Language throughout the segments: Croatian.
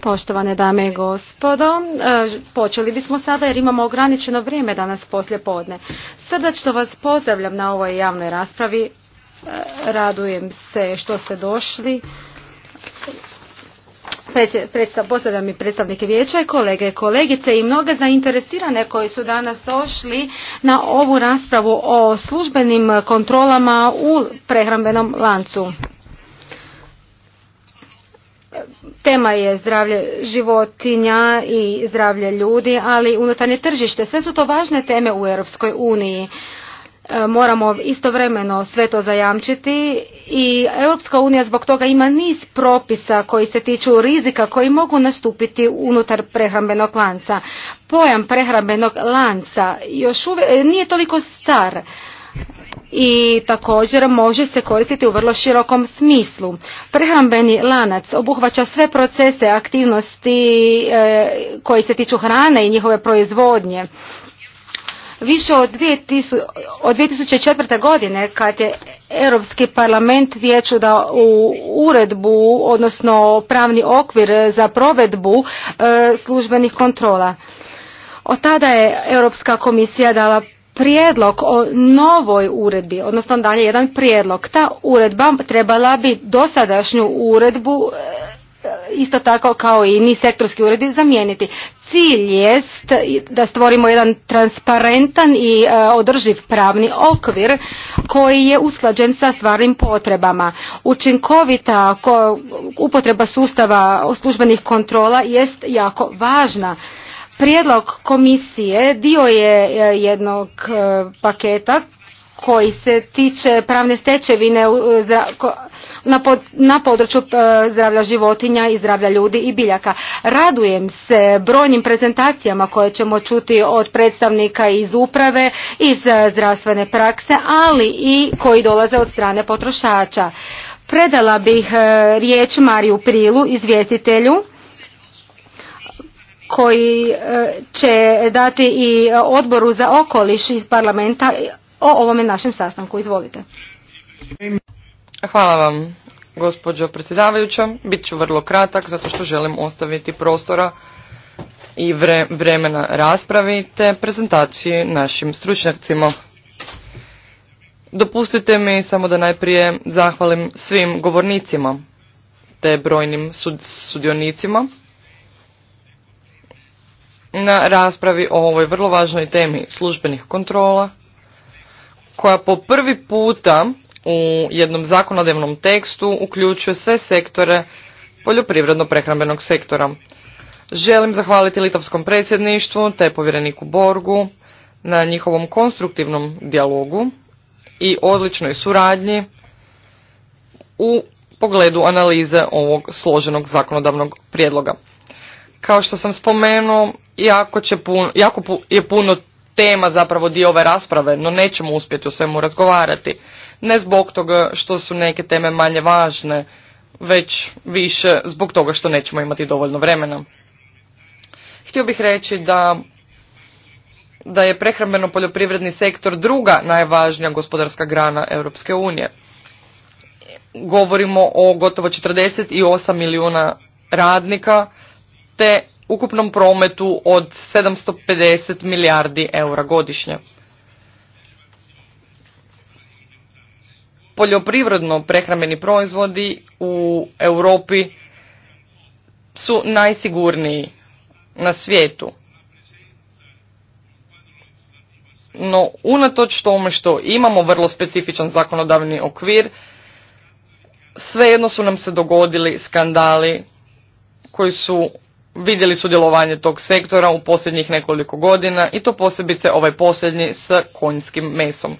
Poštovane dame i gospodo, e, počeli bismo sada jer imamo ograničeno vrijeme danas poslje podne. Srdačno vas pozdravljam na ovoj javnoj raspravi. E, radujem se što ste došli pozdravljam i predstavnike vijeća i kolege kolegice i mnoge zainteresirane koji su danas došli na ovu raspravu o službenim kontrolama u prehrambenom lancu. Tema je zdravlje životinja i zdravlje ljudi, ali unutarnje tržište. Sve su to važne teme u Europskoj uniji. E, moramo istovremeno sve to zajamčiti i Europska unija zbog toga ima niz propisa koji se tiču rizika koji mogu nastupiti unutar prehrambenog lanca. Pojam prehrambenog lanca još uvijek e, nije toliko star i također može se koristiti u vrlo širokom smislu. Prehrambeni lanac obuhvaća sve procese aktivnosti e, koji se tiču hrane i njihove proizvodnje Više od, 2000, od 2004. godine kad je Europski parlament vijeću da u uredbu, odnosno pravni okvir za provedbu e, službenih kontrola. Od tada je Europska komisija dala prijedlog o novoj uredbi, odnosno dalje jedan prijedlog. Ta uredba trebala bi dosadašnju uredbu e, E, isto tako kao i ni sektorski uredi zamijeniti. Cilj jest da stvorimo jedan transparentan i e, održiv pravni okvir koji je usklađen sa stvarnim potrebama. Učinkovita upotreba sustava službenih kontrola jest jako važna. Prijedlog komisije dio je e, jednog paketa koji se tiče pravne stečevine na, području e, zdravlja životinja i zdravlja ljudi i biljaka. Radujem se brojnim prezentacijama koje ćemo čuti od predstavnika iz uprave, iz e, zdravstvene prakse, ali i koji dolaze od strane potrošača. Predala bih e, riječ Mariju Prilu, izvjestitelju koji će dati i odboru za okoliš iz parlamenta o ovome našem sastanku. Izvolite. Hvala vam, gospođo predsjedavajuća. Bit ću vrlo kratak, zato što želim ostaviti prostora i vremena raspravi te prezentaciji našim stručnjacima. Dopustite mi samo da najprije zahvalim svim govornicima te brojnim sud, sudionicima na raspravi o ovoj vrlo važnoj temi službenih kontrola koja po prvi puta u jednom zakonodavnom tekstu uključuje sve sektore poljoprivredno-prehrambenog sektora. Želim zahvaliti Litavskom predsjedništvu te povjereniku Borgu na njihovom konstruktivnom dijalogu i odličnoj suradnji u pogledu analize ovog složenog zakonodavnog prijedloga. Kao što sam spomenuo, jako, će jako je puno tema zapravo dio ove rasprave, no nećemo uspjeti o svemu razgovarati ne zbog toga što su neke teme manje važne, već više zbog toga što nećemo imati dovoljno vremena. Htio bih reći da da je prehrambeno poljoprivredni sektor druga najvažnija gospodarska grana Europske unije. Govorimo o gotovo 48 milijuna radnika te ukupnom prometu od 750 milijardi eura godišnje. poljoprivredno prehrambeni proizvodi u Europi su najsigurniji na svijetu. No, unatoč tome što imamo vrlo specifičan zakonodavni okvir, svejedno su nam se dogodili skandali koji su vidjeli sudjelovanje tog sektora u posljednjih nekoliko godina i to posebice ovaj posljednji s konjskim mesom.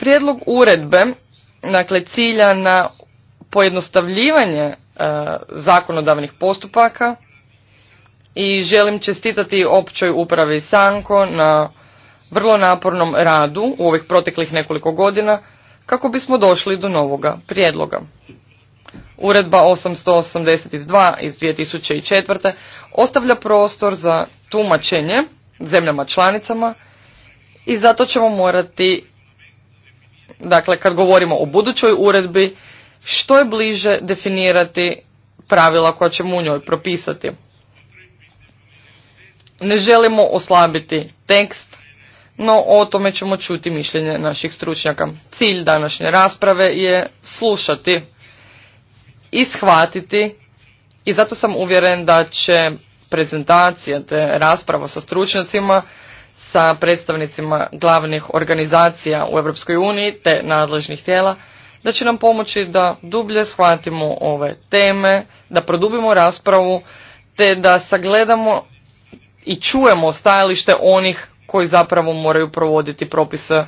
Prijedlog uredbe dakle, cilja na pojednostavljivanje e, zakonodavnih postupaka i želim čestitati općoj upravi Sanko na vrlo napornom radu u ovih proteklih nekoliko godina kako bismo došli do novoga prijedloga. Uredba 882 iz 2004. ostavlja prostor za tumačenje zemljama članicama i zato ćemo morati Dakle, kad govorimo o budućoj uredbi, što je bliže definirati pravila koja ćemo u njoj propisati. Ne želimo oslabiti tekst, no o tome ćemo čuti mišljenje naših stručnjaka. Cilj današnje rasprave je slušati i shvatiti i zato sam uvjeren da će prezentacija te rasprava sa stručnjacima sa predstavnicima glavnih organizacija u Europskoj uniji te nadležnih tijela da će nam pomoći da dublje shvatimo ove teme, da produbimo raspravu te da sagledamo i čujemo stajalište onih koji zapravo moraju provoditi propise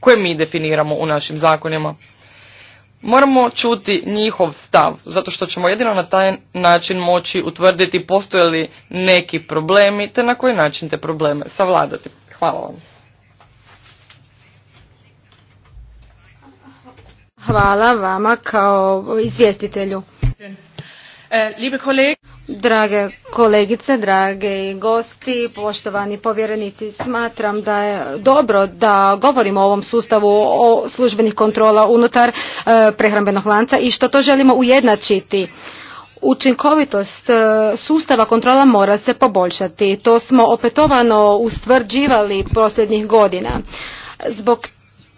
koje mi definiramo u našim zakonima. Moramo čuti njihov stav, zato što ćemo jedino na taj način moći utvrditi postoje li neki problemi te na koji način te probleme savladati. Hvala vam. Hvala vama kao izvjestitelju. Eh, drage kolegice, drage gosti, poštovani povjerenici, smatram da je dobro da govorimo o ovom sustavu o službenih kontrola unutar eh, prehrambenog lanca i što to želimo ujednačiti. Učinkovitost eh, sustava kontrola mora se poboljšati. To smo opetovano ustvrđivali posljednjih godina. Zbog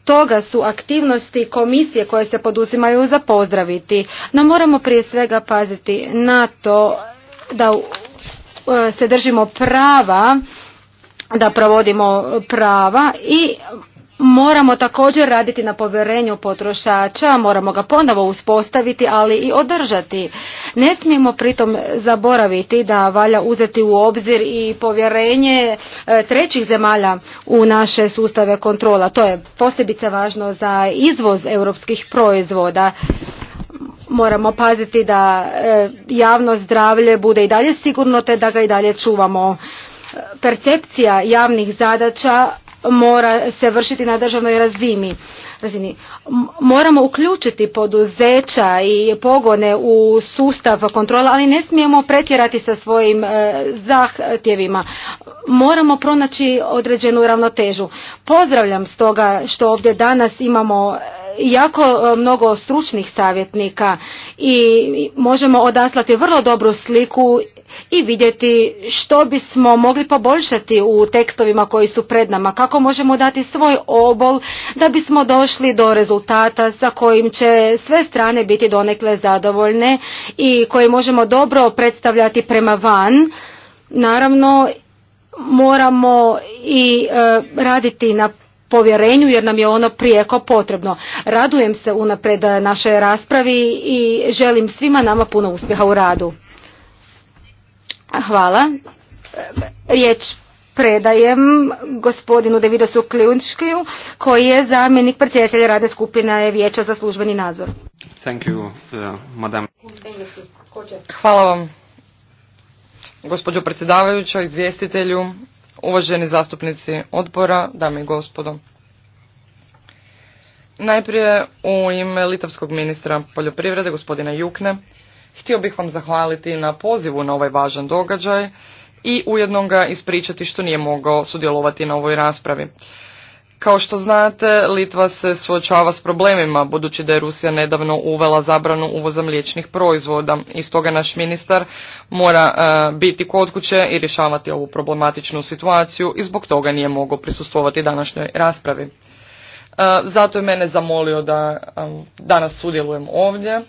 toga su aktivnosti komisije koje se poduzimaju za pozdraviti. No moramo prije svega paziti na to da e, se držimo prava, da provodimo prava i Moramo također raditi na povjerenju potrošača, moramo ga ponovo uspostaviti, ali i održati. Ne smijemo pritom zaboraviti da valja uzeti u obzir i povjerenje e, trećih zemalja u naše sustave kontrola. To je posebice važno za izvoz europskih proizvoda moramo paziti da e, javno zdravlje bude i dalje sigurno te da ga i dalje čuvamo. Percepcija javnih zadaća mora se vršiti na državnoj razini. razini. Moramo uključiti poduzeća i pogone u sustav kontrola, ali ne smijemo pretjerati sa svojim e, zahtjevima. Moramo pronaći određenu ravnotežu. Pozdravljam stoga što ovdje danas imamo e, jako e, mnogo stručnih savjetnika i možemo odaslati vrlo dobru sliku i vidjeti što bismo mogli poboljšati u tekstovima koji su pred nama, kako možemo dati svoj obol da bismo došli do rezultata sa kojim će sve strane biti donekle zadovoljne i koje možemo dobro predstavljati prema van. Naravno, moramo i e, raditi na povjerenju jer nam je ono prijeko potrebno. Radujem se unapred našoj raspravi i želim svima nama puno uspjeha u radu. Hvala. Riječ predajem gospodinu Davidasu Klijunčkiju koji je zamjenik predsjedatelja radne skupine Vijeća za službeni nadzor. Uh, Hvala vam, gospođo predsjedavajuća, izvjestitelju, uvaženi zastupnici odbora, dame i gospodo. Najprije u ime litavskog ministra poljoprivrede, gospodina Jukne, Htio bih vam zahvaliti na pozivu na ovaj važan događaj i ujedno ga ispričati što nije mogao sudjelovati na ovoj raspravi. Kao što znate, Litva se suočava s problemima budući da je Rusija nedavno uvela zabranu uvoza mliječnih proizvoda i stoga naš ministar mora e, biti kod kuće i rješavati ovu problematičnu situaciju i zbog toga nije mogao prisustvovati današnjoj raspravi. E, zato je mene zamolio da e, danas sudjelujem ovdje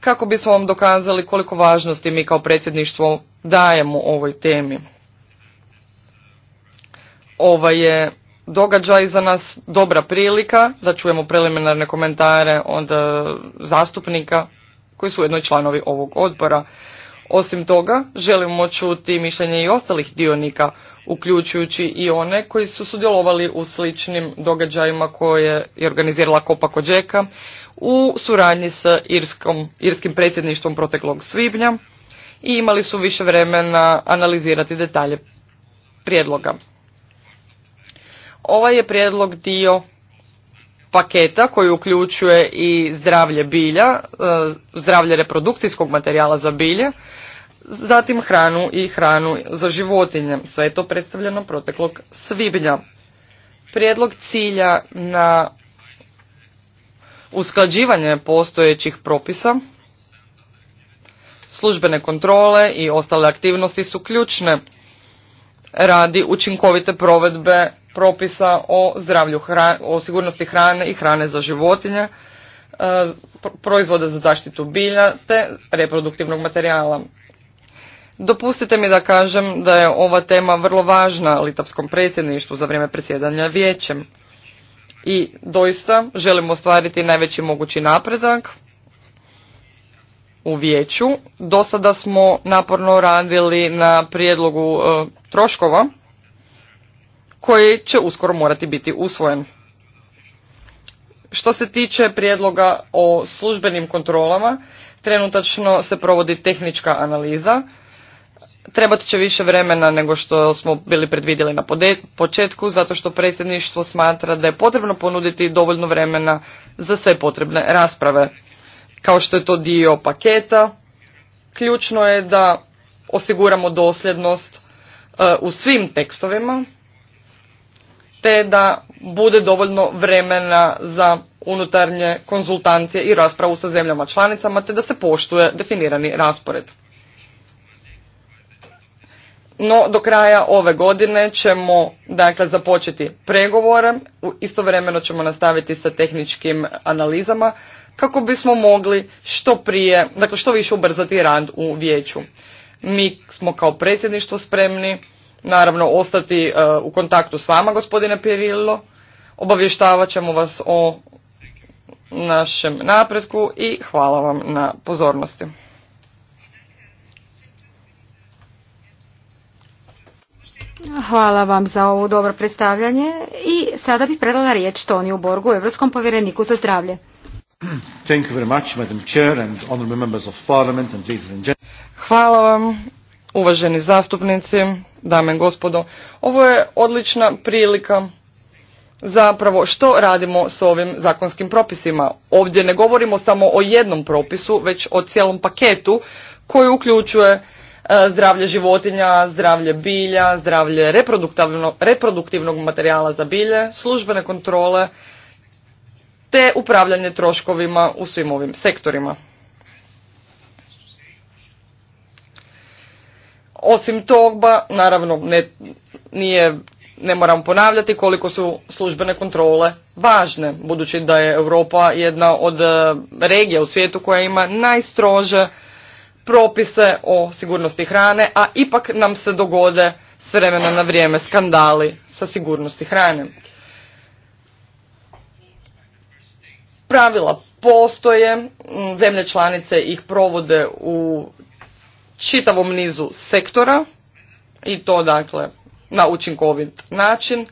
kako bismo vam dokazali koliko važnosti mi kao predsjedništvo dajemo ovoj temi. Ovo je događaj za nas dobra prilika da čujemo preliminarne komentare od e, zastupnika koji su ujedno članovi ovog odbora. Osim toga, želimo čuti mišljenje i ostalih dionika, uključujući i one koji su sudjelovali u sličnim događajima koje je organizirala Kopa Kođeka, u suradnji s Irskom, Irskim predsjedništvom proteklog svibnja i imali su više vremena analizirati detalje prijedloga. Ovaj je prijedlog dio paketa koji uključuje i zdravlje bilja, e, zdravlje reprodukcijskog materijala za bilje, zatim hranu i hranu za životinje. Sve je to predstavljeno proteklog svibnja. Prijedlog cilja na usklađivanje postojećih propisa, službene kontrole i ostale aktivnosti su ključne radi učinkovite provedbe propisa o zdravlju o sigurnosti hrane i hrane za životinje, e, proizvoda za zaštitu bilja te reproduktivnog materijala. Dopustite mi da kažem da je ova tema vrlo važna litavskom predsjedništvu za vrijeme predsjedanja vijećem i doista želimo ostvariti najveći mogući napredak u vijeću. Do sada smo naporno radili na prijedlogu e, troškova koji će uskoro morati biti usvojen. Što se tiče prijedloga o službenim kontrolama, trenutačno se provodi tehnička analiza Trebati će više vremena nego što smo bili predvidjeli na početku, zato što predsjedništvo smatra da je potrebno ponuditi dovoljno vremena za sve potrebne rasprave. Kao što je to dio paketa, ključno je da osiguramo dosljednost e, u svim tekstovima, te da bude dovoljno vremena za unutarnje konzultancije i raspravu sa zemljama članicama, te da se poštuje definirani raspored. No, do kraja ove godine ćemo dakle započeti pregovore, istovremeno ćemo nastaviti sa tehničkim analizama kako bismo mogli što prije, dakle što više ubrzati rad u vijeću. Mi smo kao predsjedništvo spremni naravno ostati e, u kontaktu s vama gospodine Pirillo, obavještavat ćemo vas o našem napretku i hvala vam na pozornosti. Hvala vam za ovo dobro predstavljanje i sada bih predala riječ u Borgu, Evropskom povjereniku za zdravlje. Thank you Hvala vam, uvaženi zastupnici, dame i gospodo. Ovo je odlična prilika zapravo što radimo s ovim zakonskim propisima. Ovdje ne govorimo samo o jednom propisu, već o cijelom paketu koji uključuje E, zdravlje životinja, zdravlje bilja, zdravlje reproduktivnog materijala za bilje, službene kontrole te upravljanje troškovima u svim ovim sektorima. Osim toga, naravno, ne, nije, ne moram ponavljati koliko su službene kontrole važne, budući da je Europa jedna od e, regija u svijetu koja ima najstrože propise o sigurnosti hrane, a ipak nam se dogode s vremena na vrijeme skandali sa sigurnosti hrane. Pravila postoje, zemlje članice ih provode u čitavom nizu sektora i to dakle na učinkovit način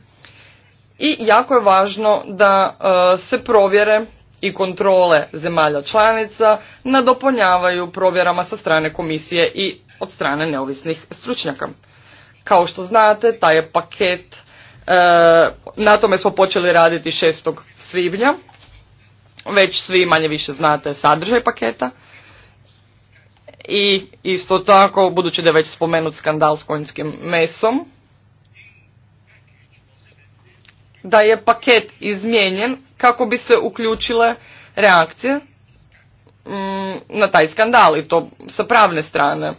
i jako je važno da e, se provjere i kontrole zemalja članica nadopunjavaju provjerama sa strane komisije i od strane neovisnih stručnjaka. Kao što znate, taj je paket, e, na tome smo počeli raditi 6. svibnja, već svi manje više znate sadržaj paketa. I isto tako, budući da je već spomenut skandal s konjskim mesom, da je paket izmijenjen kako bi se uključile reakcije mm, na taj skandal i to sa pravne strane.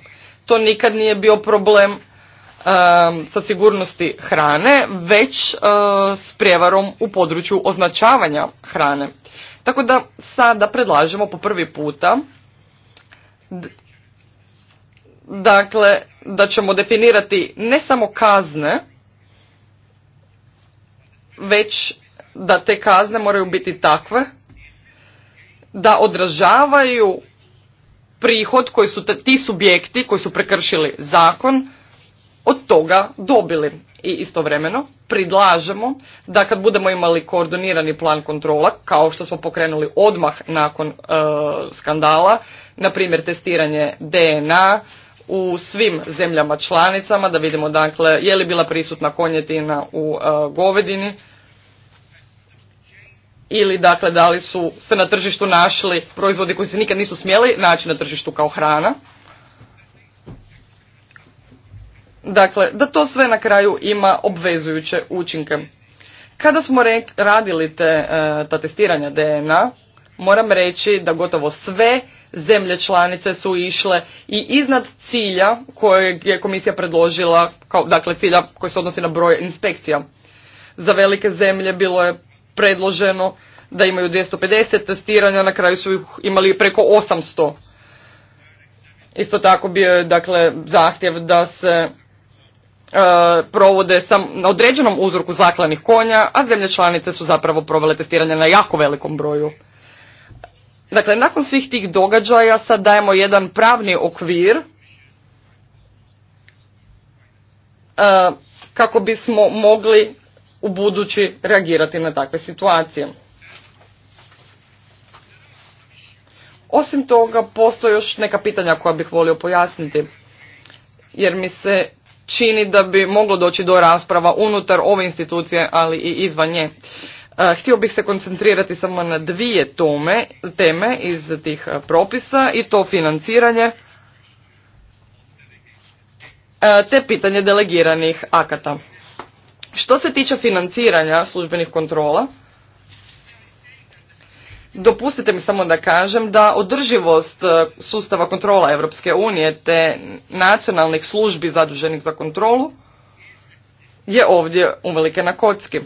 To nikad nije bio problem sa sigurnosti hrane, već eh, s prijevarom u području označavanja hrane. Tako da sada predlažemo po prvi puta dakle, da ćemo definirati ne samo kazne, već da te kazne moraju biti takve da odražavaju prihod koji su te ti subjekti koji su prekršili zakon od toga dobili. I istovremeno predlažemo da kad budemo imali koordinirani plan kontrola, kao što smo pokrenuli odmah nakon e, skandala, na primjer testiranje DNA u svim zemljama članicama, da vidimo dakle je li bila prisutna konjetina u e, govedini, ili dakle da li su se na tržištu našli proizvodi koji se nikad nisu smjeli naći na tržištu kao hrana. Dakle, da to sve na kraju ima obvezujuće učinke. Kada smo radili te, e, ta testiranja DNA, moram reći da gotovo sve zemlje članice su išle i iznad cilja kojeg je komisija predložila, dakle cilja koji se odnosi na broj inspekcija. Za velike zemlje bilo je predloženo da imaju 250 testiranja, na kraju su ih imali preko 800. Isto tako bio je dakle, zahtjev da se e, provode sam na određenom uzroku zaklanih konja, a zemlje članice su zapravo provele testiranje na jako velikom broju. Dakle, nakon svih tih događaja sad dajemo jedan pravni okvir e, kako bismo mogli u budući reagirati na takve situacije. Osim toga, postoje još neka pitanja koja bih volio pojasniti, jer mi se čini da bi moglo doći do rasprava unutar ove institucije, ali i izvan nje. E, htio bih se koncentrirati samo na dvije tome, teme iz tih propisa i to financiranje e, te pitanje delegiranih akata. Što se tiče financiranja službenih kontrola, dopustite mi samo da kažem da održivost e, sustava kontrola Europske unije te nacionalnih službi zaduženih za kontrolu je ovdje uvelike na kocki.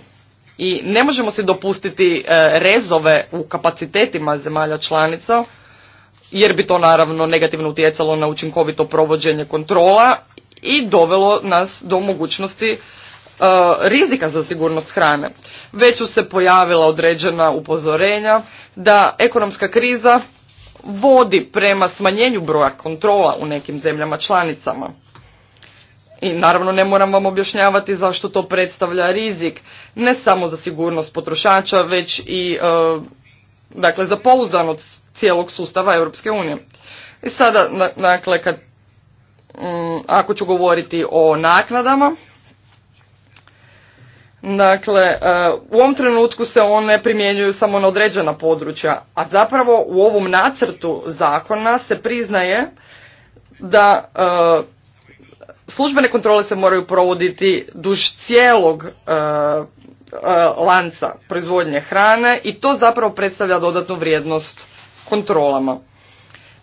I ne možemo se dopustiti e, rezove u kapacitetima zemalja članica, jer bi to naravno negativno utjecalo na učinkovito provođenje kontrola i dovelo nas do mogućnosti E, rizika za sigurnost hrane. Već su se pojavila određena upozorenja da ekonomska kriza vodi prema smanjenju broja kontrola u nekim zemljama članicama. I naravno ne moram vam objašnjavati zašto to predstavlja rizik ne samo za sigurnost potrošača već i e, dakle za pouzdanost cijelog sustava Europske unije. I sada dakle kad mm, ako ću govoriti o naknadama Dakle, e, u ovom trenutku se one primjenjuju samo na određena područja, a zapravo u ovom nacrtu zakona se priznaje da e, službene kontrole se moraju provoditi duž cijelog e, lanca proizvodnje hrane i to zapravo predstavlja dodatnu vrijednost kontrolama.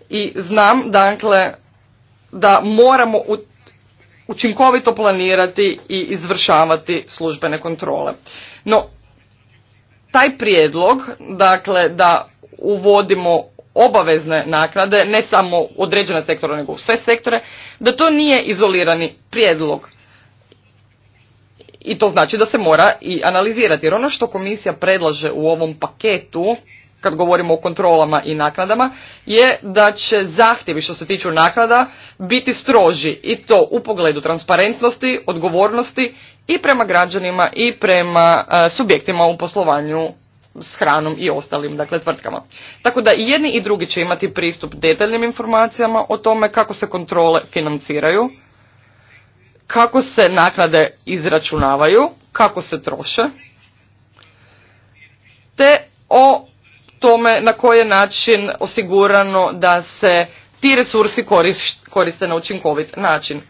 I znam, dakle, da moramo učinkovito planirati i izvršavati službene kontrole. No, taj prijedlog, dakle, da uvodimo obavezne naknade, ne samo određene sektore, nego u sve sektore, da to nije izolirani prijedlog. I to znači da se mora i analizirati. Jer ono što komisija predlaže u ovom paketu kad govorimo o kontrolama i naknadama, je da će zahtjevi što se tiču naknada biti stroži i to u pogledu transparentnosti, odgovornosti i prema građanima i prema e, subjektima u poslovanju s hranom i ostalim dakle, tvrtkama. Tako da i jedni i drugi će imati pristup detaljnim informacijama o tome kako se kontrole financiraju, kako se naknade izračunavaju, kako se troše, te o tome na koji je način osigurano da se ti resursi koriste na učinkovit način.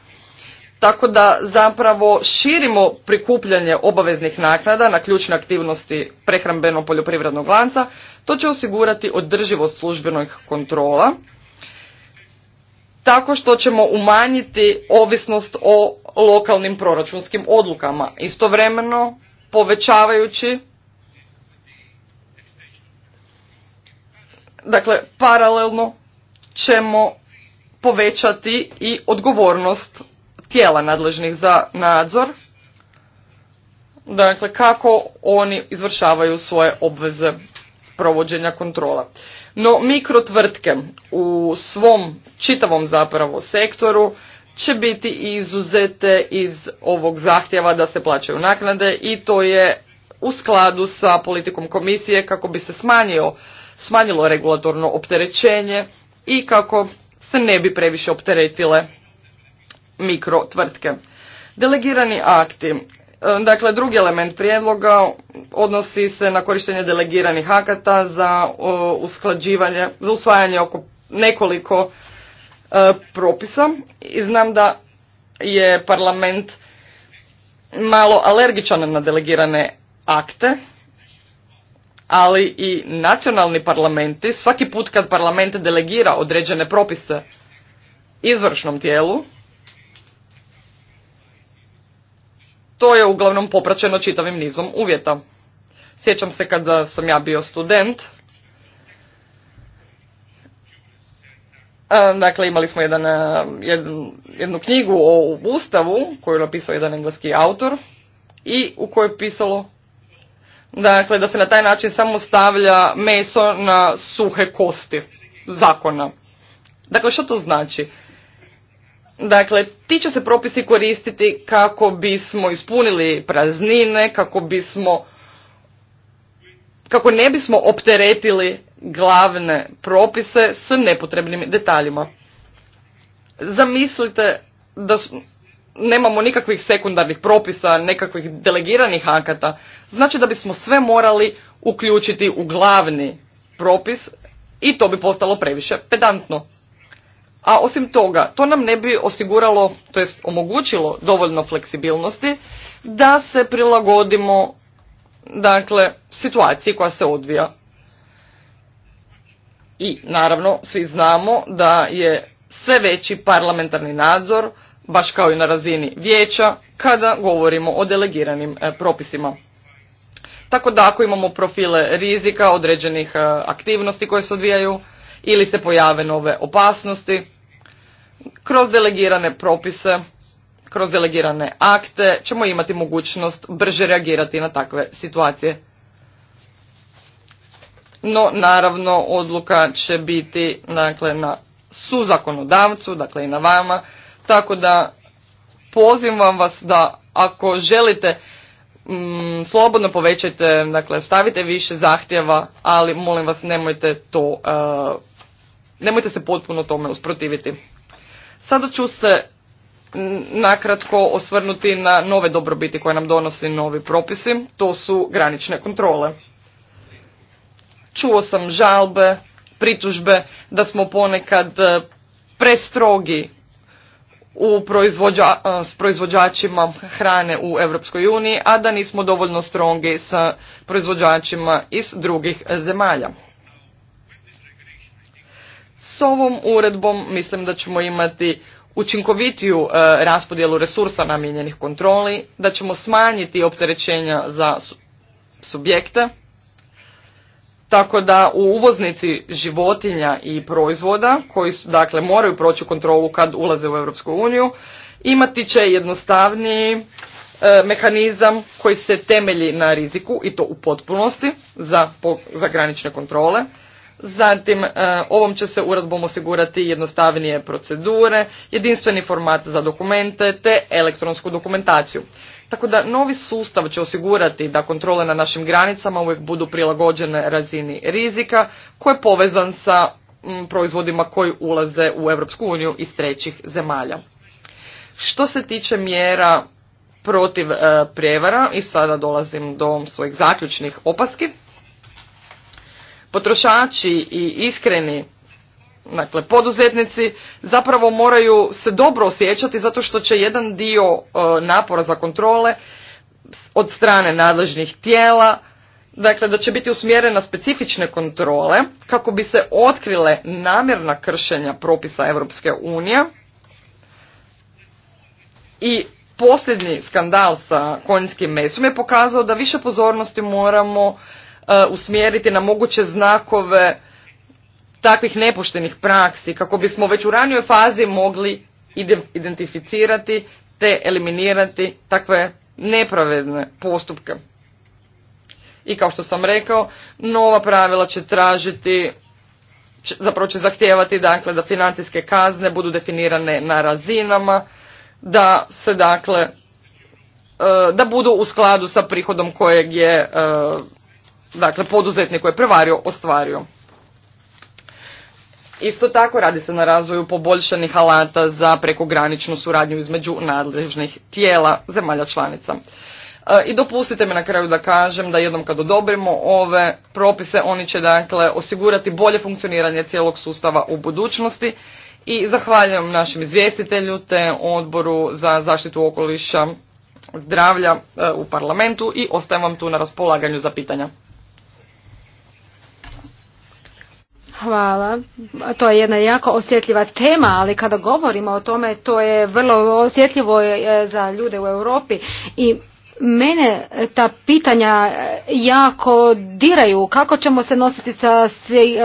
Tako da zapravo širimo prikupljanje obaveznih naknada na ključne aktivnosti prehrambeno-poljoprivrednog lanca. To će osigurati održivost službenih kontrola tako što ćemo umanjiti ovisnost o lokalnim proračunskim odlukama, istovremeno povećavajući Dakle, paralelno ćemo povećati i odgovornost tijela nadležnih za nadzor. Dakle, kako oni izvršavaju svoje obveze provođenja kontrola. No, mikrotvrtke u svom čitavom zapravo sektoru će biti izuzete iz ovog zahtjeva da se plaćaju naknade i to je u skladu sa politikom komisije kako bi se smanjio smanjilo regulatorno opterećenje i kako se ne bi previše opteretile mikro tvrtke. Delegirani akti. E, dakle, drugi element prijedloga odnosi se na korištenje delegiranih akata za usklađivanje, za usvajanje oko nekoliko e, propisa i znam da je parlament malo alergičan na delegirane akte ali i nacionalni parlamenti svaki put kad parlament delegira određene propise izvršnom tijelu, to je uglavnom popraćeno čitavim nizom uvjeta. Sjećam se kada sam ja bio student, Dakle, imali smo jedan, jednu, jednu knjigu o Ustavu koju je napisao jedan engleski autor i u kojoj je pisalo Dakle, da se na taj način samo stavlja meso na suhe kosti zakona. Dakle, što to znači? Dakle, ti će se propisi koristiti kako bismo ispunili praznine, kako bismo kako ne bismo opteretili glavne propise s nepotrebnim detaljima. Zamislite da nemamo nikakvih sekundarnih propisa, nekakvih delegiranih akata, znači da bismo sve morali uključiti u glavni propis i to bi postalo previše pedantno. A osim toga, to nam ne bi osiguralo, to jest omogućilo dovoljno fleksibilnosti da se prilagodimo dakle, situaciji koja se odvija. I naravno, svi znamo da je sve veći parlamentarni nadzor baš kao i na razini vijeća kada govorimo o delegiranim e, propisima. Tako da ako imamo profile rizika određenih e, aktivnosti koje se odvijaju ili se pojave nove opasnosti, kroz delegirane propise, kroz delegirane akte ćemo imati mogućnost brže reagirati na takve situacije. No, naravno, odluka će biti dakle, na suzakonodavcu, dakle i na vama, tako da pozivam vas da ako želite mm, slobodno povećajte, dakle stavite više zahtjeva, ali molim vas nemojte to, e, nemojte se potpuno tome usprotiviti. Sada ću se nakratko osvrnuti na nove dobrobiti koje nam donosi novi propisi, to su granične kontrole. Čuo sam žalbe, pritužbe da smo ponekad e, prestrogi u s proizvođačima hrane u Europskoj uniji, a da nismo dovoljno strongi sa proizvođačima iz drugih zemalja. S ovom uredbom mislim da ćemo imati učinkovitiju e, raspodjelu resursa namijenjenih kontroli, da ćemo smanjiti opterećenja za subjekte tako da u uvoznici životinja i proizvoda koji su, dakle moraju proći kontrolu kad ulaze u Europsku uniju imati će jednostavniji e, mehanizam koji se temelji na riziku i to u potpunosti za, za granične kontrole. Zatim, e, ovom će se uredbom osigurati jednostavnije procedure, jedinstveni format za dokumente te elektronsku dokumentaciju. Tako da novi sustav će osigurati da kontrole na našim granicama uvijek budu prilagođene razini rizika koji je povezan sa mm, proizvodima koji ulaze u Europsku uniju iz trećih zemalja. Što se tiče mjera protiv e, prijevara i sada dolazim do svojih zaključnih opaski. Potrošači i iskreni Dakle, poduzetnici zapravo moraju se dobro osjećati zato što će jedan dio e, napora za kontrole od strane nadležnih tijela, dakle da će biti usmjerena specifične kontrole kako bi se otkrile namjerna kršenja propisa Europske unije. I posljednji skandal sa konjskim mesom je pokazao da više pozornosti moramo e, usmjeriti na moguće znakove takvih nepoštenih praksi kako bismo već u ranijoj fazi mogli identificirati te eliminirati takve nepravedne postupke. I kao što sam rekao, nova pravila će tražiti, zapravo će zahtijevati dakle, da financijske kazne budu definirane na razinama, da se dakle, e, da budu u skladu sa prihodom kojeg je e, dakle, poduzetnik koji je prevario ostvario. Isto tako radi se na razvoju poboljšanih alata za prekograničnu suradnju između nadležnih tijela zemalja članica. E, I dopustite mi na kraju da kažem da jednom kad odobrimo ove propise, oni će dakle osigurati bolje funkcioniranje cijelog sustava u budućnosti i zahvaljujem našem izvjestitelju te odboru za zaštitu okoliša zdravlja e, u parlamentu i ostajem vam tu na raspolaganju za pitanja. Hvala. To je jedna jako osjetljiva tema, ali kada govorimo o tome, to je vrlo osjetljivo e, za ljude u Europi i Mene e, ta pitanja e, jako diraju. Kako ćemo se nositi sa,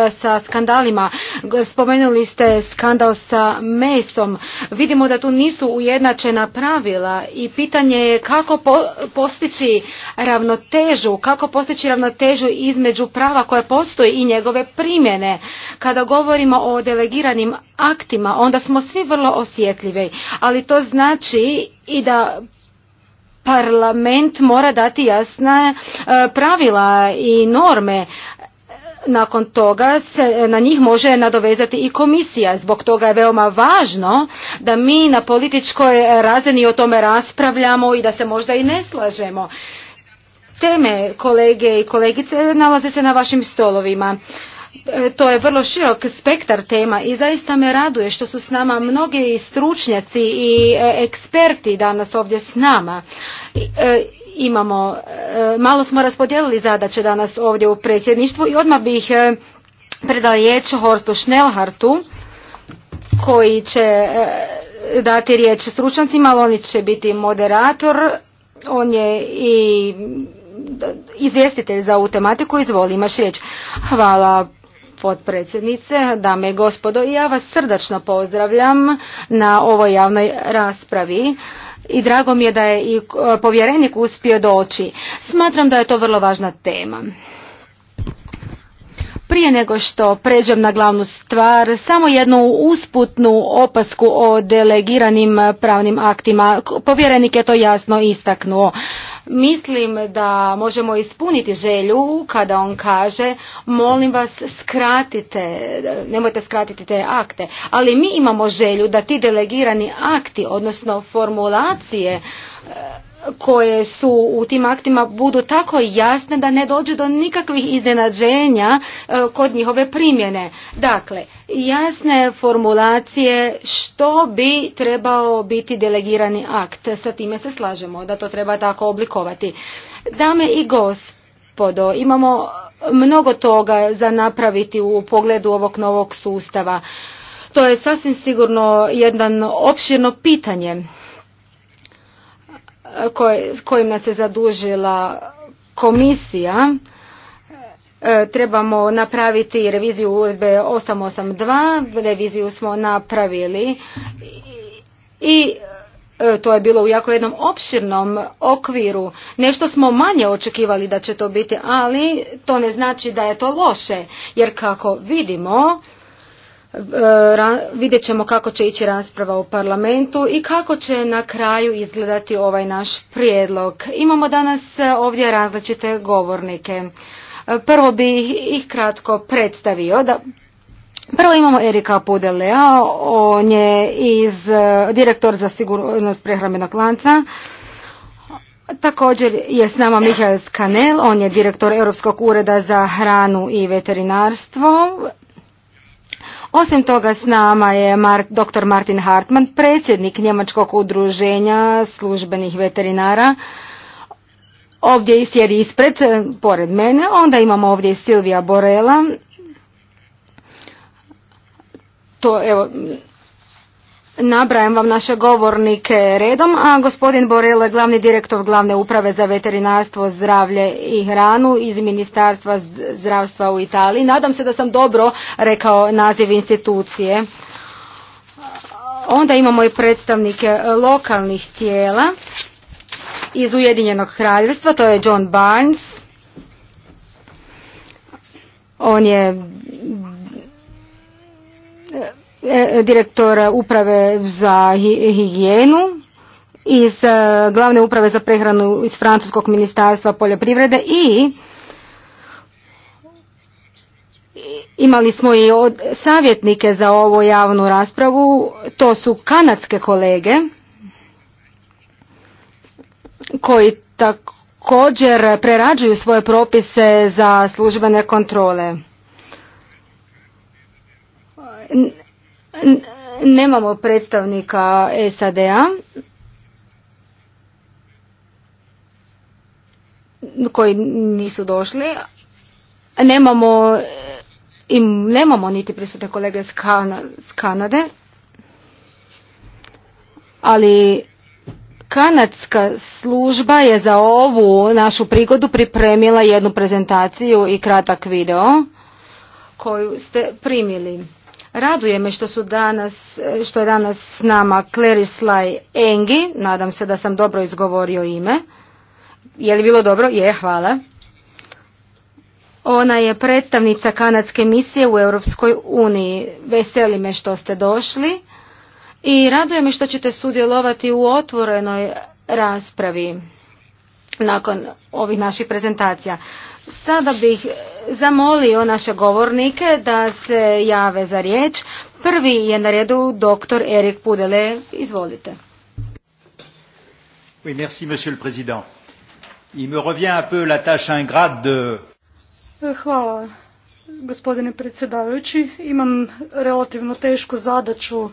e, sa skandalima? Spomenuli ste skandal sa mesom. Vidimo da tu nisu ujednačena pravila i pitanje je kako postići ravnotežu, kako postići ravnotežu između prava koje postoji i njegove primjene. Kada govorimo o delegiranim aktima, onda smo svi vrlo osjetljivi, ali to znači i da parlament mora dati jasna e, pravila i norme e, nakon toga se na njih može nadovezati i komisija. Zbog toga je veoma važno da mi na političkoj razini o tome raspravljamo i da se možda i ne slažemo. Teme kolege i kolegice nalaze se na vašim stolovima. E, to je vrlo širok spektar tema i zaista me raduje što su s nama mnogi stručnjaci i e, eksperti danas ovdje s nama. E, imamo, malo smo raspodijelili zadaće danas ovdje u predsjedništvu i odmah bih predala riječ Horstu Schnellhartu koji će dati riječ stručnjacima, ali oni će biti moderator. On je i izvjestitelj za ovu tematiku, izvoli, imaš riječ. Hvala potpredsjednice, dame i gospodo. Ja vas srdačno pozdravljam na ovoj javnoj raspravi i drago mi je da je i e, povjerenik uspio doći. Smatram da je to vrlo važna tema. Prije nego što pređem na glavnu stvar, samo jednu usputnu opasku o delegiranim pravnim aktima. Povjerenik je to jasno istaknuo. Mislim da možemo ispuniti želju kada on kaže molim vas skratite, nemojte skratiti te akte, ali mi imamo želju da ti delegirani akti, odnosno formulacije koje su u tim aktima budu tako jasne da ne dođe do nikakvih iznenađenja e, kod njihove primjene. Dakle, jasne formulacije što bi trebao biti delegirani akt. Sa time se slažemo da to treba tako oblikovati. Dame i gospodo, imamo mnogo toga za napraviti u pogledu ovog novog sustava. To je sasvim sigurno jedno opširno pitanje kojim nas je zadužila komisija e, trebamo napraviti reviziju uredbe 882 reviziju smo napravili i e, to je bilo u jako jednom opširnom okviru. Nešto smo manje očekivali da će to biti, ali to ne znači da je to loše, jer kako vidimo, Eh, vidjet ćemo kako će ići rasprava u parlamentu i kako će na kraju izgledati ovaj naš prijedlog. Imamo danas eh, ovdje različite govornike. Eh, prvo bih ih kratko predstavio. Da, Prvo imamo Erika Pudelea, on je iz, direktor za sigurnost prehrambenog lanca. Također je s nama Mihael Skanel, on je direktor Europskog ureda za hranu i veterinarstvo. Osim toga s nama je dr. Martin Hartmann, predsjednik Njemačkog udruženja službenih veterinara. Ovdje sjedi ispred, e, pored mene. Onda imamo ovdje Silvija Borela. To, evo, Nabrajam vam naše govornike redom, a gospodin borelo je glavni direktor glavne uprave za veterinarstvo, zdravlje i hranu iz Ministarstva zdravstva u Italiji. Nadam se da sam dobro rekao naziv institucije. Onda imamo i predstavnike lokalnih tijela iz Ujedinjenog kraljevstva, to je John Barnes. On je E, direktor uprave za higijenu iz e, glavne uprave za prehranu iz Francuskog ministarstva poljoprivrede i imali smo i savjetnike za ovu javnu raspravu, to su kanadske kolege koji također prerađuju svoje propise za službene kontrole Nemamo predstavnika SAD-a koji nisu došli. Nemamo, im, nemamo niti prisutne kolege s, Kanade, ali Kanadska služba je za ovu našu prigodu pripremila jednu prezentaciju i kratak video koju ste primili. Raduje me što su danas, što je danas s nama Clarislaj Engi, nadam se da sam dobro izgovorio ime. Je li bilo dobro? Je, hvala. Ona je predstavnica kanadske misije u Europskoj uniji. Veseli me što ste došli i raduje me što ćete sudjelovati u otvorenoj raspravi nakon ovih naših prezentacija. Sada bih zamolio naše govornike da se jave za riječ. Prvi je na redu doktor Erik Pudele. Izvolite. Oui, merci, monsieur le président. Il me revient un peu la tâche ingrate de... Hvala, gospodine predsjedavajući. Imam relativno tešku zadaću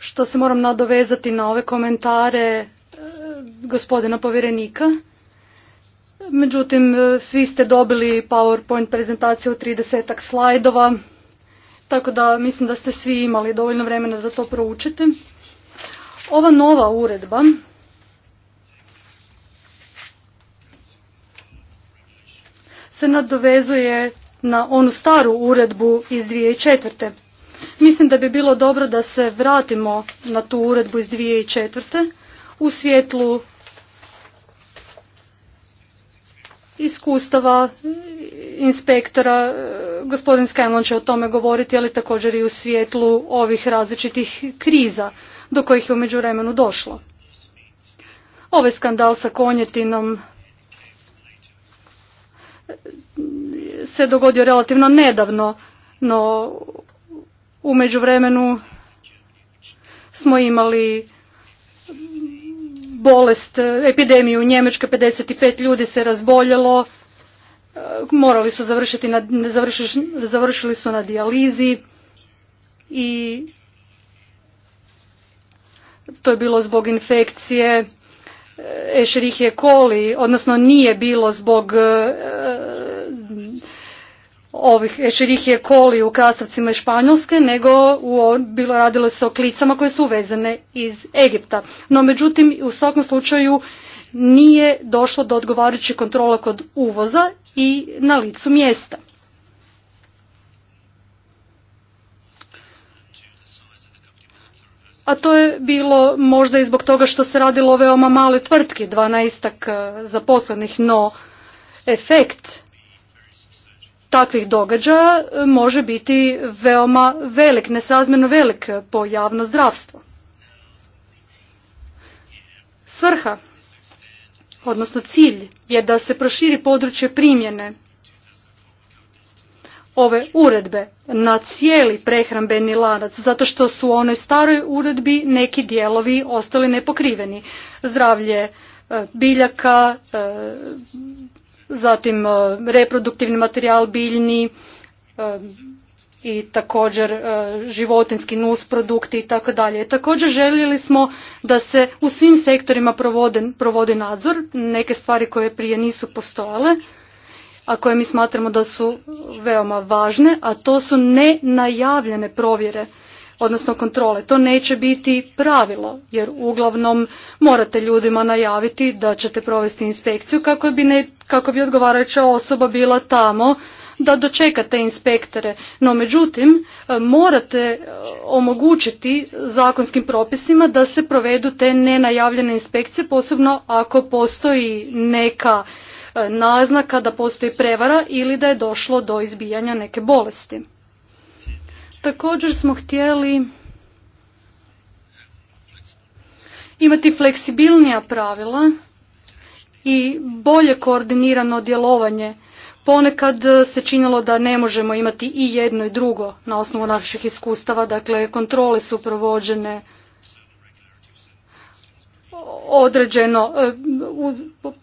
što se moram nadovezati na ove komentare eh, gospodina povjerenika Međutim, e, svi ste dobili PowerPoint prezentaciju od 30 slajdova, tako da mislim da ste svi imali dovoljno vremena da to proučite. Ova nova uredba se nadovezuje na onu staru uredbu iz 2004. Mislim da bi bilo dobro da se vratimo na tu uredbu iz 2004. u svjetlu iskustava inspektora, gospodin Skajmon će o tome govoriti, ali također i u svijetlu ovih različitih kriza do kojih je u međuvremenu došlo. Ovaj skandal sa konjetinom se dogodio relativno nedavno, no u međuvremenu smo imali bolest, e, epidemiju u Njemačkoj, 55 ljudi se razboljelo, e, morali su završiti na, završili su na dijalizi i to je bilo zbog infekcije e, Escherichia coli, odnosno nije bilo zbog ovih je koli u krastavcima i Španjolske, nego u, bilo radilo se o klicama koje su uvezene iz Egipta. No međutim, u svakom slučaju nije došlo do odgovarajućih kontrola kod uvoza i na licu mjesta. a to je bilo možda i zbog toga što se radilo o veoma male tvrtki, 12 eh, zaposlenih, no efekt takvih događaja e, može biti veoma velik, nesrazmjerno velik po javno zdravstvo. Svrha, odnosno cilj, je da se proširi područje primjene ove uredbe na cijeli prehrambeni lanac, zato što su u onoj staroj uredbi neki dijelovi ostali nepokriveni. Zdravlje e, biljaka, e, zatim e, reproduktivni materijal biljni e, i također e, životinski nusprodukti i tako dalje. Također željeli smo da se u svim sektorima provodi nadzor, neke stvari koje prije nisu postojale, a koje mi smatramo da su veoma važne, a to su nenajavljene provjere odnosno kontrole. To neće biti pravilo jer uglavnom morate ljudima najaviti da ćete provesti inspekciju kako bi, ne, kako bi odgovarajuća osoba bila tamo da dočekate inspektore. No međutim, morate e, omogućiti zakonskim propisima da se provedu te nenajavljene inspekcije, posebno ako postoji neka e, naznaka da postoji prevara ili da je došlo do izbijanja neke bolesti. Također smo htjeli imati fleksibilnija pravila i bolje koordinirano djelovanje. Ponekad se činilo da ne možemo imati i jedno i drugo na osnovu naših iskustava, dakle kontrole su provođene određeno e,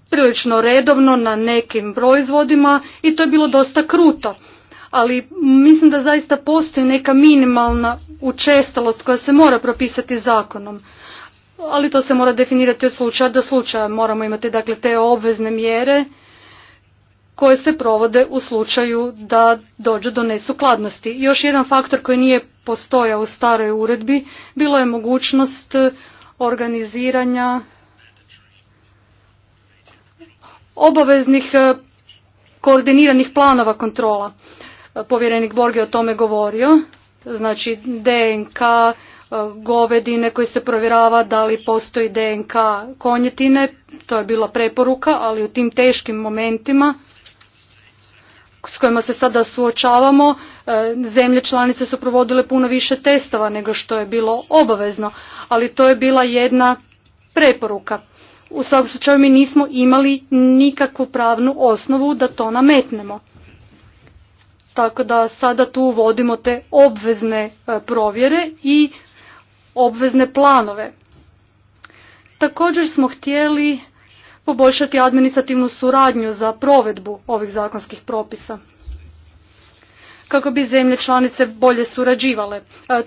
prilično redovno na nekim proizvodima i to je bilo dosta kruto ali mislim da zaista postoji neka minimalna učestalost koja se mora propisati zakonom. Ali to se mora definirati od slučaja do slučaja. Moramo imati dakle te obvezne mjere koje se provode u slučaju da dođe do nesukladnosti. Još jedan faktor koji nije postojao u staroj uredbi bilo je mogućnost organiziranja obaveznih eh, koordiniranih planova kontrola povjerenik Borg je o tome govorio, znači DNK e, govedine koji se provjerava da li postoji DNK konjetine, to je bila preporuka, ali u tim teškim momentima s kojima se sada suočavamo, e, zemlje članice su provodile puno više testova nego što je bilo obavezno, ali to je bila jedna preporuka. U svakom slučaju mi nismo imali nikakvu pravnu osnovu da to nametnemo. Tako da sada tu uvodimo te obvezne e, provjere i obvezne planove. Također smo htjeli poboljšati administrativnu suradnju za provedbu ovih zakonskih propisa kako bi zemlje članice bolje surađivale. E,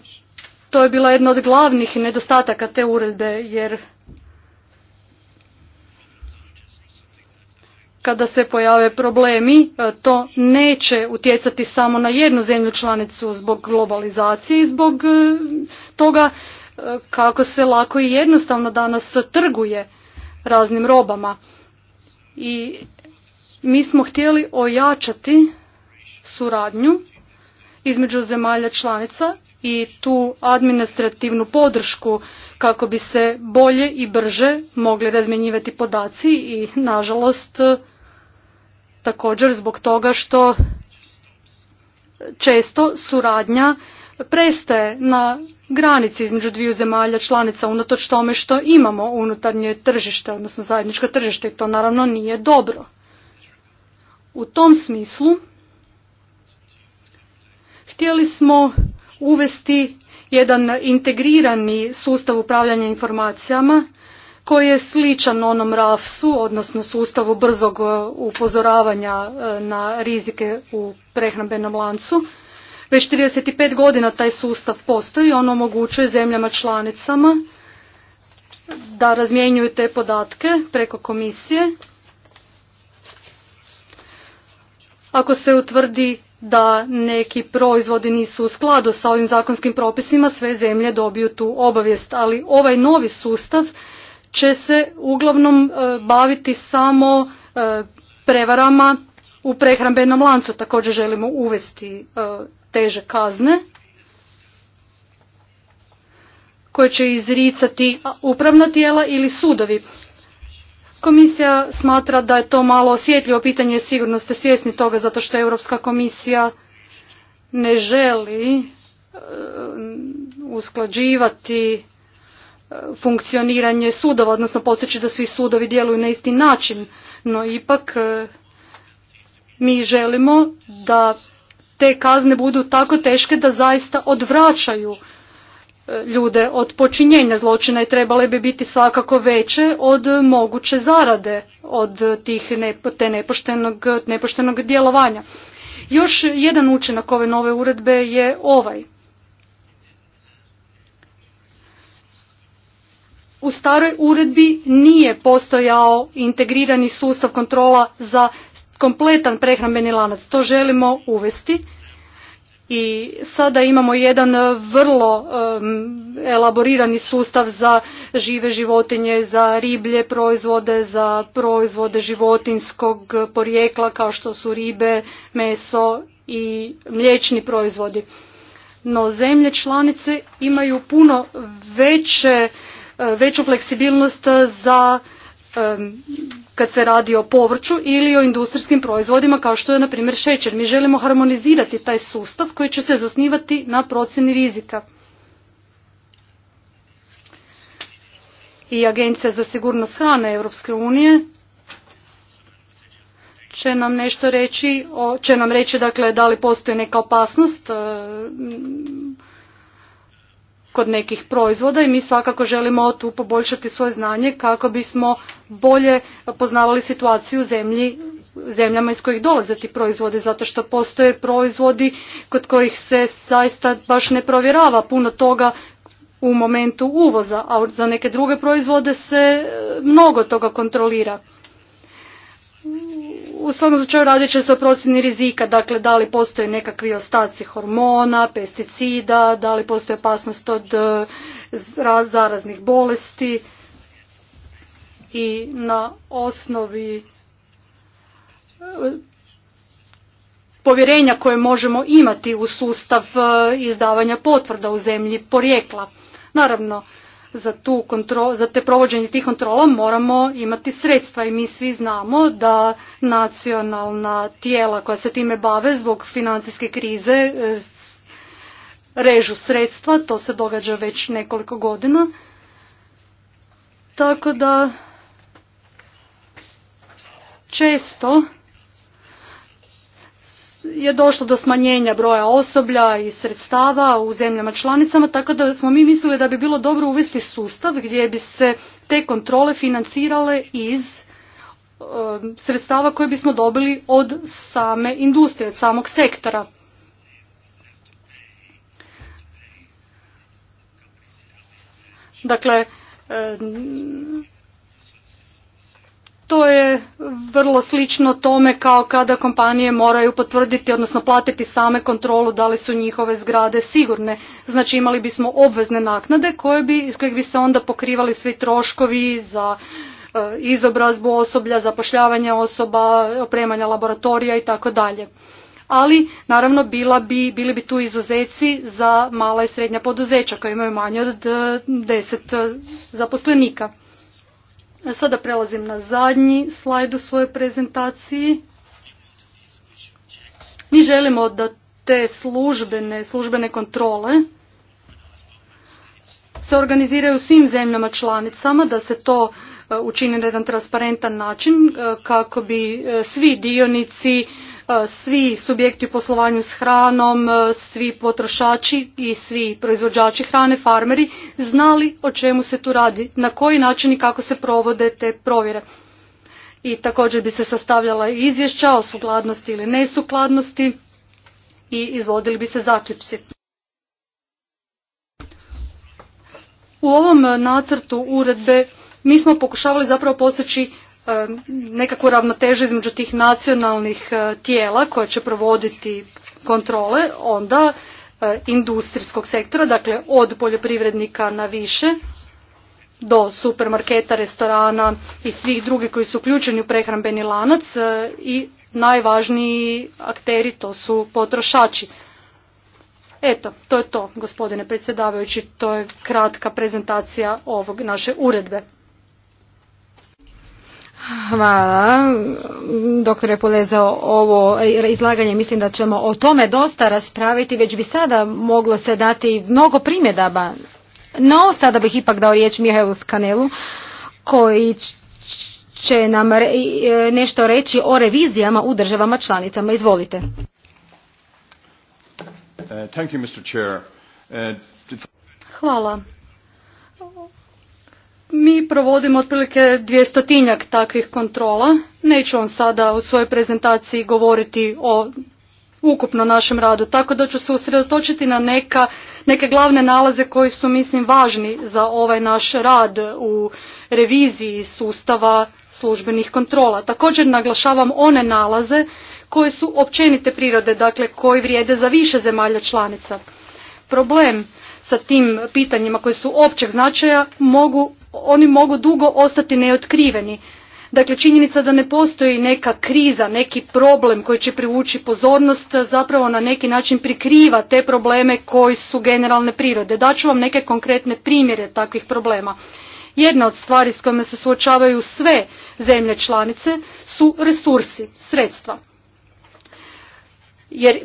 to je bila jedna od glavnih nedostataka te uredbe jer kada se pojave problemi, e, to neće utjecati samo na jednu zemlju članicu zbog globalizacije i zbog e, toga e, kako se lako i jednostavno danas trguje raznim robama. I mi smo htjeli ojačati suradnju između zemalja članica i tu administrativnu podršku kako bi se bolje i brže mogli razmjenjivati podaci i nažalost također zbog toga što često suradnja prestaje na granici između dviju zemalja članica unatoč tome što imamo unutarnje tržište, odnosno zajedničko tržište i to naravno nije dobro. U tom smislu htjeli smo uvesti jedan integrirani sustav upravljanja informacijama koji je sličan onom RAFSU, odnosno sustavu brzog e, upozoravanja e, na rizike u prehrambenom lancu. Već 35 godina taj sustav postoji, on omogućuje zemljama članicama da razmjenjuju te podatke preko komisije. Ako se utvrdi da neki proizvodi nisu u skladu sa ovim zakonskim propisima, sve zemlje dobiju tu obavijest, ali ovaj novi sustav će se uglavnom e, baviti samo e, prevarama u prehrambenom lancu. Također želimo uvesti e, teže kazne koje će izricati upravna tijela ili sudovi. Komisija smatra da je to malo osjetljivo pitanje, sigurno ste svjesni toga zato što Europska komisija ne želi usklađivati funkcioniranje sudova, odnosno postići da svi sudovi djeluju na isti način. No ipak e, mi želimo da te kazne budu tako teške da zaista odvraćaju e, ljude od počinjenja zločina i trebale bi biti svakako veće od moguće zarade od tih te nepoštenog, nepoštenog djelovanja. Još jedan učinak ove nove uredbe je ovaj. u staroj uredbi nije postojao integrirani sustav kontrola za kompletan prehrambeni lanac. To želimo uvesti i sada imamo jedan e, vrlo elaborirani sustav za žive životinje, za riblje proizvode, za proizvode životinskog porijekla kao što su ribe, meso i mliječni proizvodi. No zemlje članice imaju puno veće veću fleksibilnost za kad se radi o povrću ili o industrijskim proizvodima kao što je na primjer šećer. Mi želimo harmonizirati taj sustav koji će se zasnivati na procjeni rizika. I Agencija za sigurnost hrane Europske unije će nam nešto reći, će nam reći dakle da li postoji neka opasnost kod nekih proizvoda i mi svakako želimo tu poboljšati svoje znanje kako bismo bolje poznavali situaciju u zemlji zemljama iz kojih dolaze ti proizvodi zato što postoje proizvodi kod kojih se zaista baš ne provjerava puno toga u momentu uvoza, a za neke druge proizvode se e, mnogo toga kontrolira u svakom slučaju radit će se o procjeni rizika, dakle da li postoje nekakvi ostaci hormona, pesticida, da li postoji opasnost od e, zaraznih bolesti i na osnovi e, povjerenja koje možemo imati u sustav e, izdavanja potvrda u zemlji porijekla. Naravno, za, te provođenje tih kontrola moramo imati sredstva i mi svi znamo da nacionalna tijela koja se time bave zbog financijske krize e, režu sredstva, to se događa već nekoliko godina. Tako da često je došlo do smanjenja broja osoblja i sredstava u zemljama članicama, tako da smo mi mislili da bi bilo dobro uvesti sustav gdje bi se te kontrole financirale iz um, sredstava koje bismo dobili od same industrije, od samog sektora. Dakle, um, to je vrlo slično tome kao kada kompanije moraju potvrditi, odnosno platiti same kontrolu da li su njihove zgrade sigurne. Znači imali bismo obvezne naknade koje bi, iz kojih bi se onda pokrivali svi troškovi za eh, izobrazbu osoblja, zapošljavanje osoba, opremanja laboratorija i tako dalje. Ali naravno bila bi, bili bi tu izuzeci za mala i srednja poduzeća koja imaju manje od 10 eh, eh, zaposlenika. Sada prelazim na zadnji slajd u svojoj prezentaciji. Mi želimo da te službene, službene kontrole se organiziraju u svim zemljama članicama, da se to e, učini na jedan transparentan način e, kako bi e, svi dionici E, svi subjekti u poslovanju s hranom, e, svi potrošači i svi proizvođači hrane, farmeri, znali o čemu se tu radi, na koji način i kako se provode te provjere. I također bi se sastavljala izvješća o sukladnosti ili nesukladnosti i izvodili bi se zaključci. U ovom nacrtu uredbe mi smo pokušavali zapravo postići nekakvu ravnotežu između tih nacionalnih e, tijela koja će provoditi kontrole, onda e, industrijskog sektora, dakle od poljoprivrednika na više do supermarketa, restorana i svih drugih koji su uključeni u prehrambeni lanac e, i najvažniji akteri to su potrošači. Eto, to je to, gospodine predsjedavajući, to je kratka prezentacija ovog naše uredbe. Hvala, doktore Pule za ovo izlaganje. Mislim da ćemo o tome dosta raspraviti, već bi sada moglo se dati mnogo primjedaba. No, sada bih ipak dao riječ Mihajlu Skanelu, koji će nam e, nešto reći o revizijama u državama članicama. Izvolite. Uh, uh, Hvala. Mi provodimo otprilike dvjestotinjak takvih kontrola. Neću vam sada u svojoj prezentaciji govoriti o ukupno našem radu, tako da ću se usredotočiti na neka, neke glavne nalaze koji su, mislim, važni za ovaj naš rad u reviziji sustava službenih kontrola. Također naglašavam one nalaze koje su općenite prirode, dakle koji vrijede za više zemalja članica. Problem sa tim pitanjima koji su općeg značaja mogu oni mogu dugo ostati neotkriveni. Dakle, činjenica da ne postoji neka kriza, neki problem koji će privući pozornost, zapravo na neki način prikriva te probleme koji su generalne prirode. Daću vam neke konkretne primjere takvih problema. Jedna od stvari s kojima se suočavaju sve zemlje članice su resursi, sredstva. Jer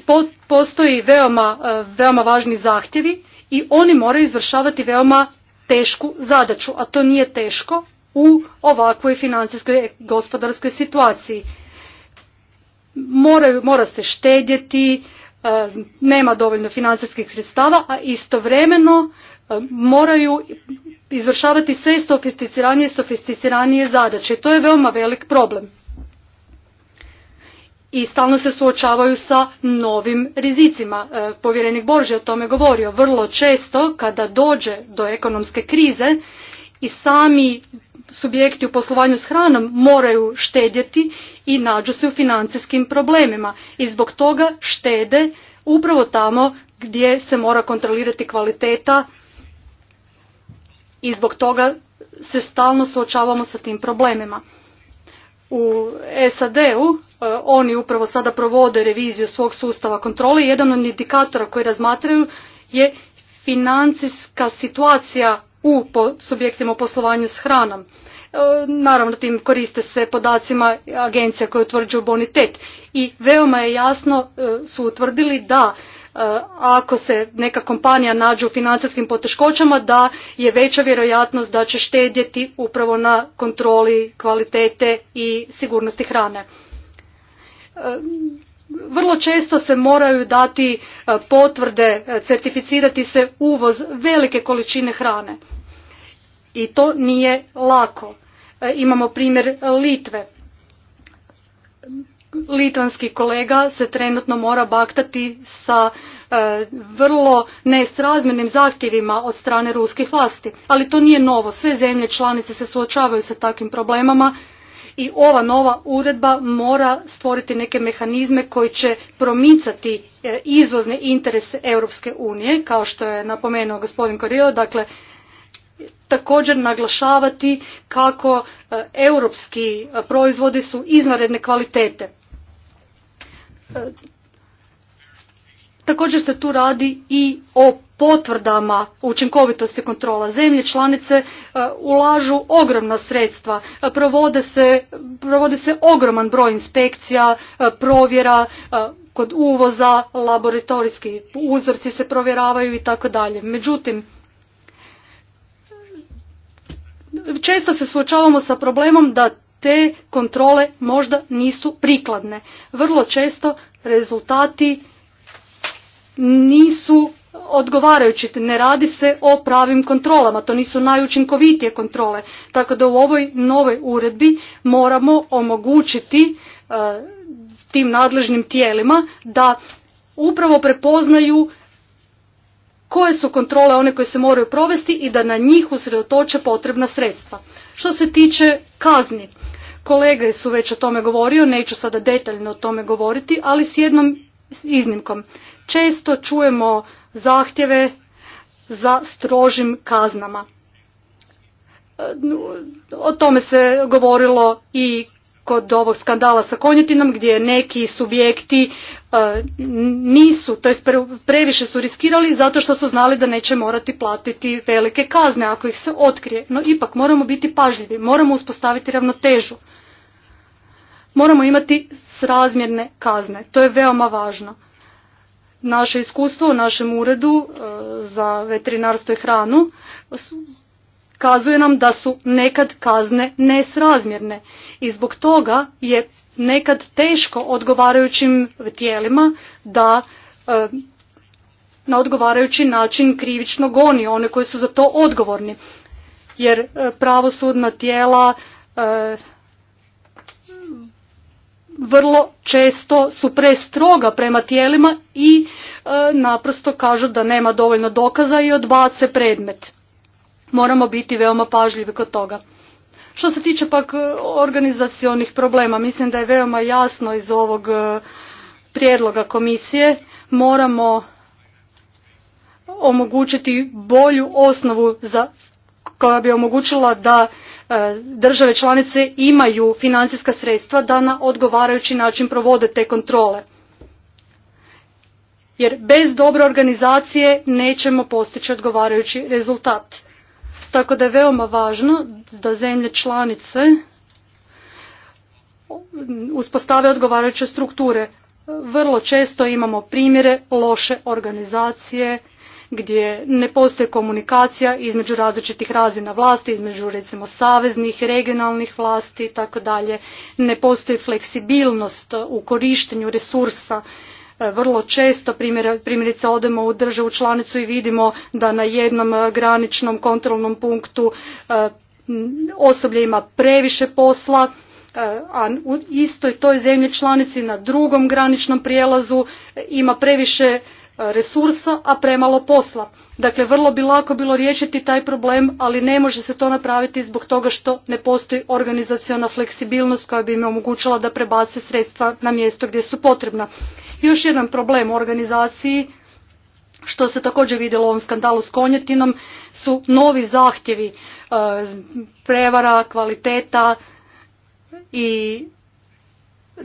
postoji veoma, eh, veoma važni zahtjevi i oni moraju izvršavati veoma tešku zadaću, a to nije teško u ovakvoj financijskoj gospodarskoj situaciji. Moraju, mora se štedjeti, e, nema dovoljno financijskih sredstava, a istovremeno e, moraju izvršavati sve sofisticiranije i sofisticiranije zadaće. To je veoma velik problem i stalno se suočavaju sa novim rizicima. E, povjerenik Borži o tome govorio. Vrlo često kada dođe do ekonomske krize i sami subjekti u poslovanju s hranom moraju štedjeti i nađu se u financijskim problemima i zbog toga štede upravo tamo gdje se mora kontrolirati kvaliteta i zbog toga se stalno suočavamo sa tim problemima. U SAD-u E, oni upravo sada provode reviziju svog sustava kontrole. Jedan od indikatora koji razmatraju je financijska situacija u subjektima u poslovanju s hranom. E, naravno, tim koriste se podacima agencija koje utvrđuju bonitet. I veoma je jasno e, su utvrdili da ako se neka kompanija nađe u financijskim poteškoćama da je veća vjerojatnost da će štedjeti upravo na kontroli kvalitete i sigurnosti hrane vrlo često se moraju dati e, potvrde, e, certificirati se uvoz velike količine hrane. I to nije lako. E, imamo primjer Litve. Litvanski kolega se trenutno mora baktati sa vrlo nesrazmjernim zahtjevima od strane ruskih vlasti. Ali to nije novo. Sve zemlje članice se suočavaju sa takvim problemama i ova nova uredba mora stvoriti neke mehanizme koji će promicati e, izvozne interese Europske unije, kao što je napomenuo gospodin Korio, dakle također naglašavati kako e, europski e, proizvodi su izvanredne kvalitete. Također se tu radi i o potvrdama učinkovitosti kontrola zemlje članice e, ulažu ogromna sredstva, e, provode se, se ogroman broj inspekcija, e, provjera, kod uvoza, laboratorijski uzorci se provjeravaju i tako dalje. Međutim, često se suočavamo sa problemom da te kontrole možda nisu prikladne. Vrlo često rezultati nisu odgovarajući. Ne radi se o pravim kontrolama, to nisu najučinkovitije kontrole. Tako da u ovoj novoj uredbi moramo omogućiti e, tim nadležnim tijelima da upravo prepoznaju koje su kontrole one koje se moraju provesti i da na njih usredotoče potrebna sredstva. Što se tiče kazni, kolege su već o tome govorio, neću sada detaljno o tome govoriti, ali s jednom iznimkom. Često čujemo zahtjeve za strožim kaznama. E, o tome se govorilo i kod ovog skandala sa konjetinom gdje neki subjekti e, nisu, to jest previše su riskirali zato što su znali da neće morati platiti velike kazne ako ih se otkrije. No ipak moramo biti pažljivi, moramo uspostaviti ravnotežu. Moramo imati srazmjerne kazne, to je veoma važno naše iskustvo u našem uredu e, za veterinarstvo i hranu kazuje nam da su nekad kazne nesrazmjerne i zbog toga je nekad teško odgovarajućim tijelima da e, na odgovarajući način krivično goni one koji su za to odgovorni jer e, pravosudna tijela vrlo često su prestroga prema tijelima i e, naprosto kažu da nema dovoljno dokaza i odbace predmet. Moramo biti veoma pažljivi kod toga. Što se tiče pak e, organizacionih problema, mislim da je veoma jasno iz ovog e, prijedloga komisije, moramo omogućiti bolju osnovu za, koja bi omogućila da E, države članice imaju financijska sredstva da na odgovarajući način provode te kontrole. Jer bez dobre organizacije nećemo postići odgovarajući rezultat. Tako da je veoma važno da zemlje članice uspostave odgovarajuće strukture. Vrlo često imamo primjere loše organizacije gdje ne postoji komunikacija između različitih razina vlasti, između recimo saveznih, regionalnih vlasti i tako dalje. Ne postoji fleksibilnost u korištenju resursa. E, vrlo često primjerice odemo u državu članicu i vidimo da na jednom e, graničnom kontrolnom punktu e, osoblje ima previše posla, a u istoj toj zemlji članici na drugom graničnom prijelazu ima previše resursa, a premalo posla. Dakle, vrlo bi lako bilo riješiti taj problem, ali ne može se to napraviti zbog toga što ne postoji organizaciona fleksibilnost koja bi im omogućila da prebace sredstva na mjesto gdje su potrebna. Još jedan problem u organizaciji, što se također vidjelo u ovom skandalu s konjetinom, su novi zahtjevi e, prevara, kvaliteta i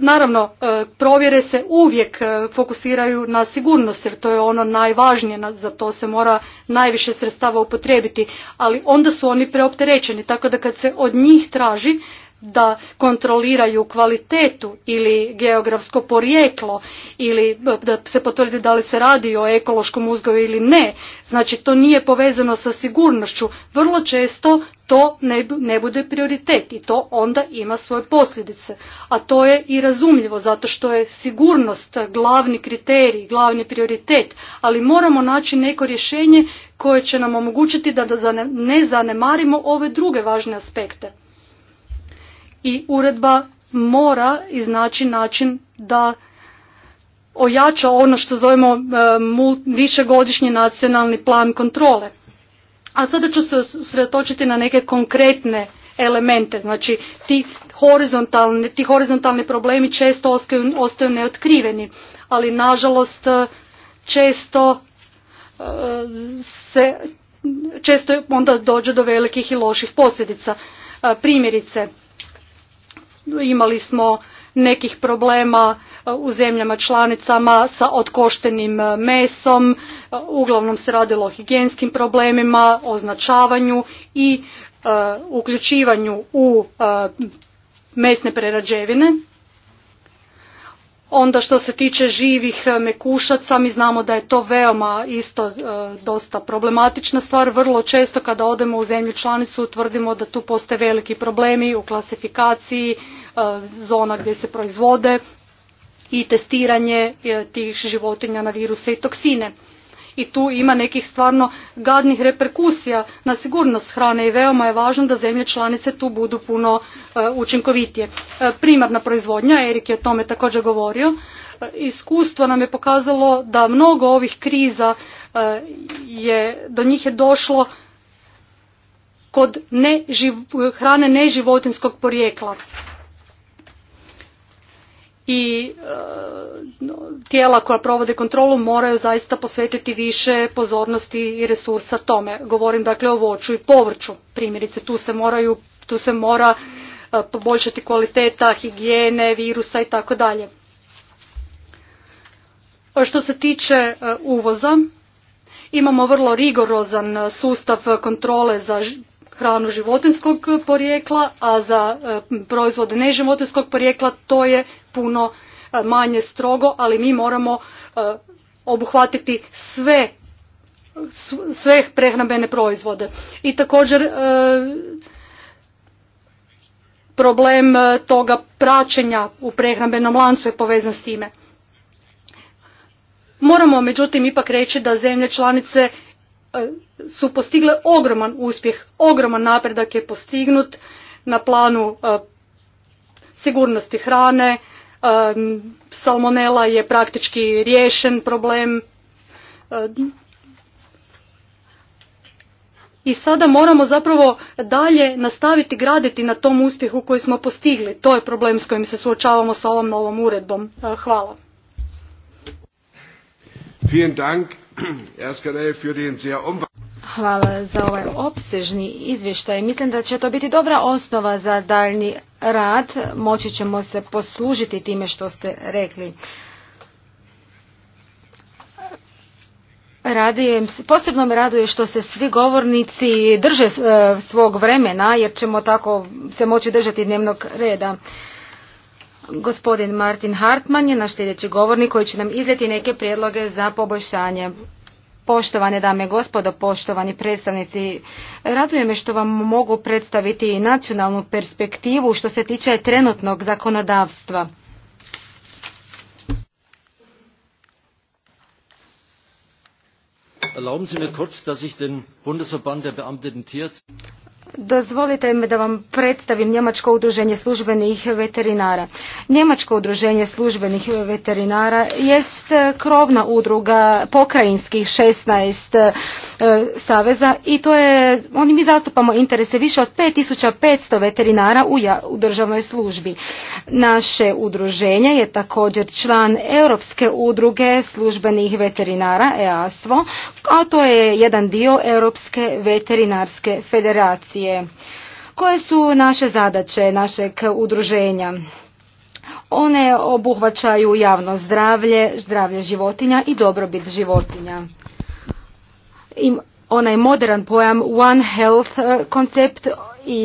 Naravno, e, provjere se uvijek e, fokusiraju na sigurnost jer to je ono najvažnije, za to se mora najviše sredstava upotrijebiti, ali onda su oni preopterećeni, tako da kad se od njih traži da kontroliraju kvalitetu ili geografsko porijeklo ili da se potvrdi da li se radi o ekološkom uzgoju ili ne. Znači to nije povezano sa sigurnošću. Vrlo često to ne bude prioritet i to onda ima svoje posljedice. A to je i razumljivo zato što je sigurnost glavni kriterij, glavni prioritet, ali moramo naći neko rješenje koje će nam omogućiti da ne zanemarimo ove druge važne aspekte i uredba mora iznaći način da ojača ono što zovemo e, višegodišnji nacionalni plan kontrole. A sada ću se usredotočiti na neke konkretne elemente. Znači, ti horizontalni, ti horizontalni problemi često ostaju, ostaju neotkriveni, ali nažalost e, često e, se često onda dođe do velikih i loših posljedica. Primjerice, Imali smo nekih problema e, u zemljama članicama sa otkoštenim e, mesom, e, uglavnom se radilo o higijenskim problemima, označavanju i uključivanju u mesne prerađevine. Onda što se tiče živih mekušaca, mi znamo da je to veoma isto dosta problematična stvar. Vrlo često kada odemo u zemlju članicu utvrdimo da tu postoje veliki problemi u klasifikaciji, E, zona gdje se proizvode i testiranje e, tih životinja na viruse i toksine. I tu ima nekih stvarno gadnih reperkusija na sigurnost hrane i veoma je važno da zemlje članice tu budu puno e, učinkovitije. Primarna proizvodnja, Erik je o tome također govorio, iskustvo nam je pokazalo da mnogo ovih kriza je, do njih je došlo kod ne, hrane neživotinskog porijekla i e, tijela koja provode kontrolu moraju zaista posvetiti više pozornosti i resursa tome. Govorim dakle o voću i povrću. Primjerice tu se, moraju, tu se mora e, poboljšati kvaliteta higijene, virusa i tako dalje. Što se tiče e, uvoza, imamo vrlo rigorozan sustav kontrole za hranu životinskog porijekla, a za proizvode neživotinskog porijekla to je puno e, manje strogo, ali mi moramo e, obuhvatiti sve sve prehrambene proizvode. I također e, problem toga praćenja u prehrambenom lancu je povezan s time. Moramo međutim ipak reći da zemlje članice su postigle ogroman uspjeh, ogroman napredak je postignut na planu sigurnosti hrane, Salmonela je praktički riješen problem. I sada moramo zapravo dalje nastaviti graditi na tom uspjehu koji smo postigli. To je problem s kojim se suočavamo sa ovom novom uredbom. Hvala. Hvala za ovaj opsežni izvještaj. Mislim da će to biti dobra osnova za daljni rad. Moći ćemo se poslužiti time što ste rekli. posebno me raduje što se svi govornici drže e, svog vremena jer ćemo tako se moći držati dnevnog reda. Gospodin Martin Hartman je naš sljedeći govornik koji će nam iznijeti neke prijedloge za poboljšanje Poštovane dame i gospodo, poštovani predstavnici, raduje me što vam mogu predstaviti nacionalnu perspektivu što se tiče trenutnog zakonodavstva. Erlauben Sie mir kurz, dass ich den Bundesverband der Beamteten Dozvolite mi da vam predstavim Njemačko udruženje službenih veterinara. Njemačko udruženje službenih veterinara jest krovna udruga pokrajinskih 16 e, saveza i to je, oni mi zastupamo interese više od 5500 veterinara u, u državnoj službi. Naše udruženje je također član Europske udruge službenih veterinara, EASVO, a to je jedan dio Europske veterinarske federacije. Koje su naše zadaće našeg udruženja? One obuhvaćaju javno zdravlje, zdravlje životinja i dobrobit životinja. I onaj modern pojam One Health eh, koncept i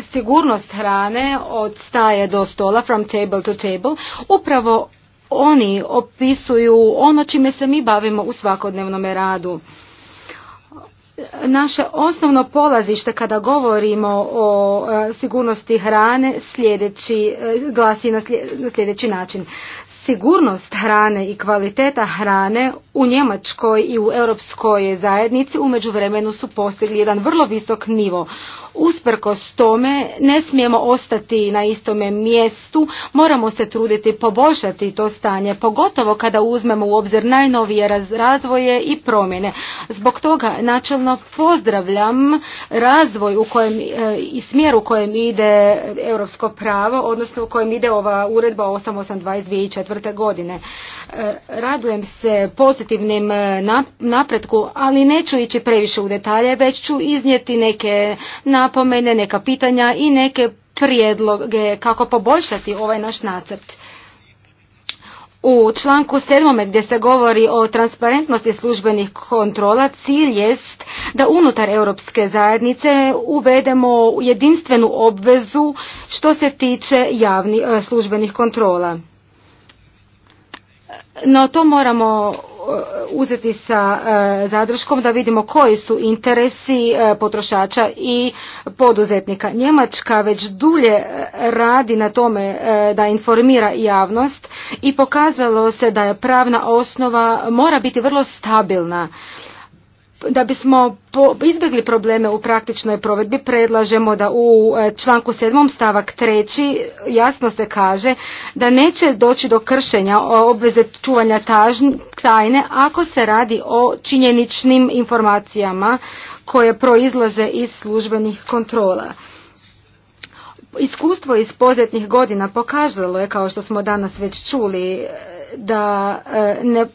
sigurnost hrane od staje do stola, from table to table, upravo oni opisuju ono čime se mi bavimo u svakodnevnom radu naše osnovno polazište kada govorimo o e, sigurnosti hrane sljedeći, e, glasi na sljedeći način. Sigurnost hrane i kvaliteta hrane u Njemačkoj i u Europskoj zajednici u međuvremenu su postigli jedan vrlo visok nivo. Usprkos tome ne smijemo ostati na istome mjestu, moramo se truditi poboljšati to stanje, pogotovo kada uzmemo u obzir najnovije razvoje i promjene. Zbog toga načelno pozdravljam razvoj u kojem e, i smjer u kojem ide europsko pravo, odnosno u kojem ide ova uredba četvrte godine. E, radujem se pozitivnim e, napretku, ali neću ići previše u detalje, već ću iznijeti neke na napomene, neka pitanja i neke prijedloge kako poboljšati ovaj naš nacrt. U članku 7. gdje se govori o transparentnosti službenih kontrola, cilj jest da unutar Europske zajednice uvedemo jedinstvenu obvezu što se tiče javnih e, službenih kontrola. No to moramo E, uzeti sa e, zadrškom da vidimo koji su interesi e, potrošača i poduzetnika. Njemačka već dulje radi na tome da informira javnost i pokazalo se da je pravna osnova mora biti vrlo stabilna da bismo izbjegli probleme u praktičnoj provedbi predlažemo da u e, članku 7. stavak 3. jasno se kaže da neće doći do kršenja obveze čuvanja tajne ako se radi o činjeničnim informacijama koje proizlaze iz službenih kontrola. Iskustvo iz pozetnih godina pokazalo je, kao što smo danas već čuli, da e, ne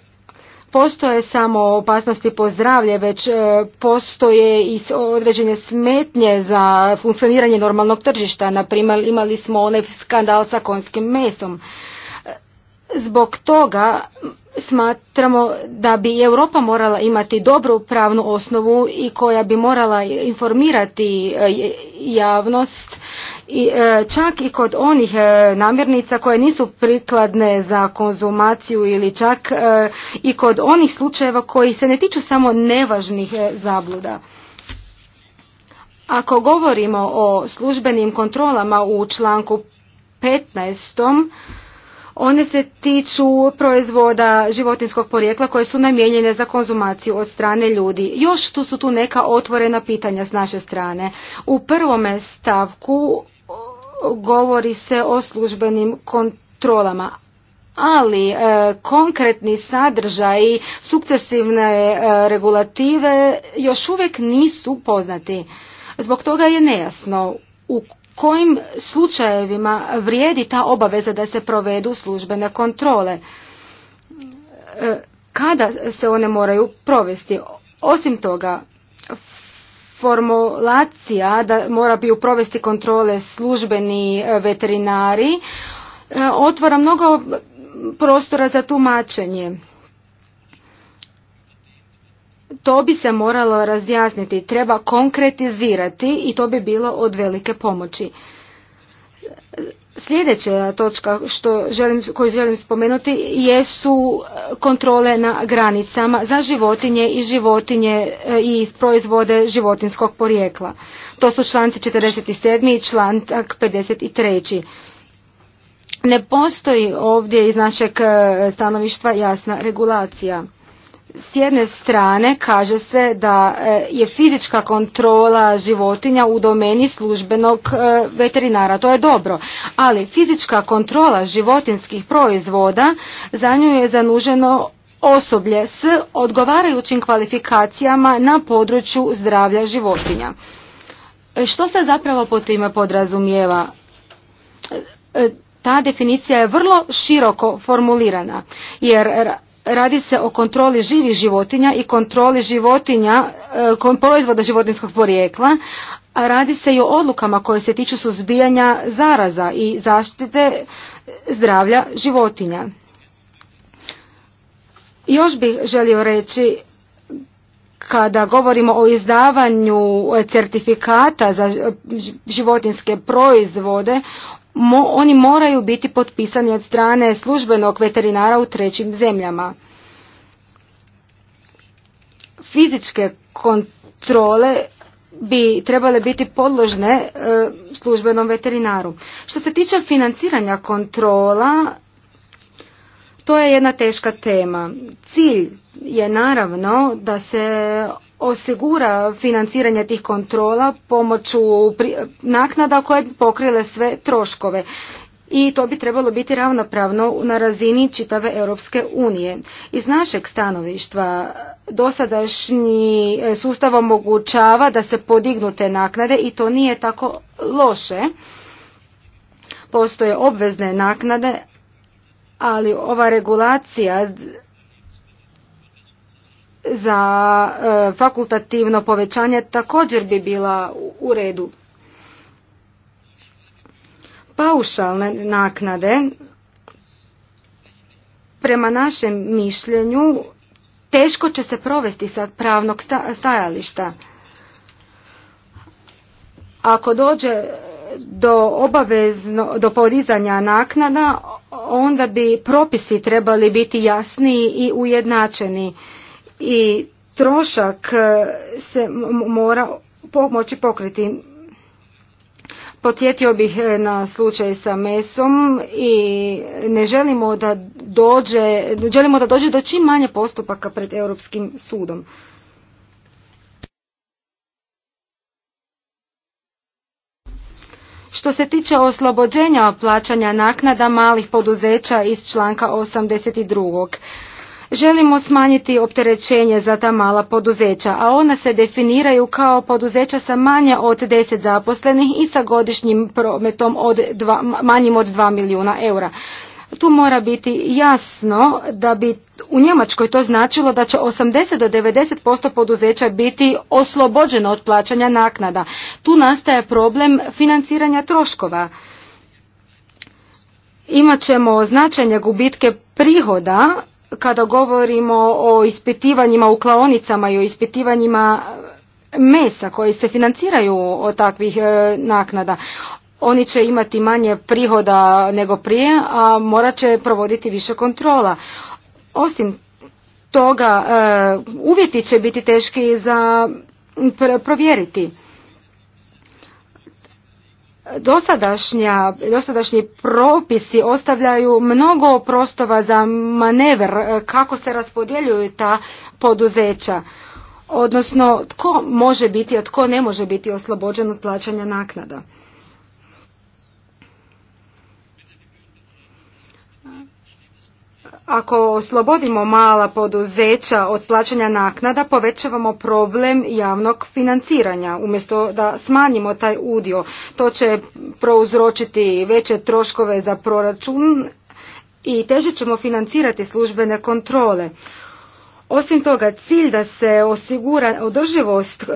postoje samo opasnosti po zdravlje, već e, postoje i određene smetnje za funkcioniranje normalnog tržišta. Naprimjer, imali smo onaj skandal sa konskim mesom. E, zbog toga smatramo da bi Europa morala imati dobru pravnu osnovu i koja bi morala informirati e, javnost i e, čak i kod onih e, namirnica koje nisu prikladne za konzumaciju ili čak e, i kod onih slučajeva koji se ne tiču samo nevažnih zabluda. Ako govorimo o službenim kontrolama u članku 15. One se tiču proizvoda životinskog porijekla koje su namijenjene za konzumaciju od strane ljudi. Još tu su tu neka otvorena pitanja s naše strane. U prvome stavku govori se o službenim kontrolama ali e, konkretni sadržaji sukcesivne e, regulative još uvijek nisu poznati zbog toga je nejasno u kojim slučajevima vrijedi ta obaveza da se provedu službene kontrole e, kada se one moraju provesti osim toga formulacija da mora bi provesti kontrole službeni e, veterinari e, otvara mnogo prostora za tumačenje. To bi se moralo razjasniti, treba konkretizirati i to bi bilo od velike pomoći. Sljedeća točka što želim, koju želim spomenuti jesu e, kontrole na granicama za životinje i životinje e, i proizvode životinskog porijekla. To su članci 47. i članak 53. Ne postoji ovdje iz našeg e, stanovištva jasna regulacija. S jedne strane kaže se da e, je fizička kontrola životinja u domeni službenog e, veterinara. To je dobro, ali fizička kontrola životinskih proizvoda za nju je zanuženo osoblje s odgovarajućim kvalifikacijama na području zdravlja životinja. E, što se zapravo po time podrazumijeva? Ta definicija je vrlo široko formulirana, jer radi se o kontroli živih životinja i kontroli životinja, e, proizvoda životinskog porijekla, a radi se i o odlukama koje se tiču suzbijanja zaraza i zaštite zdravlja životinja. Još bih želio reći kada govorimo o izdavanju certifikata za životinske proizvode, oni moraju biti potpisani od strane službenog veterinara u trećim zemljama. Fizičke kontrole bi trebale biti podložne e, službenom veterinaru. Što se tiče financiranja kontrola, to je jedna teška tema. Cilj je naravno da se osigura financiranje tih kontrola pomoću naknada koje bi pokrile sve troškove i to bi trebalo biti ravnopravno na razini čitave Europske unije. Iz našeg stanovištva dosadašnji e, sustav omogućava da se podignu te naknade i to nije tako loše. Postoje obvezne naknade, ali ova regulacija za e, fakultativno povećanje također bi bila u redu. Paušalne naknade prema našem mišljenju teško će se provesti sa pravnog stajališta. Ako dođe do obavezno, do podizanja naknada, onda bi propisi trebali biti jasniji i ujednačeni i trošak e, se mora moći pokriti. Podsjetio bih e, na slučaj sa mesom i ne želimo da dođe, želimo da dođe do čim manje postupaka pred Europskim sudom. Što se tiče oslobođenja plaćanja naknada malih poduzeća iz članka 82. Želimo smanjiti opterećenje za ta mala poduzeća, a ona se definiraju kao poduzeća sa manje od 10 zaposlenih i sa godišnjim prometom od dva, manjim od 2 milijuna eura. Tu mora biti jasno da bi u Njemačkoj to značilo da će 80 do 90% poduzeća biti oslobođeno od plaćanja naknada. Tu nastaje problem financiranja troškova. Imaćemo značajne gubitke prihoda kada govorimo o ispitivanjima u klaonicama i o ispitivanjima e, mesa koji se financiraju od takvih e, naknada, oni će imati manje prihoda nego prije, a morat će provoditi više kontrola. Osim toga, e, uvjeti će biti teški za provjeriti. Dosadašnja, dosadašnji propisi ostavljaju mnogo prostova za manever e, kako se raspodjeljuju ta poduzeća, odnosno tko može biti, a tko ne može biti oslobođen od plaćanja naknada. Ako oslobodimo mala poduzeća od plaćanja naknada, povećavamo problem javnog financiranja. Umjesto da smanjimo taj udio, to će prouzročiti veće troškove za proračun i teže ćemo financirati službene kontrole. Osim toga, cilj da se osigura održivost e,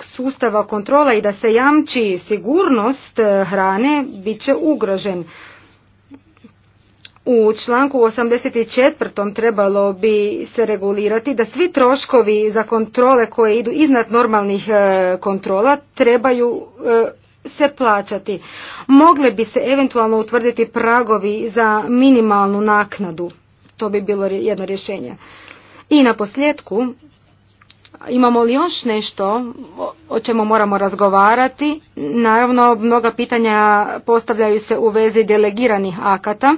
sustava kontrola i da se jamči sigurnost e, hrane bit će ugrožen. U članku 84. trebalo bi se regulirati da svi troškovi za kontrole koje idu iznad normalnih e, kontrola trebaju e, se plaćati. Mogle bi se eventualno utvrditi pragovi za minimalnu naknadu. To bi bilo jedno rješenje. I na posljedku, imamo li još nešto o čemu moramo razgovarati? Naravno, mnoga pitanja postavljaju se u vezi delegiranih akata.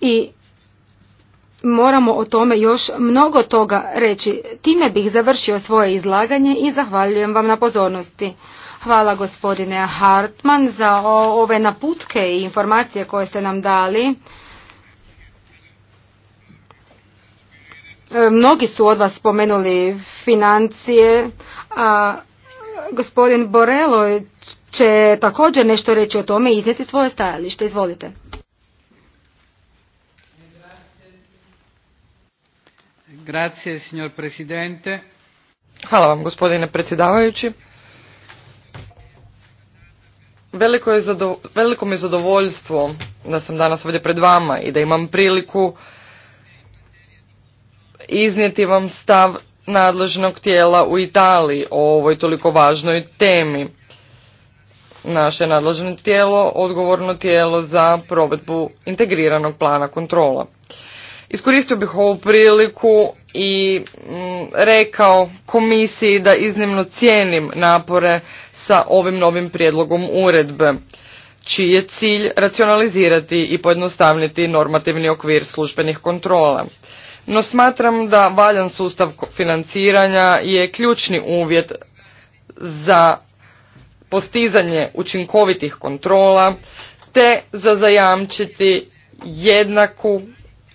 i moramo o tome još mnogo toga reći. Time bih završio svoje izlaganje i zahvaljujem vam na pozornosti. Hvala gospodine Hartman za ove naputke i informacije koje ste nam dali. E, mnogi su od vas spomenuli financije, a gospodin Borelo će također nešto reći o tome i iznijeti svoje stajalište. Izvolite. Grazie, signor presidente. Hvala vam, gospodine predsjedavajući. Veliko, je veliko mi je zadovoljstvo da sam danas ovdje pred vama i da imam priliku iznijeti vam stav nadležnog tijela u Italiji o ovoj toliko važnoj temi. Naše nadležno tijelo, odgovorno tijelo za provedbu integriranog plana kontrola. Iskoristio bih ovu priliku i mm, rekao komisiji da iznimno cijenim napore sa ovim novim prijedlogom uredbe, čiji je cilj racionalizirati i pojednostavniti normativni okvir službenih kontrola. No smatram da valjan sustav financiranja je ključni uvjet za postizanje učinkovitih kontrola te za zajamčiti jednaku,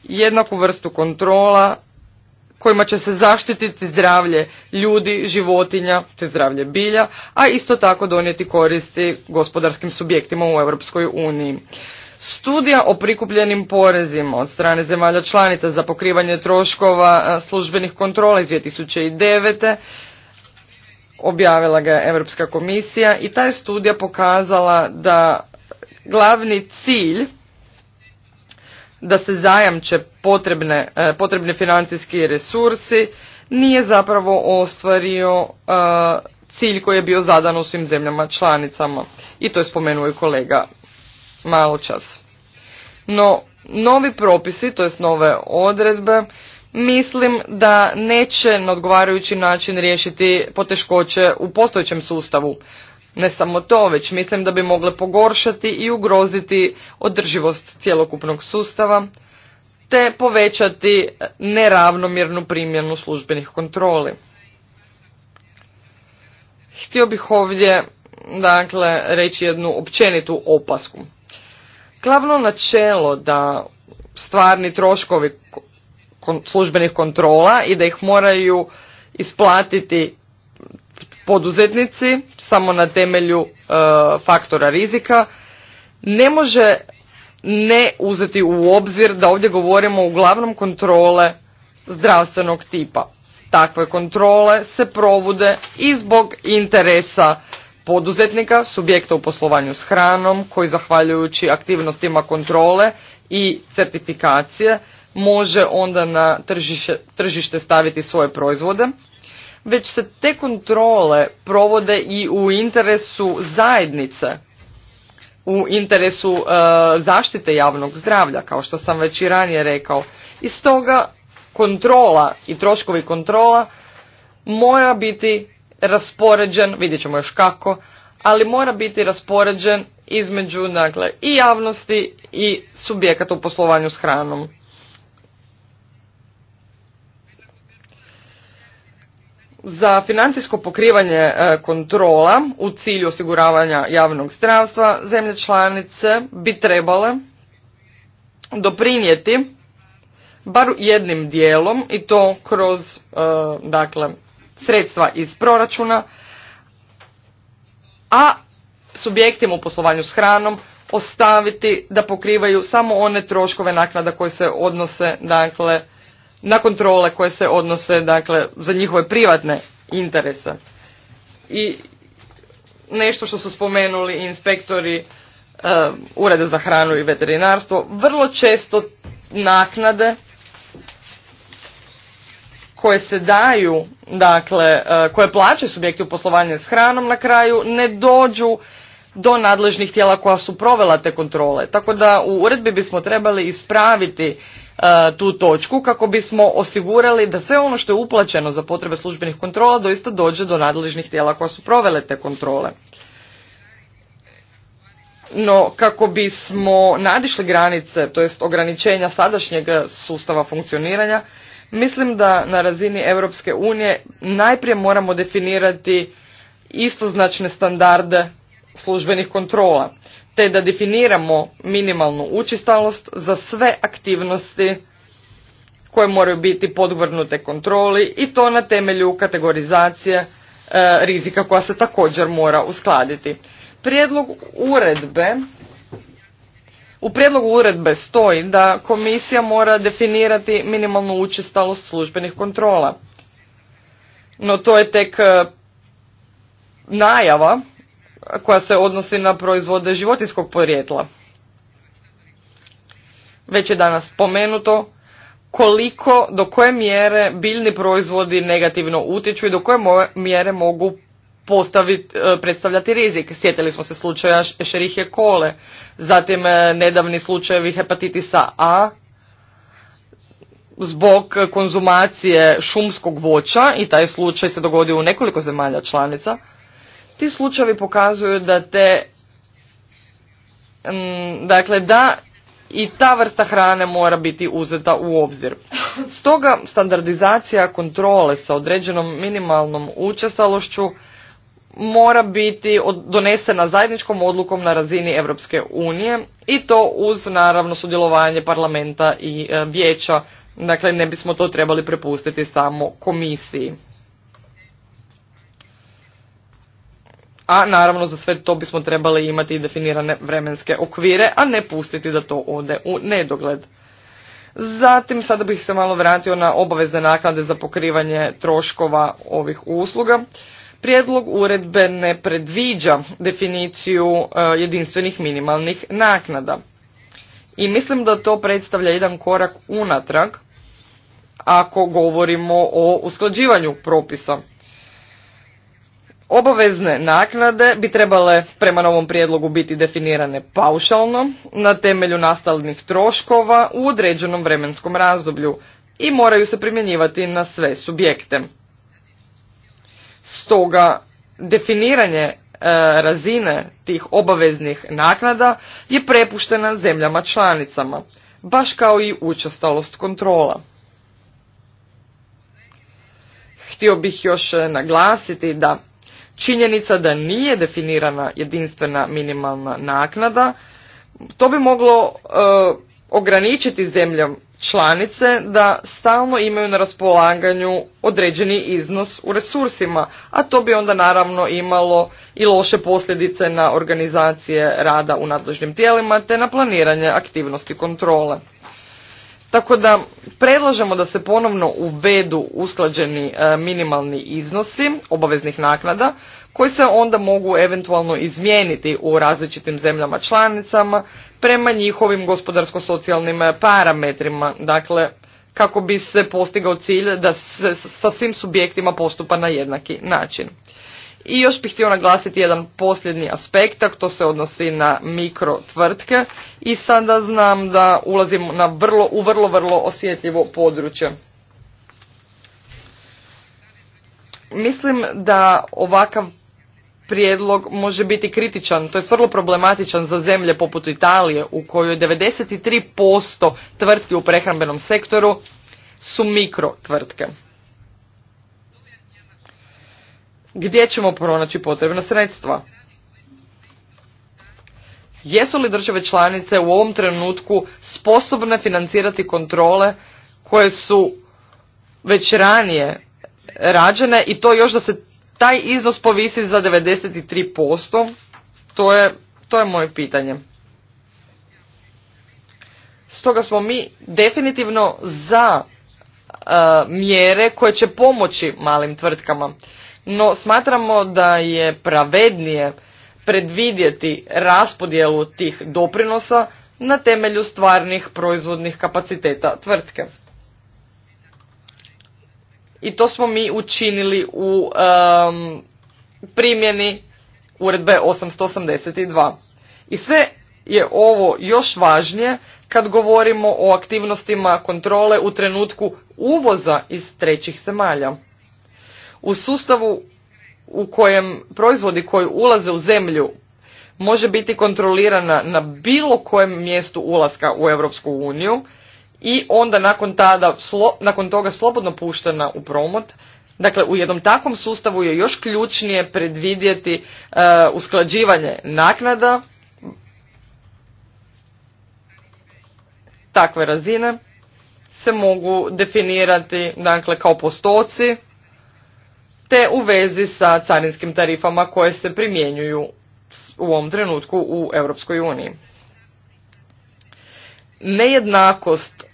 jednaku vrstu kontrola kojima će se zaštititi zdravlje ljudi, životinja te zdravlje bilja, a isto tako donijeti koristi gospodarskim subjektima u Europskoj uniji. Studija o prikupljenim porezima od strane zemalja članica za pokrivanje troškova službenih kontrola iz 2009. objavila ga je Europska komisija i ta je studija pokazala da glavni cilj da se zajamče potrebne, e, potrebne financijski resursi nije zapravo ostvario e, cilj koji je bio zadan u svim zemljama članicama. I to je spomenuo i kolega malo čas. No, novi propisi, to jest nove odredbe, mislim da neće na odgovarajući način riješiti poteškoće u postojećem sustavu. Ne samo to, već mislim da bi mogle pogoršati i ugroziti održivost cjelokupnog sustava, te povećati neravnomjernu primjenu službenih kontroli. Htio bih ovdje dakle, reći jednu općenitu opasku. Glavno načelo da stvarni troškovi službenih kontrola i da ih moraju isplatiti poduzetnici samo na temelju e, faktora rizika ne može ne uzeti u obzir da ovdje govorimo uglavnom kontrole zdravstvenog tipa. Takve kontrole se provode i zbog interesa poduzetnika, subjekta u poslovanju s hranom, koji zahvaljujući aktivnostima kontrole i certifikacije može onda na tržište, tržište staviti svoje proizvode već se te kontrole provode i u interesu zajednice, u interesu e, zaštite javnog zdravlja, kao što sam već i ranije rekao. I stoga kontrola i troškovi kontrola mora biti raspoređen, vidjet ćemo još kako, ali mora biti raspoređen između dakle, i javnosti i subjekata u poslovanju s hranom. za financijsko pokrivanje e, kontrola u cilju osiguravanja javnog zdravstva zemlje članice bi trebale doprinijeti bar jednim dijelom i to kroz e, dakle sredstva iz proračuna a subjektima u poslovanju s hranom ostaviti da pokrivaju samo one troškove naknada koje se odnose dakle na kontrole koje se odnose dakle za njihove privatne interese i nešto što su spomenuli inspektori e, ureda za hranu i veterinarstvo vrlo često naknade koje se daju dakle e, koje plaćaju subjekti u poslovanje s hranom na kraju ne dođu do nadležnih tijela koja su provela te kontrole tako da u uredbi bismo trebali ispraviti E, tu točku kako bismo osigurali da sve ono što je uplaćeno za potrebe službenih kontrola doista dođe do nadležnih tijela koja su provele te kontrole. No, kako bismo nadišli granice, to jest ograničenja sadašnjeg sustava funkcioniranja, mislim da na razini Europske unije najprije moramo definirati istoznačne standarde službenih kontrola te da definiramo minimalnu učestalost za sve aktivnosti koje moraju biti podvrnute kontroli i to na temelju kategorizacije e, rizika koja se također mora uskladiti. Prijedlog uredbe u prijedlogu uredbe stoji da komisija mora definirati minimalnu učestalost službenih kontrola. No to je tek e, najava koja se odnosi na proizvode životinskog porijetla. Već je danas spomenuto koliko, do koje mjere biljni proizvodi negativno utječu i do koje mjere mogu postaviti, e, predstavljati rizik. Sjetili smo se slučaja šerihe kole, zatim e, nedavni slučajevi hepatitisa A, zbog konzumacije šumskog voća i taj slučaj se dogodio u nekoliko zemalja članica. Ti slučajevi pokazuju da te, mm, dakle da i ta vrsta hrane mora biti uzeta u obzir. Stoga standardizacija kontrole sa određenom minimalnom učestalošću mora biti donesena zajedničkom odlukom na razini Europske unije i to uz naravno sudjelovanje parlamenta i e, vijeća. Dakle, ne bismo to trebali prepustiti samo komisiji. a naravno za sve to bismo trebali imati i definirane vremenske okvire, a ne pustiti da to ode u nedogled. Zatim sada bih se malo vratio na obavezne naknade za pokrivanje troškova ovih usluga. Prijedlog uredbe ne predviđa definiciju e, jedinstvenih minimalnih naknada. I mislim da to predstavlja jedan korak unatrag ako govorimo o usklađivanju propisa. Obavezne naknade bi trebale prema novom prijedlogu biti definirane paušalno na temelju nastalnih troškova u određenom vremenskom razdoblju i moraju se primjenjivati na sve subjekte. Stoga definiranje e, razine tih obaveznih naknada je prepuštena zemljama članicama, baš kao i učestalost kontrola. Htio bih još e, naglasiti da činjenica da nije definirana jedinstvena minimalna naknada, to bi moglo e, ograničiti zemljom članice da stalno imaju na raspolaganju određeni iznos u resursima, a to bi onda naravno imalo i loše posljedice na organizacije rada u nadležnim tijelima te na planiranje aktivnosti kontrole. Tako da predlažemo da se ponovno uvedu usklađeni e, minimalni iznosi obaveznih naknada koji se onda mogu eventualno izmijeniti u različitim zemljama članicama prema njihovim gospodarsko-socijalnim e, parametrima, dakle kako bi se postigao cilj da se sa svim subjektima postupa na jednaki način. I još bih htio naglasiti jedan posljednji aspekt, to se odnosi na mikro tvrtke i sada znam da ulazim na vrlo, u vrlo, vrlo osjetljivo područje. Mislim da ovakav prijedlog može biti kritičan, to je vrlo problematičan za zemlje poput Italije u kojoj 93% tvrtki u prehrambenom sektoru su mikro tvrtke. gdje ćemo pronaći potrebna sredstva. Jesu li države članice u ovom trenutku sposobne financirati kontrole koje su već ranije rađene i to još da se taj iznos povisi za 93%? To je, to je moje pitanje. Stoga smo mi definitivno za e, mjere koje će pomoći malim tvrtkama no smatramo da je pravednije predvidjeti raspodjelu tih doprinosa na temelju stvarnih proizvodnih kapaciteta tvrtke. I to smo mi učinili u primjeni uredbe 882. I sve je ovo još važnije kad govorimo o aktivnostima kontrole u trenutku uvoza iz trećih zemalja. U sustavu u kojem proizvodi koji ulaze u zemlju može biti kontrolirana na bilo kojem mjestu ulaska u Europsku uniju i onda nakon, tada, nakon toga slobodno puštena u promot. Dakle, u jednom takvom sustavu je još ključnije predvidjeti e, usklađivanje naknada takve razine se mogu definirati dakle, kao postoci te u vezi sa carinskim tarifama koje se primjenjuju u ovom trenutku u Europskoj uniji. Nejednakost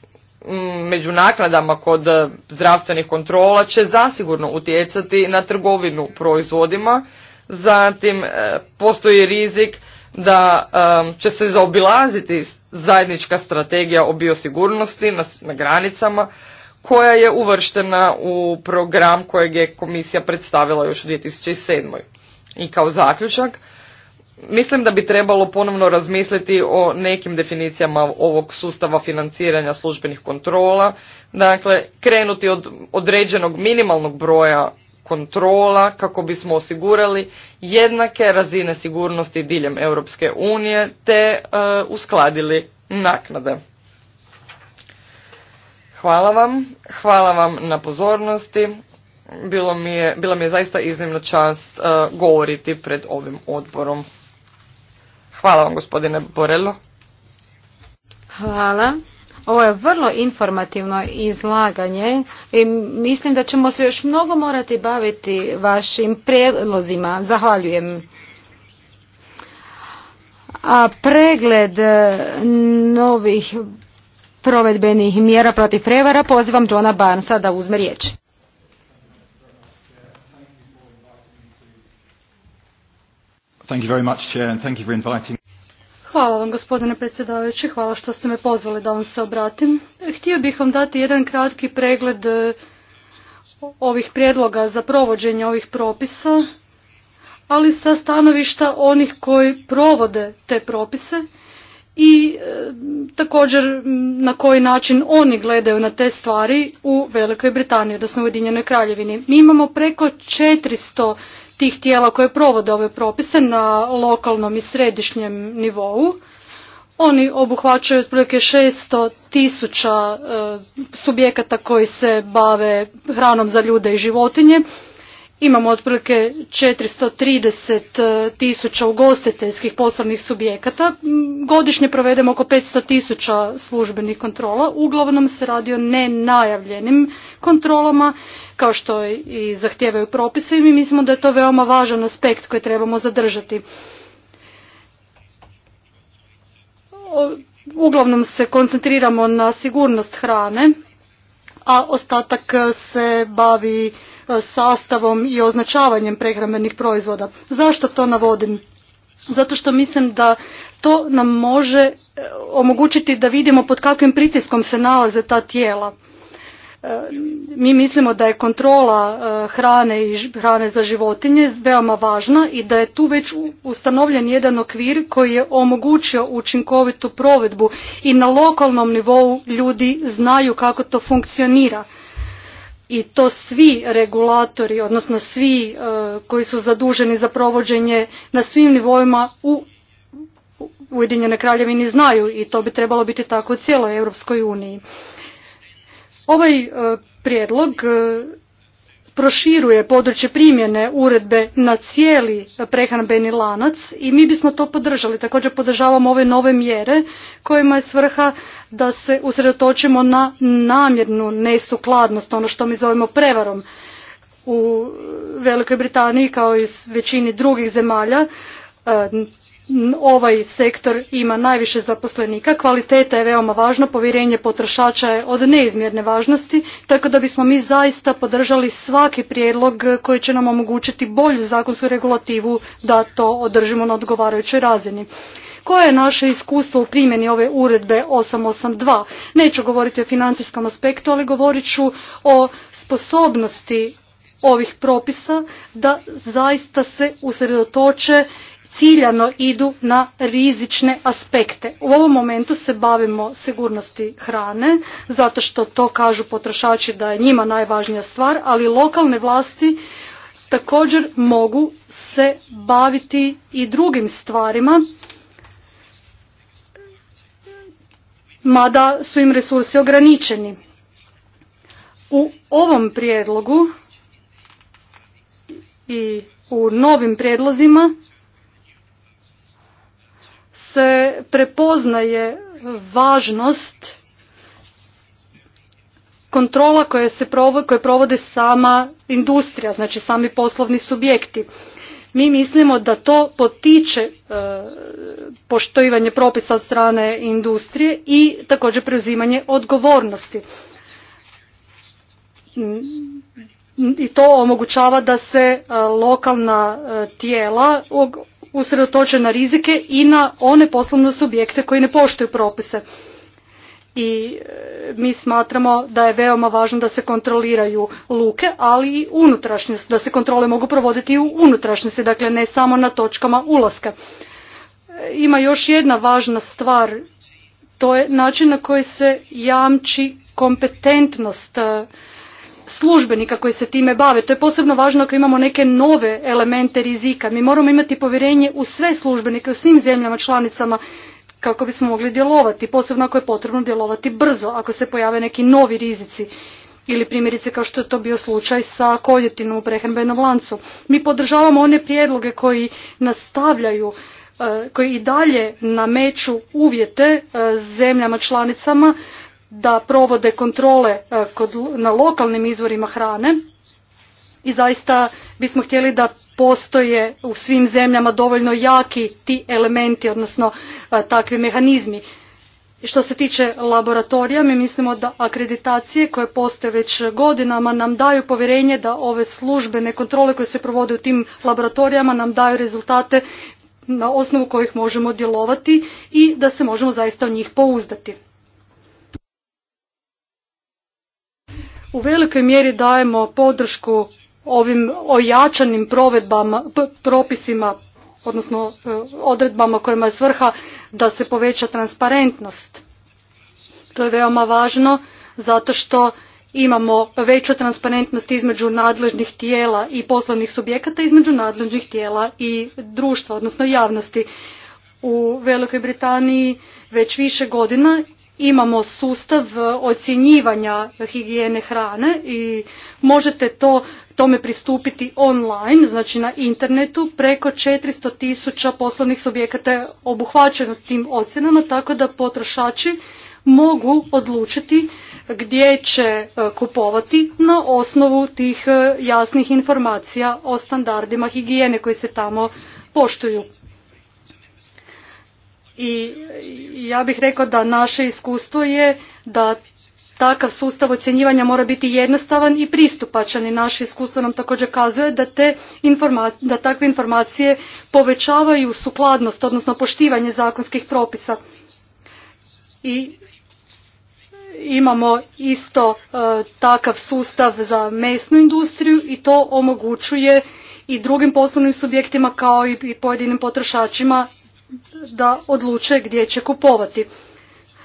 mm, među nakladama kod e, zdravstvenih kontrola će zasigurno utjecati na trgovinu proizvodima, zatim e, postoji rizik da e, će se zaobilaziti zajednička strategija o biosigurnosti na granicama, koja je uvrštena u program kojeg je komisija predstavila još u 2007. I kao zaključak, mislim da bi trebalo ponovno razmisliti o nekim definicijama ovog sustava financiranja službenih kontrola, dakle krenuti od određenog minimalnog broja kontrola kako bismo osigurali jednake razine sigurnosti diljem Europske unije te e, uskladili naknade. Hvala vam, hvala vam na pozornosti. Bilo mi je, bila mi je zaista iznimna čast e, govoriti pred ovim odborom. Hvala vam gospodine Borello. Hvala. Ovo je vrlo informativno izlaganje i mislim da ćemo se još mnogo morati baviti vašim prijedlozima. Zahvaljujem. A pregled novih provedbenih mjera protiv prevara pozivam Johna Barnesa da uzme riječ. Hvala vam gospodine predsjedavajući, hvala što ste me pozvali da vam se obratim. Htio bih vam dati jedan kratki pregled e, ovih prijedloga za provođenje ovih propisa, ali sa stanovišta onih koji provode te propise i e, također na koji način oni gledaju na te stvari u Velikoj Britaniji, odnosno u Ujedinjenoj Kraljevini. Mi imamo preko 400 tih tijela koje provode ove propise na lokalnom i središnjem nivou. Oni obuhvaćaju otprilike 600 tisuća e, subjekata koji se bave hranom za ljude i životinje Imamo otprilike 430 tisuća ugostiteljskih poslovnih subjekata. Godišnje provedemo oko 500 tisuća službenih kontrola. Uglavnom se radi o nenajavljenim kontrolama, kao što i zahtijevaju propise mi mislimo da je to veoma važan aspekt koji trebamo zadržati. Uglavnom se koncentriramo na sigurnost hrane, a ostatak se bavi E, sastavom i označavanjem prehrambenih proizvoda. Zašto to navodim? Zato što mislim da to nam može e, omogućiti da vidimo pod kakvim pritiskom se nalaze ta tijela. E, mi mislimo da je kontrola hrane i hrane za životinje veoma važna i da je tu već ustanovljen jedan okvir koji je omogućio učinkovitu provedbu i na lokalnom nivou ljudi znaju kako to funkcionira i to svi regulatori, odnosno svi e, koji su zaduženi za provođenje na svim nivoima u Ujedinjene kraljevini znaju i to bi trebalo biti tako u cijeloj Europskoj uniji. Ovaj e, prijedlog proširuje područje primjene uredbe na cijeli prehrambeni lanac i mi bismo to podržali. Također podržavamo ove nove mjere kojima je svrha da se usredotočimo na namjernu nesukladnost, ono što mi zovemo prevarom. U Velikoj Britaniji kao i većini drugih zemalja e, ovaj sektor ima najviše zaposlenika, kvaliteta je veoma važna, povjerenje potrošača je od neizmjerne važnosti, tako da bismo mi zaista podržali svaki prijedlog koji će nam omogućiti bolju zakonsku regulativu da to održimo na odgovarajućoj razini. Koje je naše iskustvo u primjeni ove uredbe 882? Neću govoriti o financijskom aspektu, ali govorit ću o sposobnosti ovih propisa da zaista se usredotoče ciljano idu na rizične aspekte. U ovom momentu se bavimo sigurnosti hrane, zato što to kažu potrošači da je njima najvažnija stvar, ali lokalne vlasti također mogu se baviti i drugim stvarima, mada su im resursi ograničeni. U ovom prijedlogu i u novim prijedlozima se prepoznaje važnost kontrola koje, se provode, koje provode sama industrija, znači sami poslovni subjekti. Mi mislimo da to potiče e, poštivanje propisa od strane industrije i također preuzimanje odgovornosti. Mm, I to omogućava da se e, lokalna e, tijela usredotoče na rizike i na one poslovne subjekte koji ne poštuju propise i e, mi smatramo da je veoma važno da se kontroliraju luke, ali i unutrašnjost, da se kontrole mogu provoditi i u unutrašnjosti, dakle ne samo na točkama ulaska. E, ima još jedna važna stvar, to je način na koji se jamči kompetentnost e, službenika koji se time bave. To je posebno važno ako imamo neke nove elemente rizika. Mi moramo imati povjerenje u sve službenike, u svim zemljama članicama kako bismo mogli djelovati, posebno ako je potrebno djelovati brzo, ako se pojave neki novi rizici ili primjerice kao što je to bio slučaj sa koljetinom u prehrambenom lancu. Mi podržavamo one prijedloge koji nastavljaju e, koji i dalje nameću uvjete e, zemljama članicama da provode kontrole e, na lokalnim izvorima hrane i zaista bismo htjeli da postoje u svim zemljama dovoljno jaki ti elementi, odnosno e, takvi mehanizmi. Što se tiče laboratorija, mi mislimo da akreditacije koje postoje već godinama nam daju povjerenje da ove službene kontrole koje se provode u tim laboratorijama nam daju rezultate na osnovu kojih možemo djelovati i da se možemo zaista u njih pouzdati. U velikoj mjeri dajemo podršku ovim ojačanim provedbama, propisima, odnosno e, odredbama kojima je svrha da se poveća transparentnost. To je veoma važno zato što imamo veću transparentnost između nadležnih tijela i poslovnih subjekata, između nadležnih tijela i društva, odnosno javnosti. U Velikoj Britaniji već više godina imamo sustav e, ocjenjivanja higijene hrane i možete to tome pristupiti online, znači na internetu. Preko 400 tisuća poslovnih subjekata je obuhvaćeno tim ocjenama, tako da potrošači mogu odlučiti gdje će e, kupovati na osnovu tih e, jasnih informacija o standardima higijene koji se tamo poštuju. I ja bih rekao da naše iskustvo je da takav sustav ocjenjivanja mora biti jednostavan i pristupačan i naše iskustvo nam također kazuje da, te da takve informacije povećavaju sukladnost, odnosno poštivanje zakonskih propisa. I imamo isto e, takav sustav za mesnu industriju i to omogućuje i drugim poslovnim subjektima kao i pojedinim potrošačima da odluče gdje će kupovati.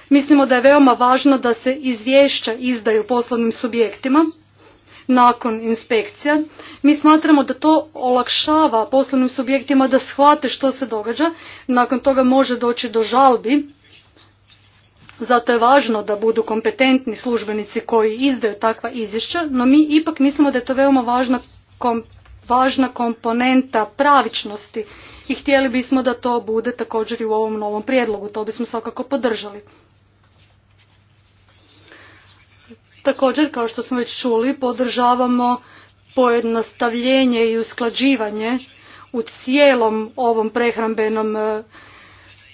Mislimo da je veoma važno da se izvješća izdaju poslovnim subjektima nakon inspekcija. Mi smatramo da to olakšava poslovnim subjektima da shvate što se događa. Nakon toga može doći do žalbi. Zato je važno da budu kompetentni službenici koji izdaju takva izvješća, no mi ipak mislimo da je to veoma važna, komponenta pravičnosti i htjeli bismo da to bude također i u ovom novom prijedlogu. To bismo svakako podržali. Također, kao što smo već čuli, podržavamo pojednostavljenje i usklađivanje u cijelom ovom prehrambenom e,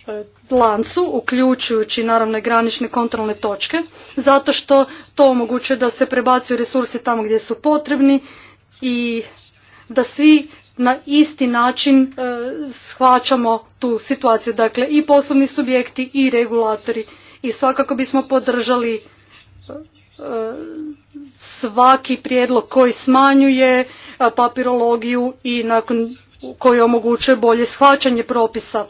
e, lancu, uključujući naravno granične kontrolne točke, zato što to omogućuje da se prebacuju resursi tamo gdje su potrebni i da svi na isti način e, shvaćamo tu situaciju. Dakle, i poslovni subjekti i regulatori. I svakako bismo podržali e, svaki prijedlog koji smanjuje e, papirologiju i nakon koji omogućuje bolje shvaćanje propisa.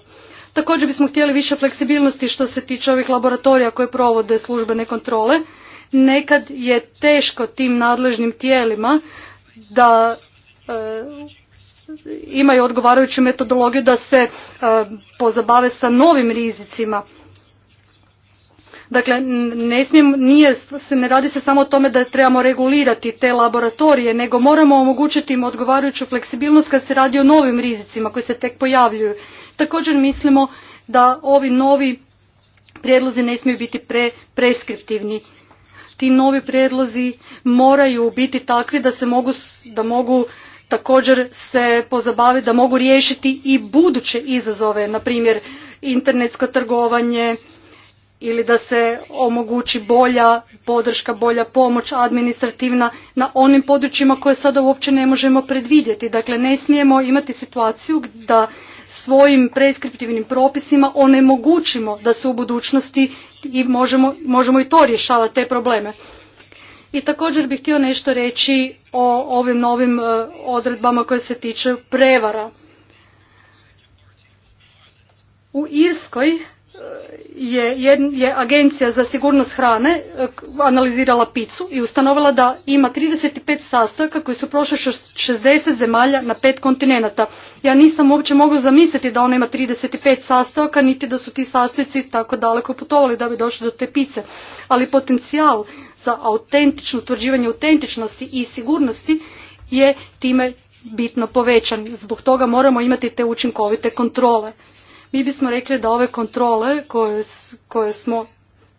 Također bismo htjeli više fleksibilnosti što se tiče ovih laboratorija koje provode službene kontrole. Nekad je teško tim nadležnim tijelima da imaju odgovarajuću metodologiju da se e, pozabave sa novim rizicima. Dakle, ne smijem, nije, ne radi se samo o tome da trebamo regulirati te laboratorije, nego moramo omogućiti im odgovarajuću fleksibilnost kad se radi o novim rizicima koji se tek pojavljuju. Također mislimo da ovi novi prijedlozi ne smiju biti pre, preskriptivni. Ti novi prijedlozi moraju biti takvi da se mogu, da mogu također se pozabaviti da mogu riješiti i buduće izazove, na primjer internetsko trgovanje ili da se omogući bolja podrška, bolja pomoć administrativna na onim područjima koje sada uopće ne možemo predvidjeti. Dakle, ne smijemo imati situaciju da svojim preskriptivnim propisima onemogućimo da se u budućnosti i možemo, možemo i to rješavati te probleme. I također bih htio nešto reći o ovim novim e, odredbama koje se tiču prevara. U Irskoj e, je, je Agencija za sigurnost hrane e, analizirala picu i ustanovila da ima 35 sastojaka koji su prošli 60 zemalja na pet kontinenata. Ja nisam uopće mogla zamisliti da ona ima 35 sastojaka niti da su ti sastojci tako daleko putovali da bi došli do te pice. Ali potencijal za autentično utvrđivanje autentičnosti i sigurnosti je time bitno povećan. Zbog toga moramo imati te učinkovite kontrole. Mi bismo rekli da ove kontrole koje, koje smo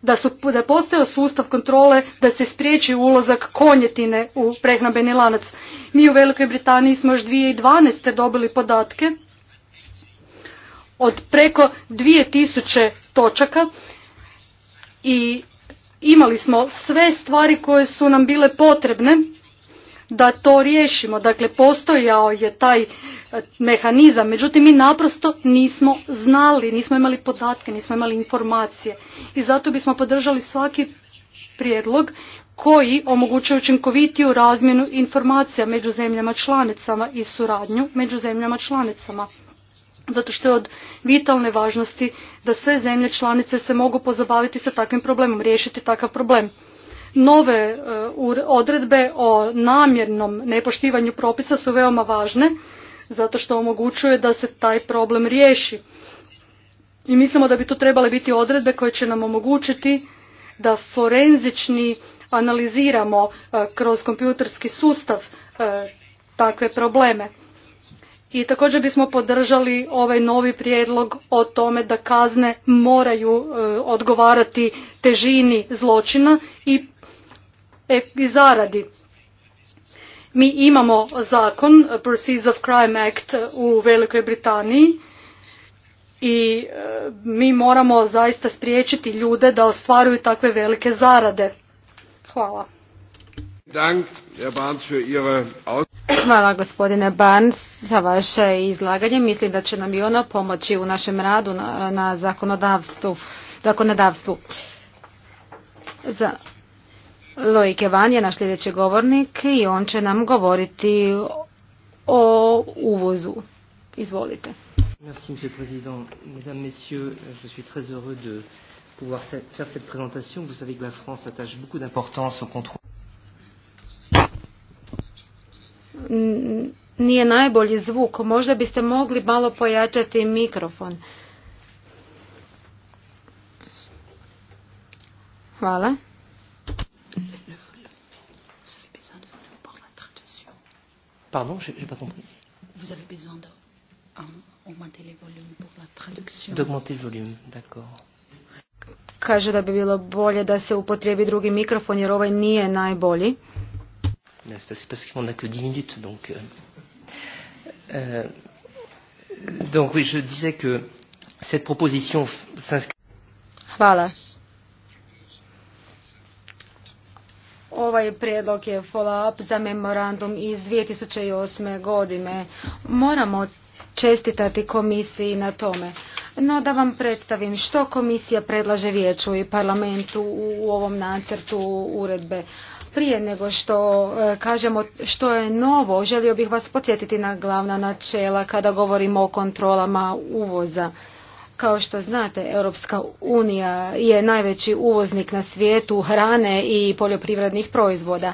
da, su, da je postao sustav kontrole da se spriječi ulazak konjetine u prehrambeni lanac. Mi u Velikoj Britaniji smo još 2012. dobili podatke od preko 2000 točaka i Imali smo sve stvari koje su nam bile potrebne da to riješimo. Dakle, postojao je taj e, mehanizam, međutim mi naprosto nismo znali, nismo imali podatke, nismo imali informacije. I zato bismo podržali svaki prijedlog koji omogućuje učinkovitiju razmjenu informacija među zemljama članicama i suradnju među zemljama članicama zato što je od vitalne važnosti da sve zemlje članice se mogu pozabaviti sa takvim problemom, riješiti takav problem. Nove e, odredbe o namjernom nepoštivanju propisa su veoma važne zato što omogućuje da se taj problem riješi. I mislimo da bi tu trebale biti odredbe koje će nam omogućiti da forenzični analiziramo e, kroz kompjuterski sustav e, takve probleme. I također bismo podržali ovaj novi prijedlog o tome da kazne moraju e, odgovarati težini zločina e, i zaradi. Mi imamo zakon Proceeds of Crime Act u Velikoj Britaniji i e, mi moramo zaista spriječiti ljude da ostvaruju takve velike zarade. Hvala. Hvala gospodine Barnes za vaše izlaganje. Mislim da će nam i ono pomoći u našem radu na, zakonodavstvu. zakonodavstvu. Za Lojke Van je naš sljedeći govornik i on će nam govoriti o uvozu. Izvolite. Merci, Monsieur le Président. Mesdames, Messieurs, je suis très heureux de pouvoir faire cette présentation. Vous savez que la France attache beaucoup d'importance au contrôle nije najbolji zvuk. Možda biste mogli malo pojačati mikrofon. Hvala. Pardon, je n'ai pas compris. Vous avez besoin d'augmenter les volumes pour la traduction. D'augmenter le volume, d'accord. Kaže da bi bilo bolje da se upotrijebi drugi mikrofon jer ovaj nije najbolji. C'est parce qu'on n'a que 10 minutes, donc. Euh, euh, donc oui, je disais que cette proposition s'inscrit. Voilà. Ovaj prijedlog je follow-up za memorandum iz 2008. godine. Moramo čestitati komisiji na tome. No da vam predstavim što komisija predlaže vijeću i parlamentu u ovom nacrtu uredbe. Prije nego što e, kažemo što je novo, želio bih vas podsjetiti na glavna načela kada govorimo o kontrolama uvoza. Kao što znate, Europska unija je najveći uvoznik na svijetu hrane i poljoprivrednih proizvoda.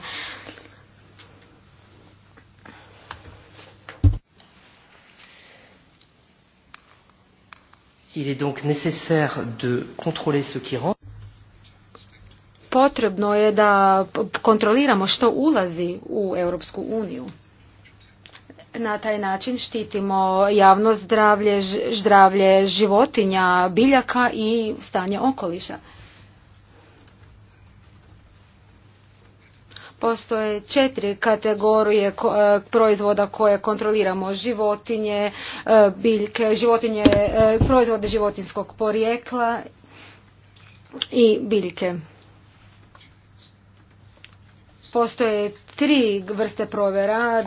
Il est donc nécessaire de contrôler ce qui rentre potrebno je da kontroliramo što ulazi u Europsku uniju. Na taj način štitimo javno zdravlje, zdravlje životinja, biljaka i stanje okoliša. Postoje četiri kategorije e, proizvoda koje kontroliramo. Životinje, e, biljke, životinje, e, proizvode životinskog porijekla i biljke. Postoje tri vrste provjera,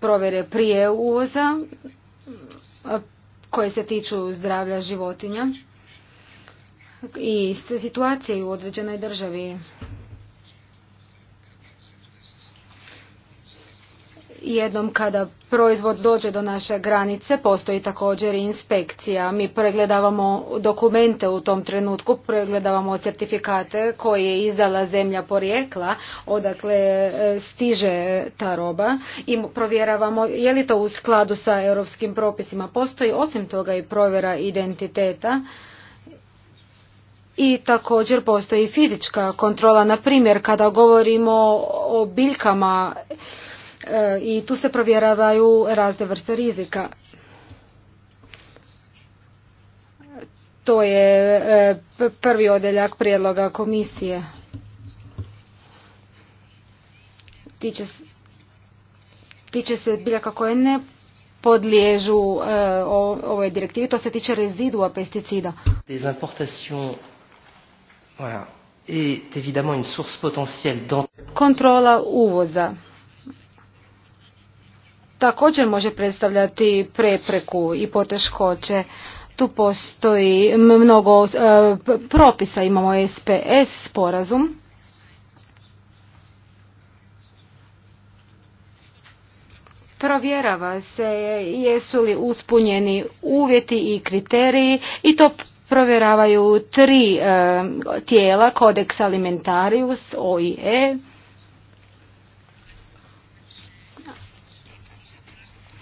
provjere prije uvoza koje se tiču zdravlja životinja i situacije u određenoj državi. jednom kada proizvod dođe do naše granice postoji također inspekcija. Mi pregledavamo dokumente u tom trenutku, pregledavamo certifikate koje je izdala zemlja porijekla, odakle e, stiže ta roba i provjeravamo je li to u skladu sa europskim propisima. Postoji osim toga i provjera identiteta i također postoji fizička kontrola. Na primjer, kada govorimo o biljkama i tu se provjeravaju razne vrste rizika. To je e, prvi odeljak prijedloga komisije. Tiče, tiče se biljaka koje ne podliježu e, ovoj direktivi. To se tiče rezidua pesticida. Des voilà, évidemment une source potentielle Kontrola uvoza također može predstavljati prepreku i poteškoće. Tu postoji mnogo e, propisa, imamo SPS sporazum. Provjerava se jesu li uspunjeni uvjeti i kriteriji i to provjeravaju tri e, tijela, kodeks alimentarius, OIE,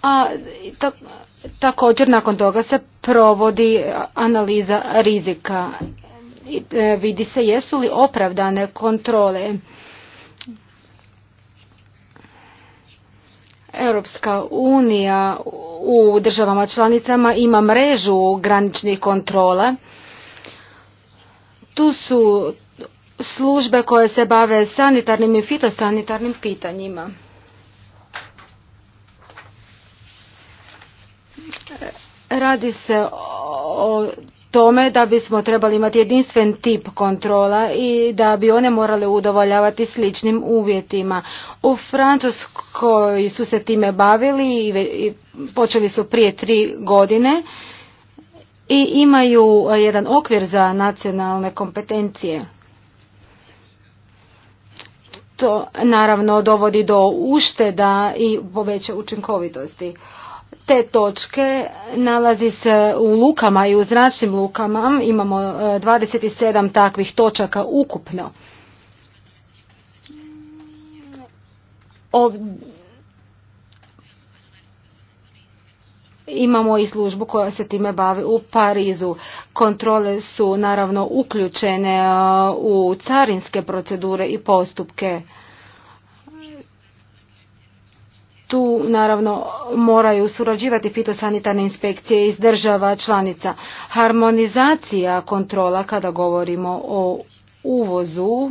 A također nakon toga se provodi analiza rizika. I, e, vidi se jesu li opravdane kontrole. Europska unija u državama članicama ima mrežu graničnih kontrola. Tu su službe koje se bave sanitarnim i fitosanitarnim pitanjima. Radi se o tome da bismo trebali imati jedinstven tip kontrola i da bi one morale udovoljavati sličnim uvjetima. U Francuskoj su se time bavili i počeli su prije tri godine i imaju jedan okvir za nacionalne kompetencije. To naravno dovodi do ušteda i poveća učinkovitosti te točke nalazi se u lukama i u zračnim lukama. Imamo 27 e, takvih točaka ukupno. Imamo i službu koja se time bavi u Parizu. Kontrole su naravno uključene e, u carinske procedure i postupke tu naravno moraju surađivati fitosanitarne inspekcije iz država članica. Harmonizacija kontrola kada govorimo o uvozu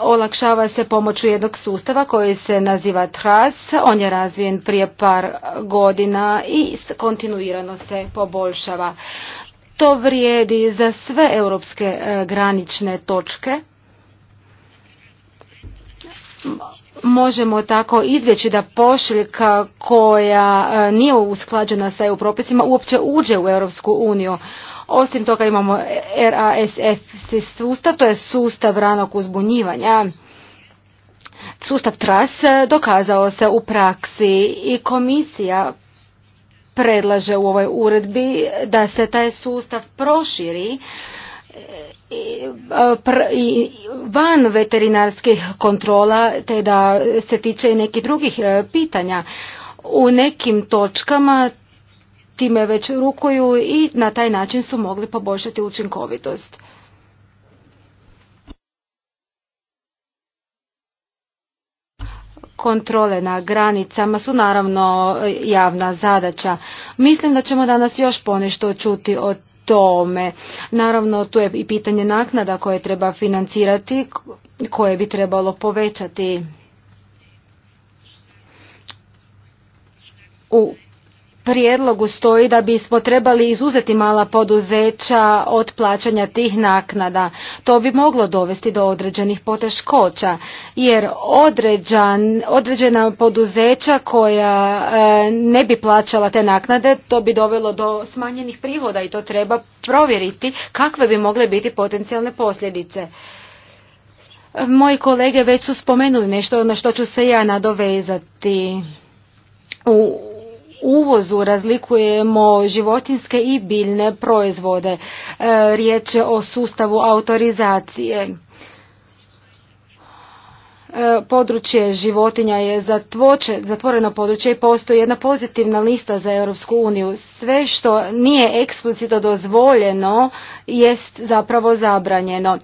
olakšava se pomoću jednog sustava koji se naziva TRAS. On je razvijen prije par godina i kontinuirano se poboljšava. To vrijedi za sve europske e, granične točke možemo tako izbjeći da pošiljka koja e, nije usklađena sa EU propisima uopće uđe u Europsku uniju. Osim toga imamo RASF sustav, to je sustav ranog uzbunjivanja. Sustav TRAS e, dokazao se u praksi i komisija predlaže u ovoj uredbi da se taj sustav proširi i van veterinarskih kontrola te da se tiče i nekih drugih e, pitanja. U nekim točkama time već rukuju i na taj način su mogli poboljšati učinkovitost. kontrole na granicama su naravno javna zadaća. Mislim da ćemo danas još ponešto čuti od tome. Naravno, tu je i pitanje naknada koje treba financirati, koje bi trebalo povećati u prijedlogu stoji da bismo trebali izuzeti mala poduzeća od plaćanja tih naknada. To bi moglo dovesti do određenih poteškoća jer određena poduzeća koja e, ne bi plaćala te naknade to bi dovelo do smanjenih prihoda i to treba provjeriti kakve bi mogle biti potencijalne posljedice. Moji kolege već su spomenuli nešto na što ću se ja nadovezati u uvozu razlikujemo životinske i biljne proizvode. E, riječ je o sustavu autorizacije e, područje životinja je zatvoreno područje i postoji jedna pozitivna lista za Europsku uniju. Sve što nije eksplicito dozvoljeno jest zapravo zabranjeno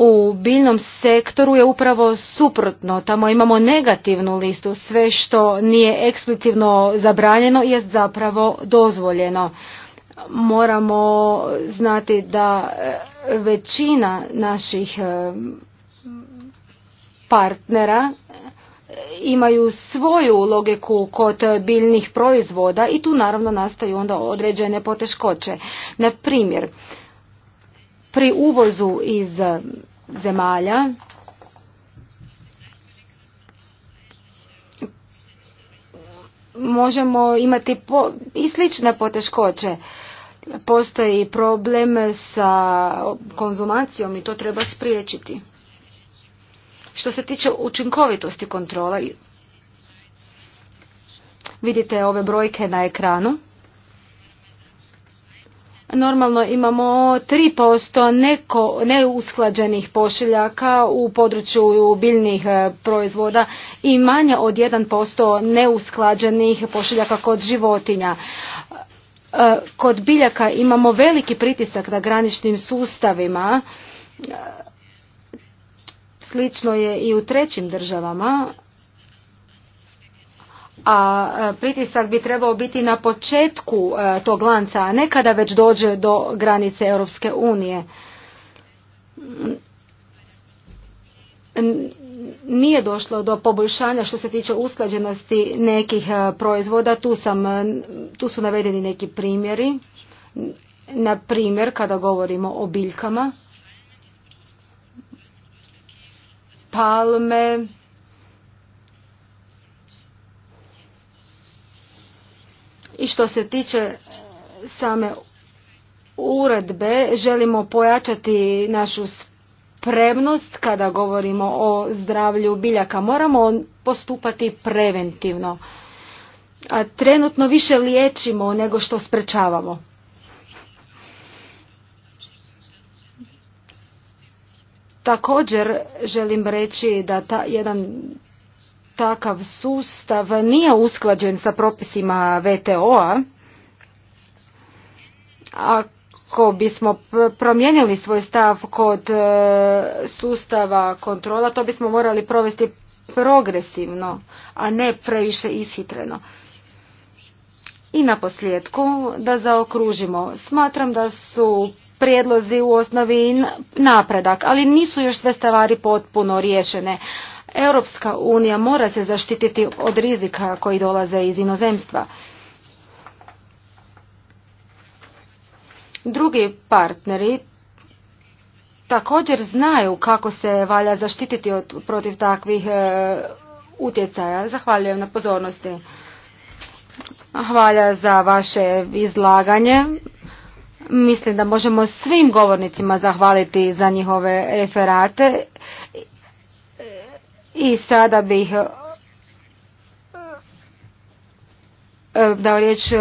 u biljnom sektoru je upravo suprotno. Tamo imamo negativnu listu. Sve što nije eksplicitno zabranjeno je zapravo dozvoljeno. Moramo znati da e, većina naših e, partnera e, imaju svoju logiku kod biljnih proizvoda i tu naravno nastaju onda određene poteškoće. Na primjer, pri uvozu iz zemalja možemo imati i slične poteškoće. Postoji problem sa konzumacijom i to treba spriječiti. Što se tiče učinkovitosti kontrola, vidite ove brojke na ekranu. Normalno imamo 3% neko, neusklađenih pošiljaka u području biljnih e, proizvoda i manje od 1% neusklađenih pošiljaka kod životinja. E, kod biljaka imamo veliki pritisak na graničnim sustavima. E, slično je i u trećim državama a e, pritisak bi trebao biti na početku e, tog lanca, a ne kada već dođe do granice Europske unije. Nije došlo do poboljšanja što se tiče usklađenosti nekih e, proizvoda, tu, sam, tu su navedeni neki primjeri, na primjer kada govorimo o biljkama, palme, I što se tiče same uredbe, želimo pojačati našu spremnost kada govorimo o zdravlju biljaka. Moramo postupati preventivno. A trenutno više liječimo nego što sprečavamo. Također želim reći da ta jedan takav sustav nije usklađen sa propisima VTO-a, ako bismo promijenili svoj stav kod e, sustava kontrola, to bismo morali provesti progresivno, a ne previše ishitreno. I na posljedku, da zaokružimo, smatram da su prijedlozi u osnovi napredak, ali nisu još sve stvari potpuno riješene. Europska unija mora se zaštititi od rizika koji dolaze iz inozemstva. Drugi partneri također znaju kako se valja zaštititi od, protiv takvih e, utjecaja. Zahvaljujem na pozornosti. Hvala za vaše izlaganje. Mislim da možemo svim govornicima zahvaliti za njihove referate i sada bih e, e, dao riječ e,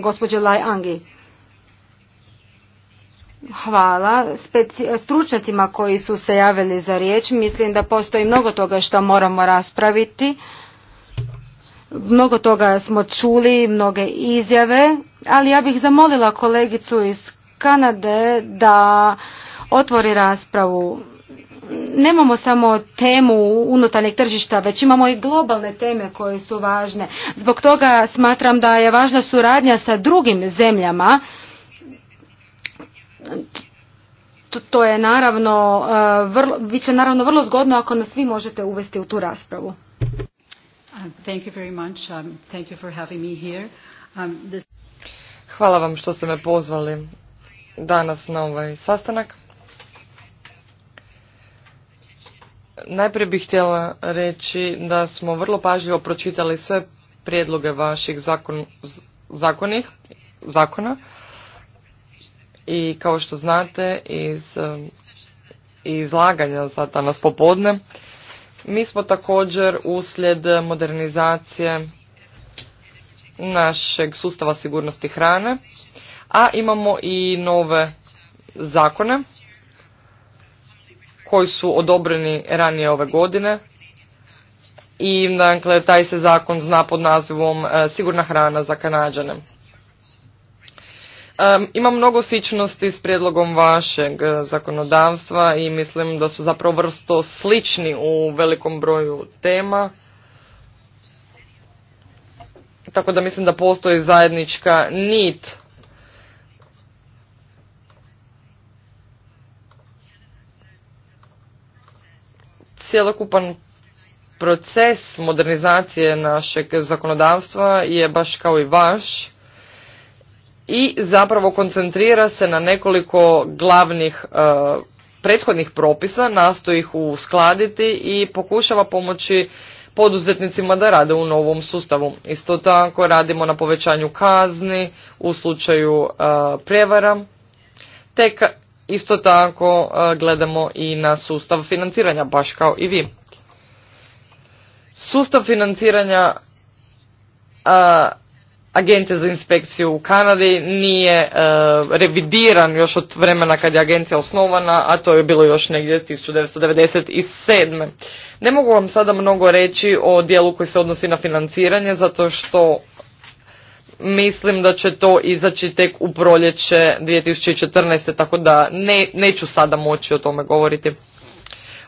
gospođo Laj Angi. Hvala. stručnjacima koji su se javili za riječ, mislim da postoji mnogo toga što moramo raspraviti. Mnogo toga smo čuli, mnoge izjave, ali ja bih zamolila kolegicu iz Kanade da otvori raspravu nemamo samo temu unutarnjeg tržišta, već imamo i globalne teme koje su važne. Zbog toga smatram da je važna suradnja sa drugim zemljama. To je naravno, e, vrlo, bit naravno vrlo zgodno ako nas vi možete uvesti u tu raspravu. Hvala vam što ste me pozvali danas na ovaj sastanak. Najprije bih htjela reći da smo vrlo pažljivo pročitali sve prijedloge vaših zakon, zakona i kao što znate iz eh, izlaganja za danas popodne, mi smo također uslijed modernizacije našeg sustava sigurnosti hrane, a imamo i nove zakone koji su odobreni ranije ove godine i dakle taj se zakon zna pod nazivom e, sigurna hrana za Kanađane. Um, e, ima mnogo sličnosti s prijedlogom vašeg e, zakonodavstva i mislim da su zapravo vrsto slični u velikom broju tema. Tako da mislim da postoji zajednička nit cjelokupan proces modernizacije našeg zakonodavstva je baš kao i vaš i zapravo koncentrira se na nekoliko glavnih e, prethodnih propisa, nastoji ih uskladiti i pokušava pomoći poduzetnicima da rade u novom sustavu. Isto tako radimo na povećanju kazni u slučaju e, prevara te Isto tako e, gledamo i na sustav financiranja, baš kao i vi. Sustav financiranja e, Agencije za inspekciju u Kanadi nije e, revidiran još od vremena kad je agencija osnovana, a to je bilo još negdje 1997. Ne mogu vam sada mnogo reći o dijelu koji se odnosi na financiranje, zato što mislim da će to izaći tek u proljeće 2014. tako da ne, neću sada moći o tome govoriti.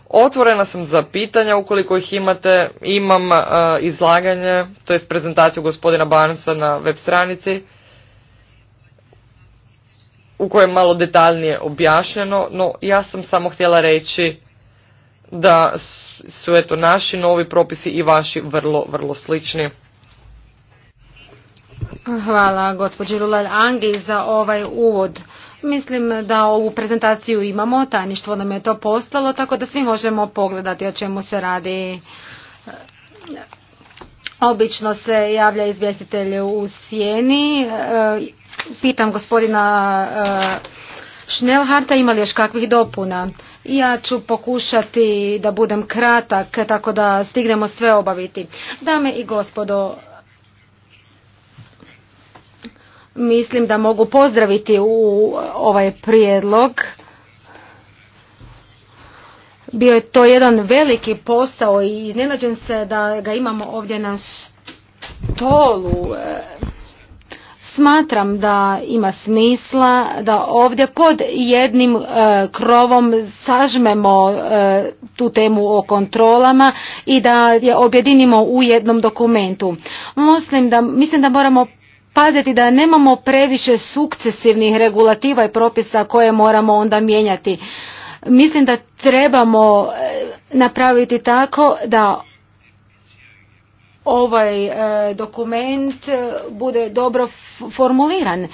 Otvorena sam za pitanja ukoliko ih imate. Imam e, izlaganje, to je prezentaciju gospodina Barnesa na web stranici u kojoj je malo detaljnije objašnjeno, no ja sam samo htjela reći da su eto naši novi propisi i vaši vrlo, vrlo slični. Hvala gospođi Rulal Angi za ovaj uvod. Mislim da ovu prezentaciju imamo, tajništvo nam je to postalo, tako da svi možemo pogledati o čemu se radi. Obično se javlja izvjestitelj u sjeni. E, pitam gospodina Šnelharta e, ima li još kakvih dopuna. Ja ću pokušati da budem kratak, tako da stignemo sve obaviti. Dame i gospodo, mislim da mogu pozdraviti u ovaj prijedlog. Bio je to jedan veliki posao i iznenađen se da ga imamo ovdje na stolu. Smatram da ima smisla da ovdje pod jednim e, krovom sažmemo e, tu temu o kontrolama i da je objedinimo u jednom dokumentu. Mislim da, mislim da moramo paziti da nemamo previše sukcesivnih regulativa i propisa koje moramo onda mijenjati. Mislim da trebamo eh, napraviti tako da ovaj eh, dokument eh, bude dobro formuliran.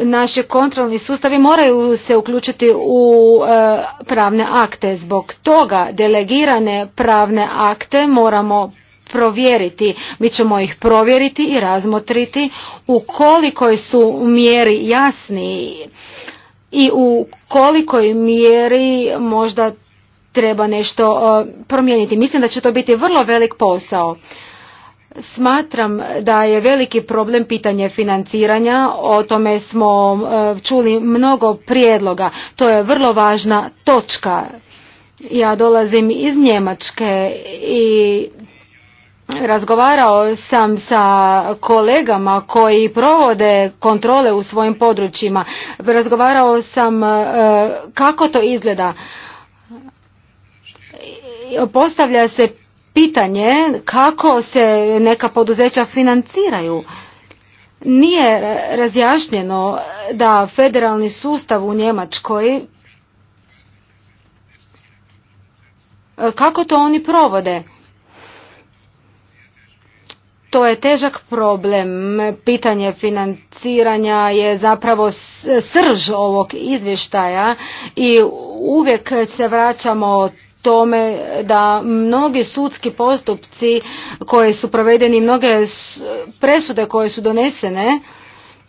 Naši kontrolni sustavi moraju se uključiti u pravne akte. Zbog toga delegirane pravne akte moramo provjeriti. Mi ćemo ih provjeriti i razmotriti u kolikoj su mjeri jasni i u kolikoj mjeri možda treba nešto e, promijeniti. Mislim da će to biti vrlo velik posao. Smatram da je veliki problem pitanje financiranja, o tome smo e, čuli mnogo prijedloga. To je vrlo važna točka. Ja dolazim iz Njemačke i razgovarao sam sa kolegama koji provode kontrole u svojim područjima razgovarao sam e, kako to izgleda postavlja se pitanje kako se neka poduzeća financiraju nije razjašnjeno da federalni sustav u njemačkoj e, kako to oni provode to je težak problem. Pitanje financiranja je zapravo srž ovog izvještaja i uvijek se vraćamo tome da mnogi sudski postupci koji su provedeni, mnoge presude koje su donesene,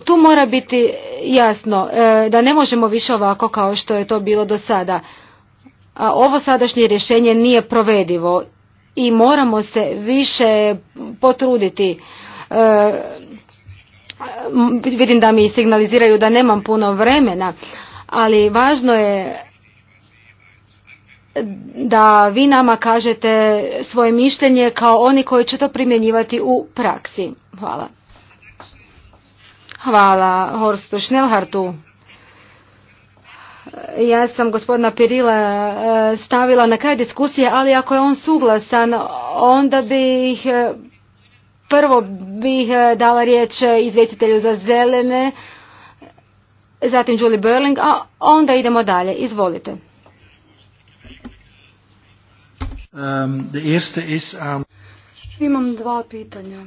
tu mora biti jasno e, da ne možemo više ovako kao što je to bilo do sada. A ovo sadašnje rješenje nije provedivo i moramo se više potruditi. E, vidim da mi signaliziraju da nemam puno vremena, ali važno je da vi nama kažete svoje mišljenje kao oni koji će to primjenjivati u praksi. Hvala. Hvala Horstu ja sam gospodina Pirila e, stavila na kraj diskusije, ali ako je on suglasan, onda bih e, prvo bih e, dala riječ izvjestitelju za zelene, zatim Julie Burling, a onda idemo dalje. Izvolite. Um, Imam dva pitanja.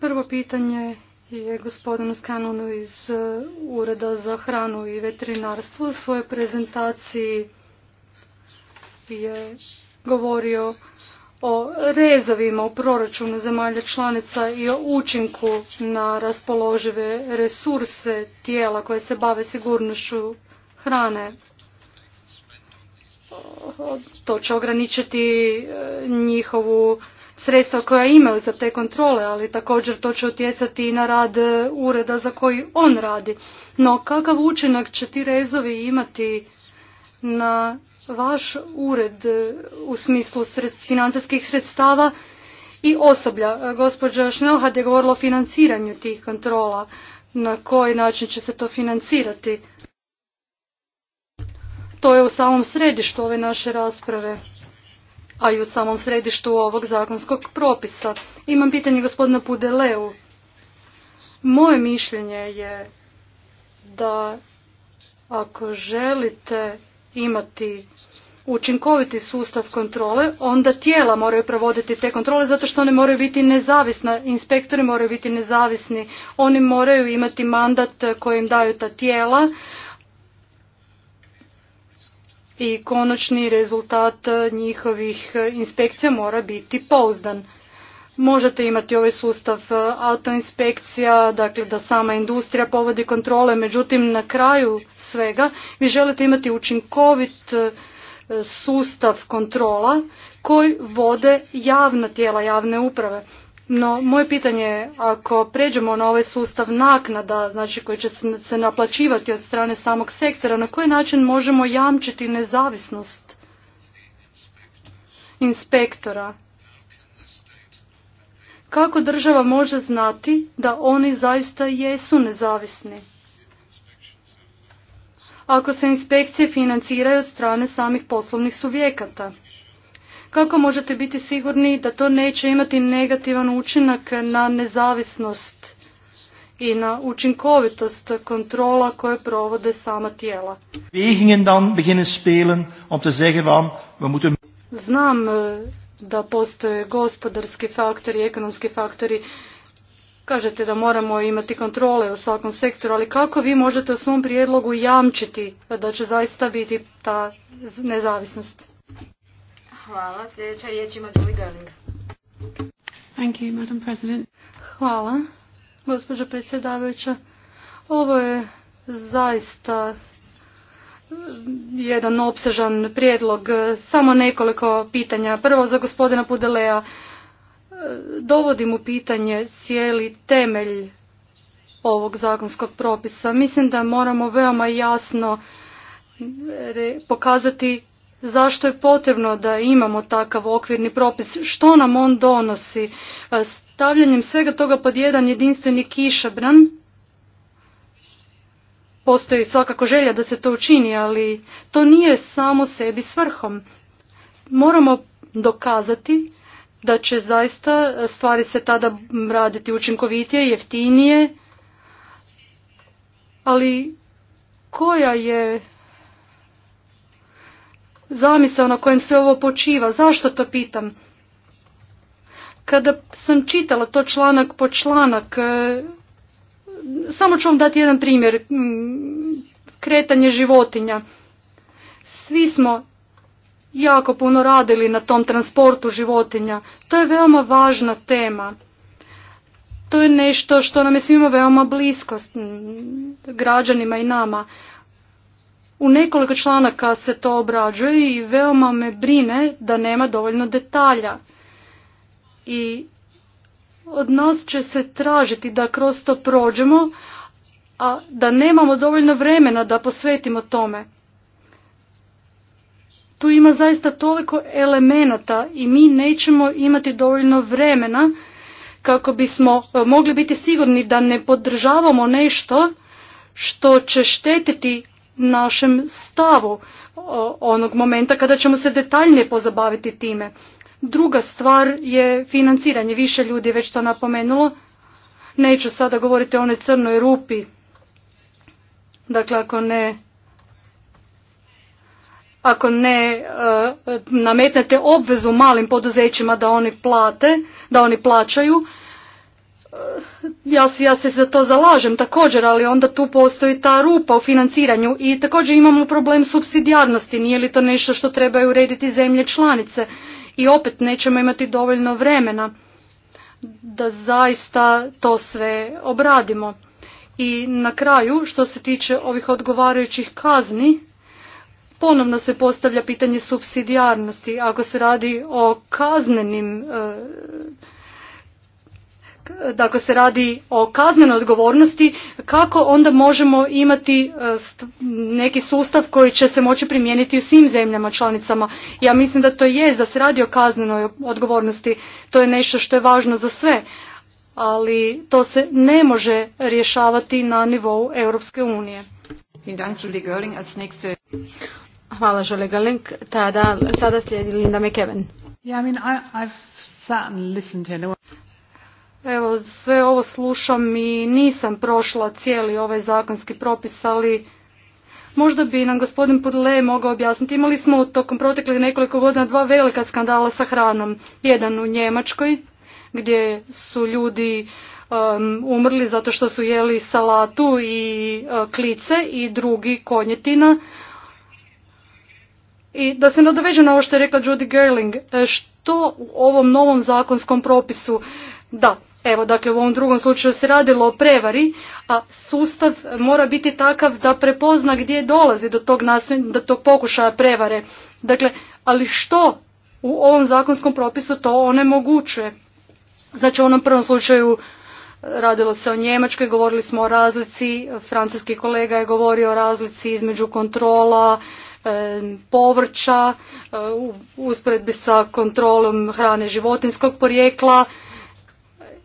Prvo pitanje je gospodinu Skanonu iz e, Ureda za hranu i veterinarstvo u svojoj prezentaciji je govorio o rezovima u proračunu zemalja članica i o učinku na raspoložive resurse tijela koje se bave sigurnošću hrane. To će ograničiti e, njihovu sredstva koja imaju za te kontrole, ali također to će utjecati i na rad e, ureda za koji on radi. No kakav učinak će ti rezovi imati na vaš ured e, u smislu financijskih sredstava i osoblja? E, gospođa Šnelhard je govorila o financiranju tih kontrola. Na koji način će se to financirati? To je u samom središtu ove naše rasprave a i u samom središtu ovog zakonskog propisa. Imam pitanje gospodina Pudeleu. Moje mišljenje je da ako želite imati učinkoviti sustav kontrole, onda tijela moraju provoditi te kontrole zato što one moraju biti nezavisna, inspektori moraju biti nezavisni, oni moraju imati mandat koji daju ta tijela, i konačni rezultat e, njihovih e, inspekcija mora biti pouzdan. Možete imati ovaj sustav e, autoinspekcija, dakle da sama industrija povodi kontrole, međutim na kraju svega vi želite imati učinkovit sustav kontrola koji vode javna tijela javne uprave. No, moje pitanje je, ako pređemo na ovaj sustav naknada, znači koji će se naplaćivati od strane samog sektora, na koji način možemo jamčiti nezavisnost inspektora? Kako država može znati da oni zaista jesu nezavisni? Ako se inspekcije financiraju od strane samih poslovnih subjekata. Kako možete biti sigurni da to neće imati negativan učinak na nezavisnost i na učinkovitost kontrola koje provode sama tijela? Znam e, da postoje gospodarski faktori ekonomski faktori kažete da moramo imati kontrole u svakom sektoru, ali kako vi možete u svom prijedlogu jamčiti da će zaista biti ta nezavisnost? Hvala. Sljedeća riječ ima Hvala, gospođo predsjedavajuća. Ovo je zaista jedan opsežan prijedlog. Samo nekoliko pitanja. Prvo za gospodina Pudeleja. Dovodim u pitanje cijeli temelj ovog zakonskog propisa. Mislim da moramo veoma jasno pokazati zašto je potrebno da imamo takav okvirni propis, što nam on donosi. E, stavljanjem svega toga pod jedan jedinstveni kišabran? postoji svakako želja da se to učini, ali to nije samo sebi svrhom. Moramo dokazati da će zaista stvari se tada raditi učinkovitije, jeftinije, ali koja je zamisao na kojem se ovo počiva. Zašto to pitam? Kada sam čitala to članak po članak, e, samo ću vam dati jedan primjer, kretanje životinja. Svi smo jako puno radili na tom transportu životinja. To je veoma važna tema. To je nešto što nam je svima veoma blisko, građanima i nama. U nekoliko članaka se to obrađuje i veoma me brine da nema dovoljno detalja. I od nas će se tražiti da kroz to prođemo, a da nemamo dovoljno vremena da posvetimo tome. Tu ima zaista toliko elemenata i mi nećemo imati dovoljno vremena kako bismo e, mogli biti sigurni da ne podržavamo nešto što će štetiti našem stavu onog momenta kada ćemo se detaljnije pozabaviti time. Druga stvar je financiranje. Više ljudi je već to napomenulo. Neću sada govoriti o onoj crnoj rupi. Dakle, ako ne ako ne e, nametnete obvezu malim poduzećima da oni plate, da oni plaćaju, Eh, ja, ja se za to zalažem također, ali onda tu postoji ta rupa u financiranju i također imamo problem subsidijarnosti, nije li to nešto što trebaju urediti zemlje članice i opet nećemo imati dovoljno vremena da zaista to sve obradimo. I na kraju, što se tiče ovih odgovarajućih kazni, ponovno se postavlja pitanje subsidijarnosti. Ako se radi o kaznenim eh, dakle ako se radi o kaznenoj odgovornosti, kako onda možemo imati e, neki sustav koji će se moći primijeniti u svim zemljama članicama. Ja mislim da to je, da se radi o kaznenoj odgovornosti. To je nešto što je važno za sve, ali to se ne može rješavati na nivou Europske unije. Hvala, Gerling. sada slijedi Linda McKeven. Evo, sve ovo slušam i nisam prošla cijeli ovaj zakonski propis, ali možda bi nam gospodin Pudle mogao objasniti. Imali smo tokom proteklih nekoliko godina dva velika skandala sa hranom. Jedan u Njemačkoj, gdje su ljudi um, umrli zato što su jeli salatu i uh, klice i drugi konjetina. I da se nadoveđu na ovo što je rekla Judy Gerling, e, što u ovom novom zakonskom propisu da, Evo, dakle, u ovom drugom slučaju se radilo o prevari, a sustav mora biti takav da prepozna gdje dolazi do tog, do tog pokušaja prevare. Dakle, ali što u ovom zakonskom propisu to onemogućuje? Znači, u onom prvom slučaju e, radilo se o Njemačkoj, govorili smo o razlici, francuski kolega je govorio o razlici između kontrola, e, povrća, e, u usporedbi sa kontrolom hrane životinskog porijekla,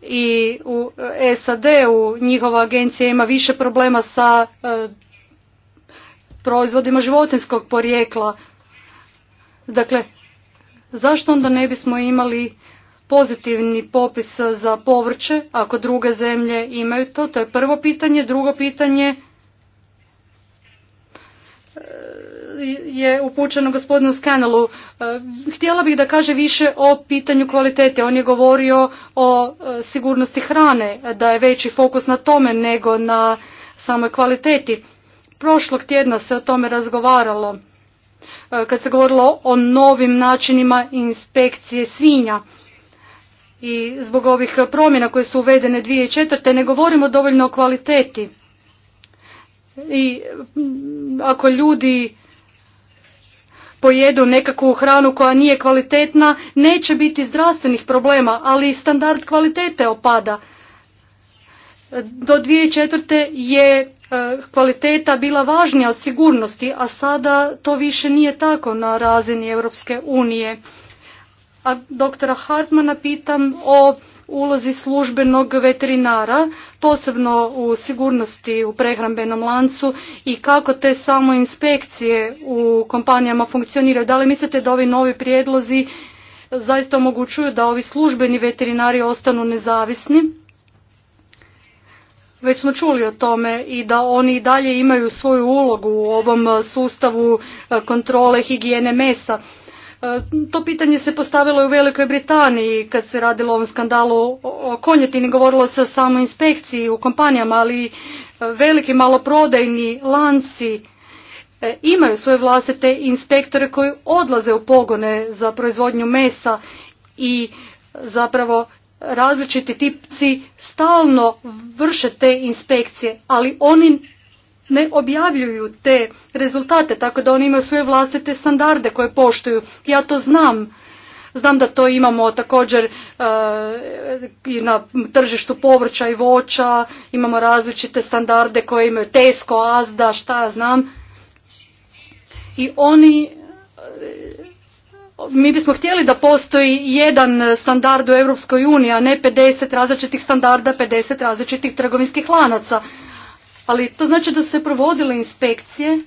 i u e, SAD-u njihova agencija ima više problema sa e, proizvodima životinskog porijekla. Dakle, zašto onda ne bismo imali pozitivni popis za povrće ako druge zemlje imaju to? To je prvo pitanje. Drugo pitanje, e, je upućeno gospodinu Skenalu. E, htjela bih da kaže više o pitanju kvalitete. On je govorio o e, sigurnosti hrane, da je veći fokus na tome nego na samoj kvaliteti. Prošlog tjedna se o tome razgovaralo e, kad se govorilo o novim načinima inspekcije svinja. I zbog ovih promjena koje su uvedene 2004. ne govorimo dovoljno o kvaliteti i ako ljudi pojedu nekakvu hranu koja nije kvalitetna, neće biti zdravstvenih problema, ali standard kvalitete opada. Do 2004. je e, kvaliteta bila važnija od sigurnosti, a sada to više nije tako na razini Europske unije. A doktora Hartmana pitam o ulozi službenog veterinara, posebno u sigurnosti u prehrambenom lancu i kako te samo inspekcije u kompanijama funkcioniraju. Da li mislite da ovi novi prijedlozi zaista omogućuju da ovi službeni veterinari ostanu nezavisni? Već smo čuli o tome i da oni i dalje imaju svoju ulogu u ovom sustavu e, kontrole higijene mesa. E, to pitanje se postavilo i u Velikoj Britaniji kad se radilo o ovom skandalu o konjetini. Govorilo se o samo inspekciji u kompanijama, ali e, veliki maloprodajni lanci e, imaju svoje vlastite inspektore koji odlaze u pogone za proizvodnju mesa i zapravo različiti tipci stalno vrše te inspekcije, ali oni ne objavljuju te rezultate tako da oni imaju svoje vlastite standarde koje poštuju. Ja to znam. Znam da to imamo također e, i na tržištu povrća i voća, imamo različite standarde koje imaju Tesco, Azda, šta ja znam. I oni, e, mi bismo htjeli da postoji jedan standard u EU, a ne 50 različitih standarda, 50 različitih trgovinskih lanaca ali to znači da su se provodile inspekcije,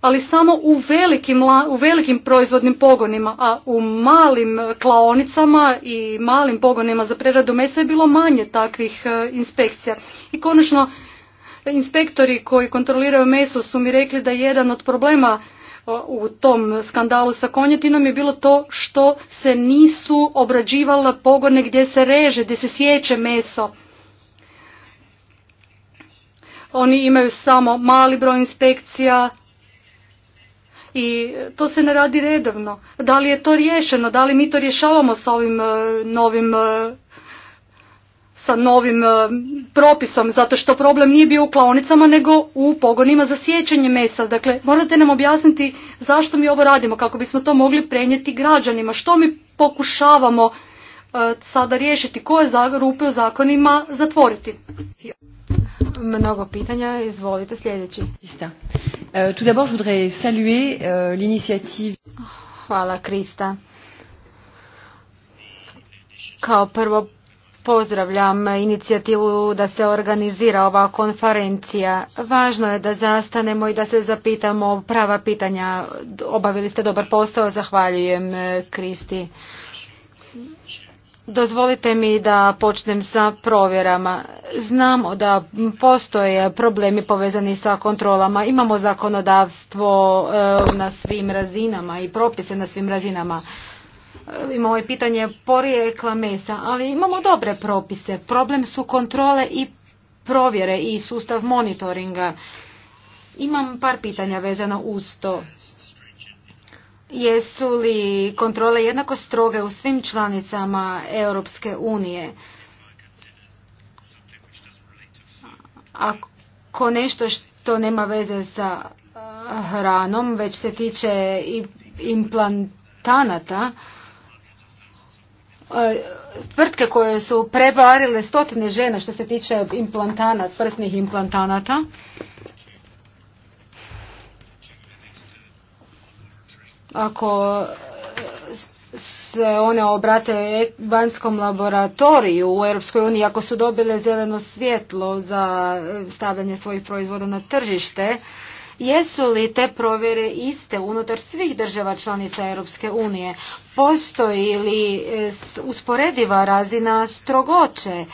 ali samo u velikim, u velikim proizvodnim pogonima, a u malim e, klaonicama i malim pogonima za preradu mesa je bilo manje takvih e, inspekcija. I konačno, inspektori koji kontroliraju meso su mi rekli da jedan od problema e, u tom skandalu sa konjetinom je bilo to što se nisu obrađivala pogone gdje se reže, gdje se sjeće meso. Oni imaju samo mali broj inspekcija i to se ne radi redovno. Da li je to riješeno? Da li mi to rješavamo sa ovim e, novim e, sa novim e, propisom, zato što problem nije bio u klaonicama, nego u pogonima za sjećanje mesa. Dakle, morate nam objasniti zašto mi ovo radimo, kako bismo to mogli prenijeti građanima. Što mi pokušavamo sada riješiti, koje rupe u zakonima zatvoriti mnogo pitanja. Izvolite sljedeći. E, tout d'abord, je voudrais saluer e, l'initiative. Hvala, Krista. Kao prvo pozdravljam inicijativu da se organizira ova konferencija. Važno je da zastanemo i da se zapitamo prava pitanja. Obavili ste dobar posao, zahvaljujem e, Kristi. Dozvolite mi da počnem sa provjerama. Znamo da postoje problemi povezani sa kontrolama. Imamo zakonodavstvo e, na svim razinama i propise na svim razinama. E, imamo i pitanje porijekla mesa, ali imamo dobre propise. Problem su kontrole i provjere i sustav monitoringa. Imam par pitanja vezano uz to. Jesu li kontrole jednako stroge u svim članicama Europske unije? Ako nešto što nema veze sa hranom, već se tiče implantanata, tvrtke koje su prevarile stotine žena što se tiče implantana, prsnih implantanata, ako se one obrate vanjskom laboratoriju u Europskoj uniji ako su dobile zeleno svjetlo za stavljanje svojih proizvoda na tržište, jesu li te provjere iste unutar svih država članica Europske unije? Postoji li e, usporediva razina strogoće?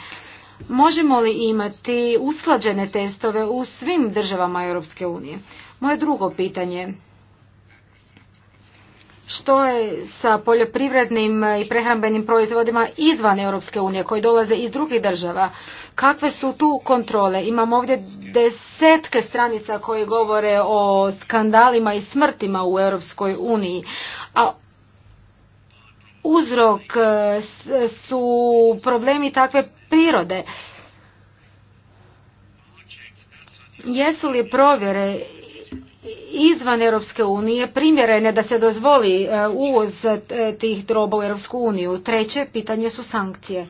Možemo li imati usklađene testove u svim državama Europske unije? Moje drugo pitanje što je sa poljoprivrednim i prehrambenim proizvodima izvan Europske unije koji dolaze iz drugih država? Kakve su tu kontrole? Imamo ovdje desetke stranica koje govore o skandalima i smrtima u Europskoj uniji. A uzrok e, su problemi takve prirode. Jesu li provjere izvan Europske unije primjerene da se dozvoli e, uvoz e, tih droba u Europsku uniju. Treće pitanje su sankcije.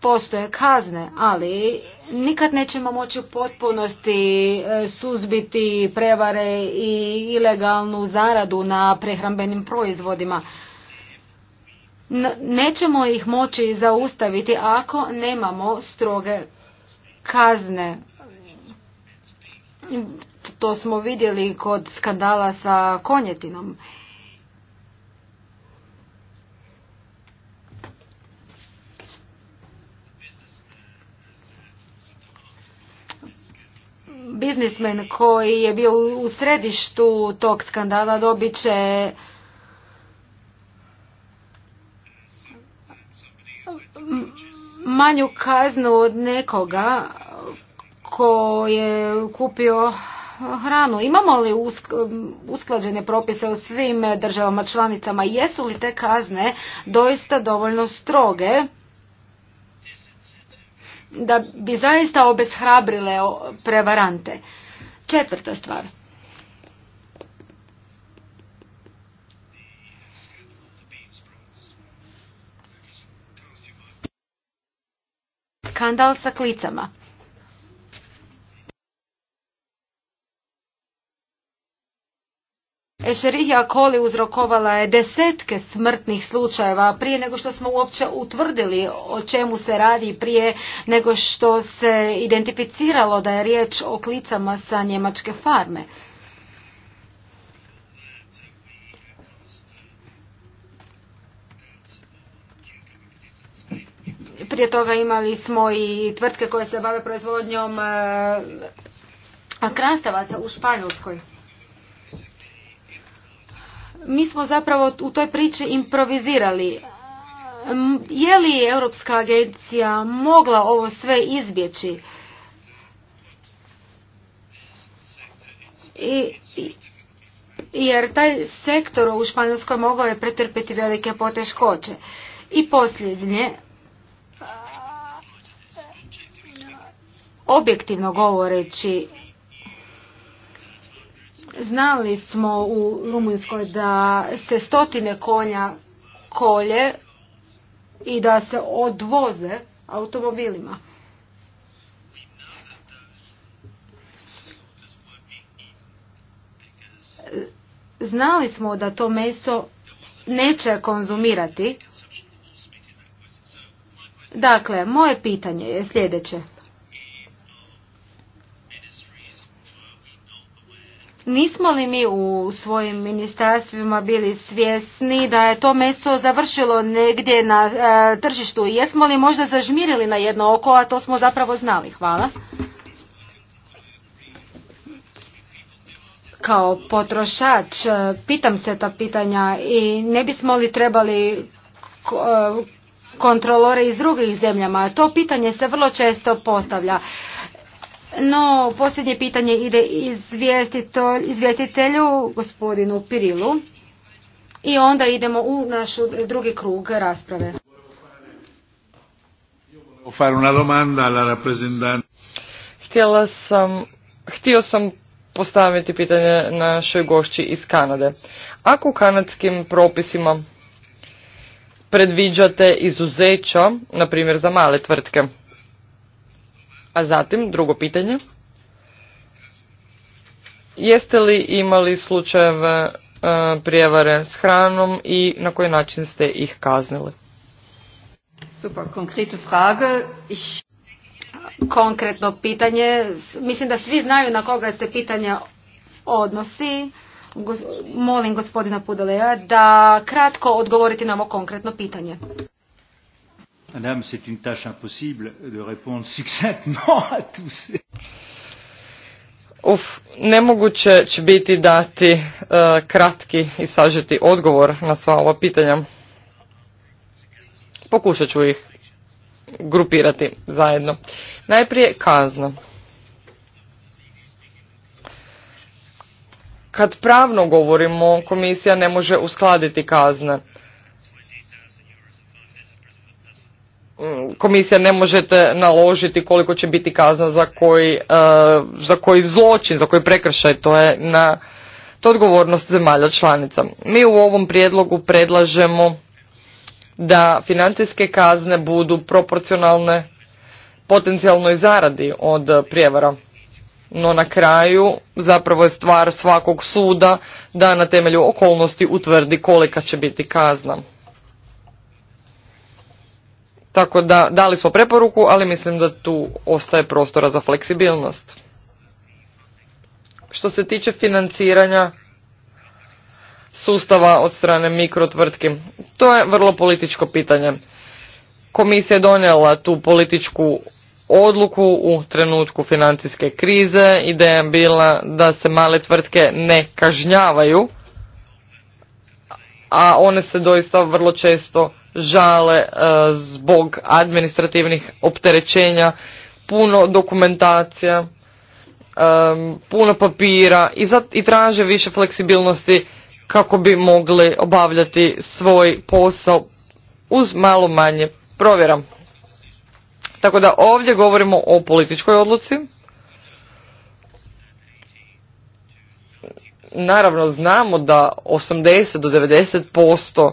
Postoje kazne, ali nikad nećemo moći u potpunosti e, suzbiti prevare i ilegalnu zaradu na prehrambenim proizvodima. Nećemo ih moći zaustaviti ako nemamo stroge kazne to smo vidjeli kod skandala sa konjetinom. biznismen koji je bio u središtu tog skandala dobit će manju kaznu od nekoga ko je kupio hranu. Imamo li usklađene propise u svim državama članicama? Jesu li te kazne doista dovoljno stroge? da bi zaista obeshrabrile prevarante. Četvrta stvar. Skandal sa klicama. Šerihija Koli uzrokovala je desetke smrtnih slučajeva prije nego što smo uopće utvrdili o čemu se radi prije nego što se identificiralo da je riječ o klicama sa njemačke farme. Prije toga imali smo i tvrtke koje se bave proizvodnjom eh, krastavaca u Španjolskoj mi smo zapravo u toj priči improvizirali. Je li Europska agencija mogla ovo sve izbjeći? jer taj sektor u Španjolskoj mogao je pretrpjeti velike poteškoće. I posljednje, objektivno govoreći, Znali smo u Rumunjskoj da se stotine konja kolje i da se odvoze automobilima. Znali smo da to meso neće konzumirati. Dakle, moje pitanje je sljedeće. Nismo li mi u svojim ministarstvima bili svjesni da je to meso završilo negdje na e, tržištu? Jesmo li možda zažmirili na jedno oko, a to smo zapravo znali? Hvala. Kao potrošač e, pitam se ta pitanja i ne bismo li trebali e, kontrolore iz drugih zemljama? To pitanje se vrlo često postavlja. No, posljednje pitanje ide izvjestitelju, gospodinu Pirilu. I onda idemo u naš drugi krug rasprave. Htjela sam, htio sam postaviti pitanje našoj gošći iz Kanade. Ako u kanadskim propisima predviđate izuzeća, na primjer za male tvrtke, a zatim, drugo pitanje, jeste li imali slučajeve e, prijevare s hranom i na koji način ste ih kaznili? Super, frage. Konkretno pitanje. Mislim da svi znaju na koga se pitanja odnosi. Molim gospodina Pudeleja da kratko odgovorite na ovo konkretno pitanje. Madame, c'est une tâche impossible de répondre succinctement à tous ces... Uf, nemoguće će biti dati e, kratki i sažeti odgovor na sva ova pitanja. Pokušat ću ih grupirati zajedno. Najprije kazna. Kad pravno govorimo, komisija ne može uskladiti kazne. Mm, komisija ne možete naložiti koliko će biti kazna za koji, uh, za koji zločin, za koji prekršaj, to je na to odgovornost zemalja članica. Mi u ovom prijedlogu predlažemo da financijske kazne budu proporcionalne potencijalnoj zaradi od prijevara. No na kraju zapravo je stvar svakog suda da na temelju okolnosti utvrdi kolika će biti kazna. Tako da dali smo preporuku, ali mislim da tu ostaje prostora za fleksibilnost. Što se tiče financiranja sustava od strane mikrotvrtki, to je vrlo političko pitanje. Komisija je donijela tu političku odluku u trenutku financijske krize. Ideja je bila da se male tvrtke ne kažnjavaju, a one se doista vrlo često žale e, zbog administrativnih opterećenja, puno dokumentacija, e, puno papira i, i traže više fleksibilnosti kako bi mogli obavljati svoj posao uz malo manje provjera. Tako da ovdje govorimo o političkoj odluci. Naravno znamo da 80 do 90%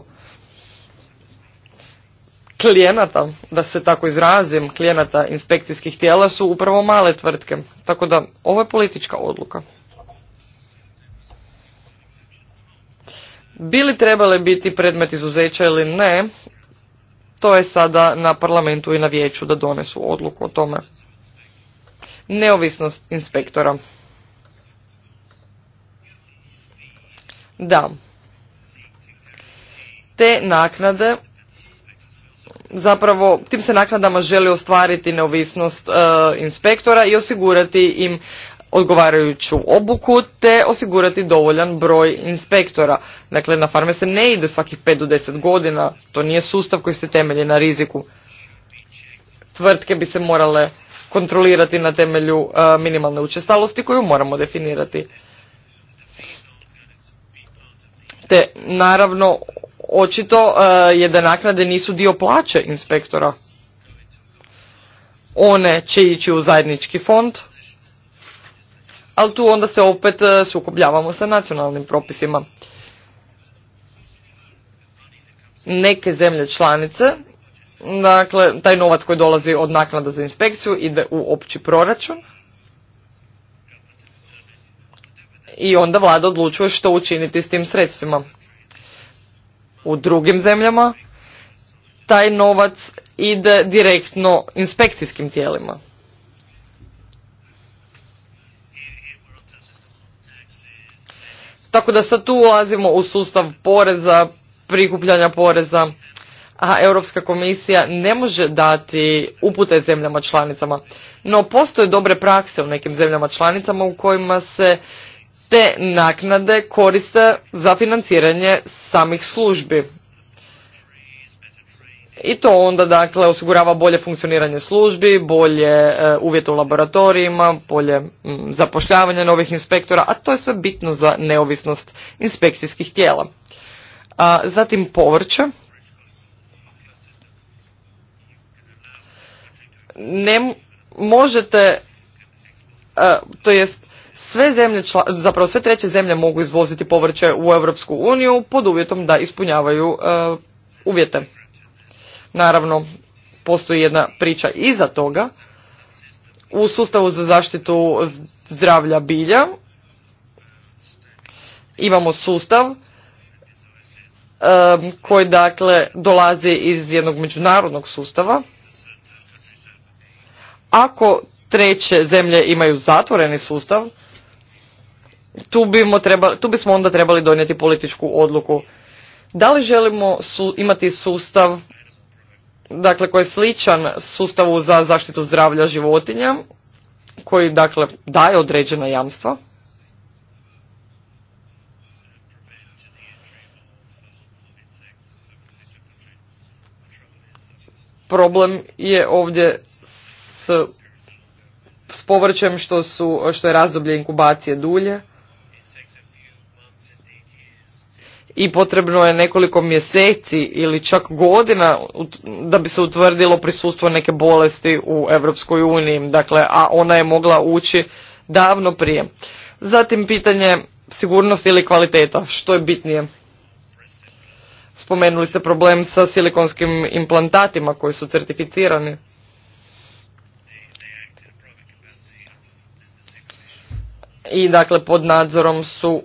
klijenata, da se tako izrazim, klijenata inspekcijskih tijela su upravo male tvrtke. Tako da ovo je politička odluka. Bili trebale biti predmet izuzeća ili ne, to je sada na parlamentu i na vijeću da donesu odluku o tome. Neovisnost inspektora. Da. Te naknade zapravo tim se naknadama želi ostvariti neovisnost e, inspektora i osigurati im odgovarajuću obuku te osigurati dovoljan broj inspektora. Dakle, na farme se ne ide svakih 5 do 10 godina, to nije sustav koji se temelji na riziku. Tvrtke bi se morale kontrolirati na temelju e, minimalne učestalosti koju moramo definirati. Te naravno očito e, je da naknade nisu dio plaće inspektora. One će ići u zajednički fond, ali tu onda se opet e, sukobljavamo sa nacionalnim propisima. Neke zemlje članice, dakle, taj novac koji dolazi od naknada za inspekciju ide u opći proračun i onda vlada odlučuje što učiniti s tim sredstvima u drugim zemljama taj novac ide direktno inspekcijskim tijelima. Tako da sad tu ulazimo u sustav poreza, prikupljanja poreza, a Europska komisija ne može dati upute zemljama članicama. No postoje dobre prakse u nekim zemljama članicama u kojima se te naknade koriste za financiranje samih službi. I to onda dakle osigurava bolje funkcioniranje službi, bolje e, uvjete u laboratorijima, bolje zapošljavanje novih inspektora, a to je sve bitno za neovisnost inspekcijskih tijela. A, zatim povrće. Ne možete, e, to jest sve zemlje, zapravo sve treće zemlje mogu izvoziti povrće u Europsku uniju pod uvjetom da ispunjavaju e, uvjete. Naravno, postoji jedna priča iza toga. U sustavu za zaštitu zdravlja bilja imamo sustav e, koji dakle dolazi iz jednog međunarodnog sustava. Ako treće zemlje imaju zatvoreni sustav, tu, tu bismo onda trebali donijeti političku odluku. Da li želimo su, imati sustav dakle koji je sličan sustavu za zaštitu zdravlja životinja koji dakle daje određena jamstva problem je ovdje s, s povrćem što, su, što je razdoblje inkubacije dulje i potrebno je nekoliko mjeseci ili čak godina da bi se utvrdilo prisustvo neke bolesti u Europskoj uniji, dakle, a ona je mogla ući davno prije. Zatim pitanje sigurnosti ili kvaliteta, što je bitnije? Spomenuli ste problem sa silikonskim implantatima koji su certificirani. I dakle pod nadzorom su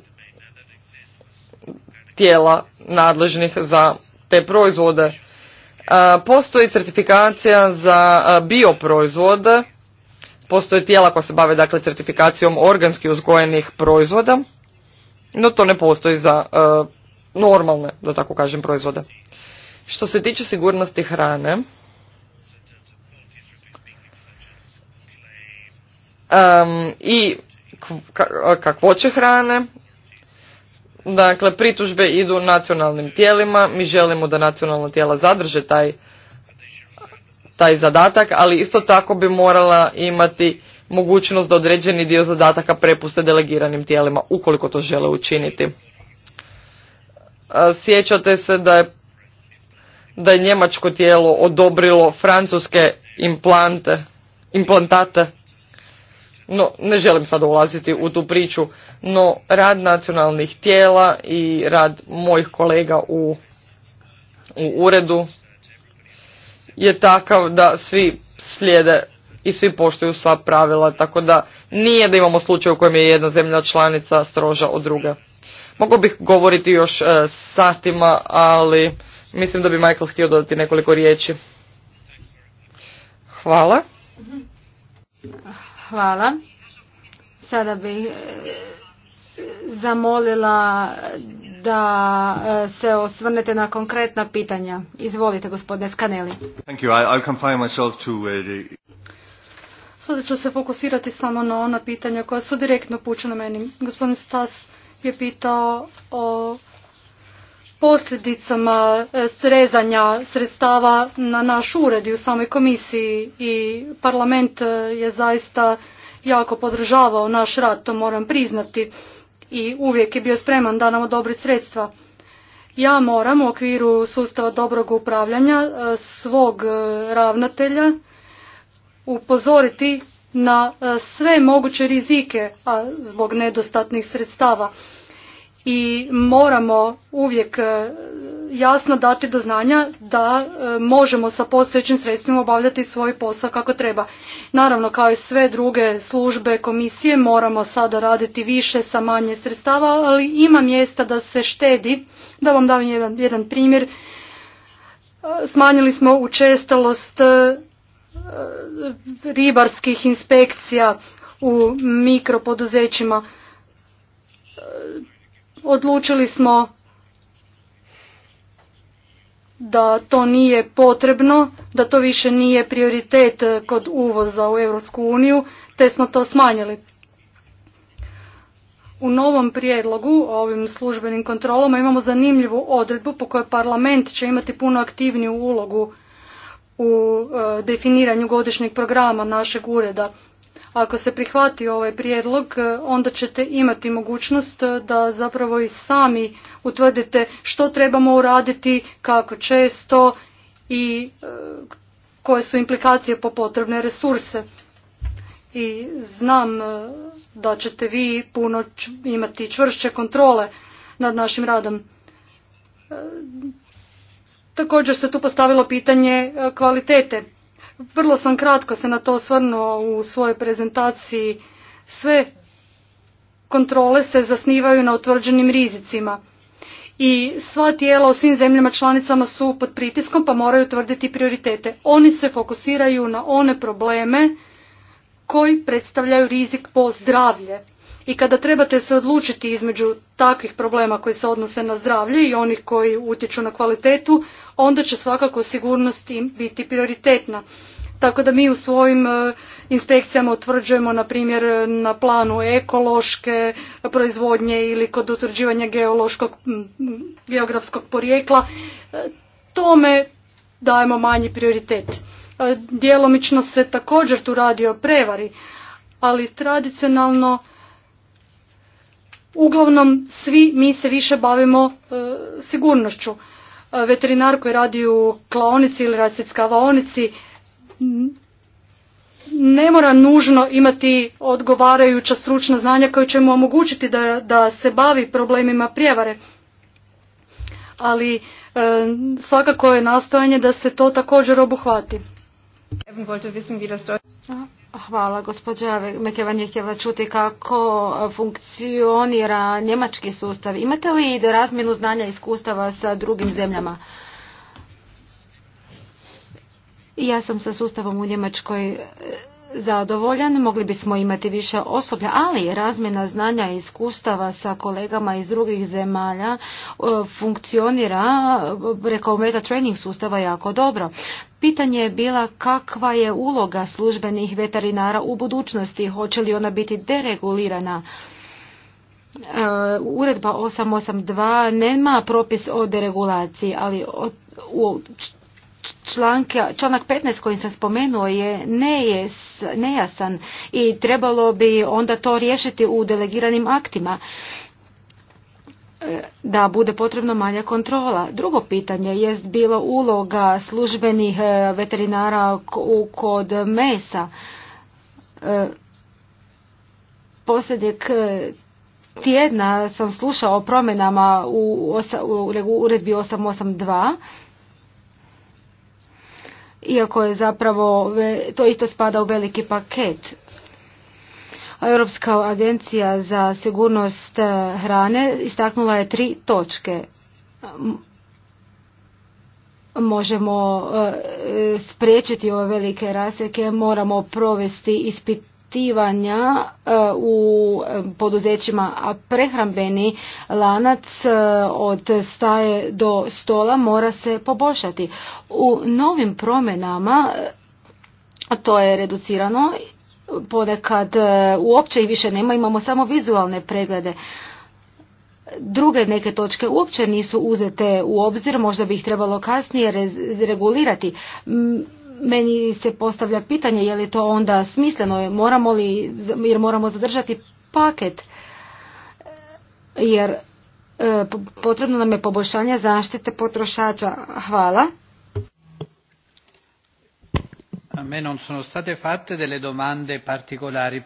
tijela nadležnih za te proizvode. E, postoji certifikacija za e, bioproizvode, postoje tijela koja se bave dakle certifikacijom organski uzgojenih proizvoda, no to ne postoji za e, normalne, da tako kažem, proizvode. Što se tiče sigurnosti hrane, um, i kakvoće hrane Dakle, pritužbe idu nacionalnim tijelima, mi želimo da nacionalna tijela zadrže taj, taj zadatak, ali isto tako bi morala imati mogućnost da određeni dio zadataka prepuste delegiranim tijelima, ukoliko to žele učiniti. E, sjećate se da je, da je njemačko tijelo odobrilo francuske implante, implantate no, ne želim sada ulaziti u tu priču, no rad nacionalnih tijela i rad mojih kolega u, u uredu je takav da svi slijede i svi poštuju sva pravila, tako da nije da imamo slučaj u kojem je jedna zemlja članica stroža od druga. Mogu bih govoriti još e, satima, ali mislim da bi Michael htio dodati nekoliko riječi. Hvala. Hvala. Sada bih e, zamolila da e, se osvrnete na konkretna pitanja. Izvolite, gospodine Skaneli. Uh, Sada ću se fokusirati samo na ona pitanja koja su direktno pućena meni. Gospodin Stas je pitao o posljedicama e, srezanja sredstava na naš ured i u samoj komisiji i parlament e, je zaista jako podržavao naš rad, to moram priznati i uvijek je bio spreman da nam odobri sredstva. Ja moram u okviru sustava dobrog upravljanja e, svog ravnatelja upozoriti na sve moguće rizike a zbog nedostatnih sredstava i moramo uvijek e, jasno dati do znanja da e, možemo sa postojećim sredstvima obavljati svoj posao kako treba. Naravno, kao i sve druge službe komisije, moramo sada raditi više sa manje sredstava, ali ima mjesta da se štedi. Da vam dam jedan, jedan primjer. E, smanjili smo učestalost ribarskih inspekcija u mikropoduzećima odlučili smo da to nije potrebno, da to više nije prioritet kod uvoza u Europsku uniju, te smo to smanjili. U novom prijedlogu o ovim službenim kontrolama imamo zanimljivu odredbu po kojoj parlament će imati puno aktivniju ulogu u e, definiranju godišnjeg programa našeg ureda. Ako se prihvati ovaj prijedlog, e, onda ćete imati mogućnost e, da zapravo i sami utvrdite što trebamo uraditi, kako često i e, koje su implikacije po potrebne resurse. I znam da ćete vi puno imati čvršće kontrole nad našim radom. Također se tu postavilo pitanje kvalitete vrlo sam kratko se na to osvrnuo u svojoj prezentaciji. Sve kontrole se zasnivaju na utvrđenim rizicima i sva tijela u svim zemljama članicama su pod pritiskom pa moraju utvrditi prioritete. Oni se fokusiraju na one probleme koji predstavljaju rizik po zdravlje. I kada trebate se odlučiti između takvih problema koji se odnose na zdravlje i onih koji utječu na kvalitetu, onda će svakako sigurnost biti prioritetna. Tako da mi u svojim e, inspekcijama utvrđujemo na primjer na planu ekološke proizvodnje ili kod utvrđivanja geološkog, geografskog porijekla, e, tome dajemo manji prioritet. E, djelomično se također tu radi o prevari, ali tradicionalno uglavnom svi mi se više bavimo sigurnošću. E, veterinar koji radi u klaonici ili rasjeckavaonici ne mora nužno imati odgovarajuća stručna znanja koja će mu omogućiti da, da se bavi problemima prijevare. Ali e, svakako je nastojanje da se to također obuhvati. Hvala, gospođa Mekevan je htjela čuti kako funkcionira njemački sustav. Imate li razmjenu znanja i iskustava sa drugim zemljama? Ja sam sa sustavom u Njemačkoj zadovoljan, mogli bismo imati više osoblja, ali razmjena znanja i iskustava sa kolegama iz drugih zemalja e, funkcionira preko meta training sustava jako dobro. Pitanje je bila kakva je uloga službenih veterinara u budućnosti, hoće li ona biti deregulirana? E, uredba 882 nema propis o deregulaciji, ali članak 15 koji sam spomenuo je nejasan i trebalo bi onda to riješiti u delegiranim aktima e, da bude potrebno manja kontrola. Drugo pitanje jest bilo uloga službenih e, veterinara kod mesa. E, posljednjeg tjedna sam slušao o promjenama u uredbi 882 iako je zapravo to isto spada u veliki paket. Europska agencija za sigurnost e, hrane istaknula je tri točke. Možemo e, e, spriječiti ove velike raseke, moramo provesti ispit, ispitivanja e, u e, poduzećima, a prehrambeni lanac e, od staje do stola mora se poboljšati. U novim promjenama to je reducirano, ponekad uopće i više nema, imamo samo vizualne preglede. Druge neke točke uopće nisu uzete u obzir, možda bi ih trebalo kasnije regulirati meni se postavlja pitanje je li to onda smisleno, moramo li, jer moramo zadržati paket, jer e, potrebno nam je poboljšanje zaštite potrošača. Hvala. A me non sono state fatte delle domande particolari.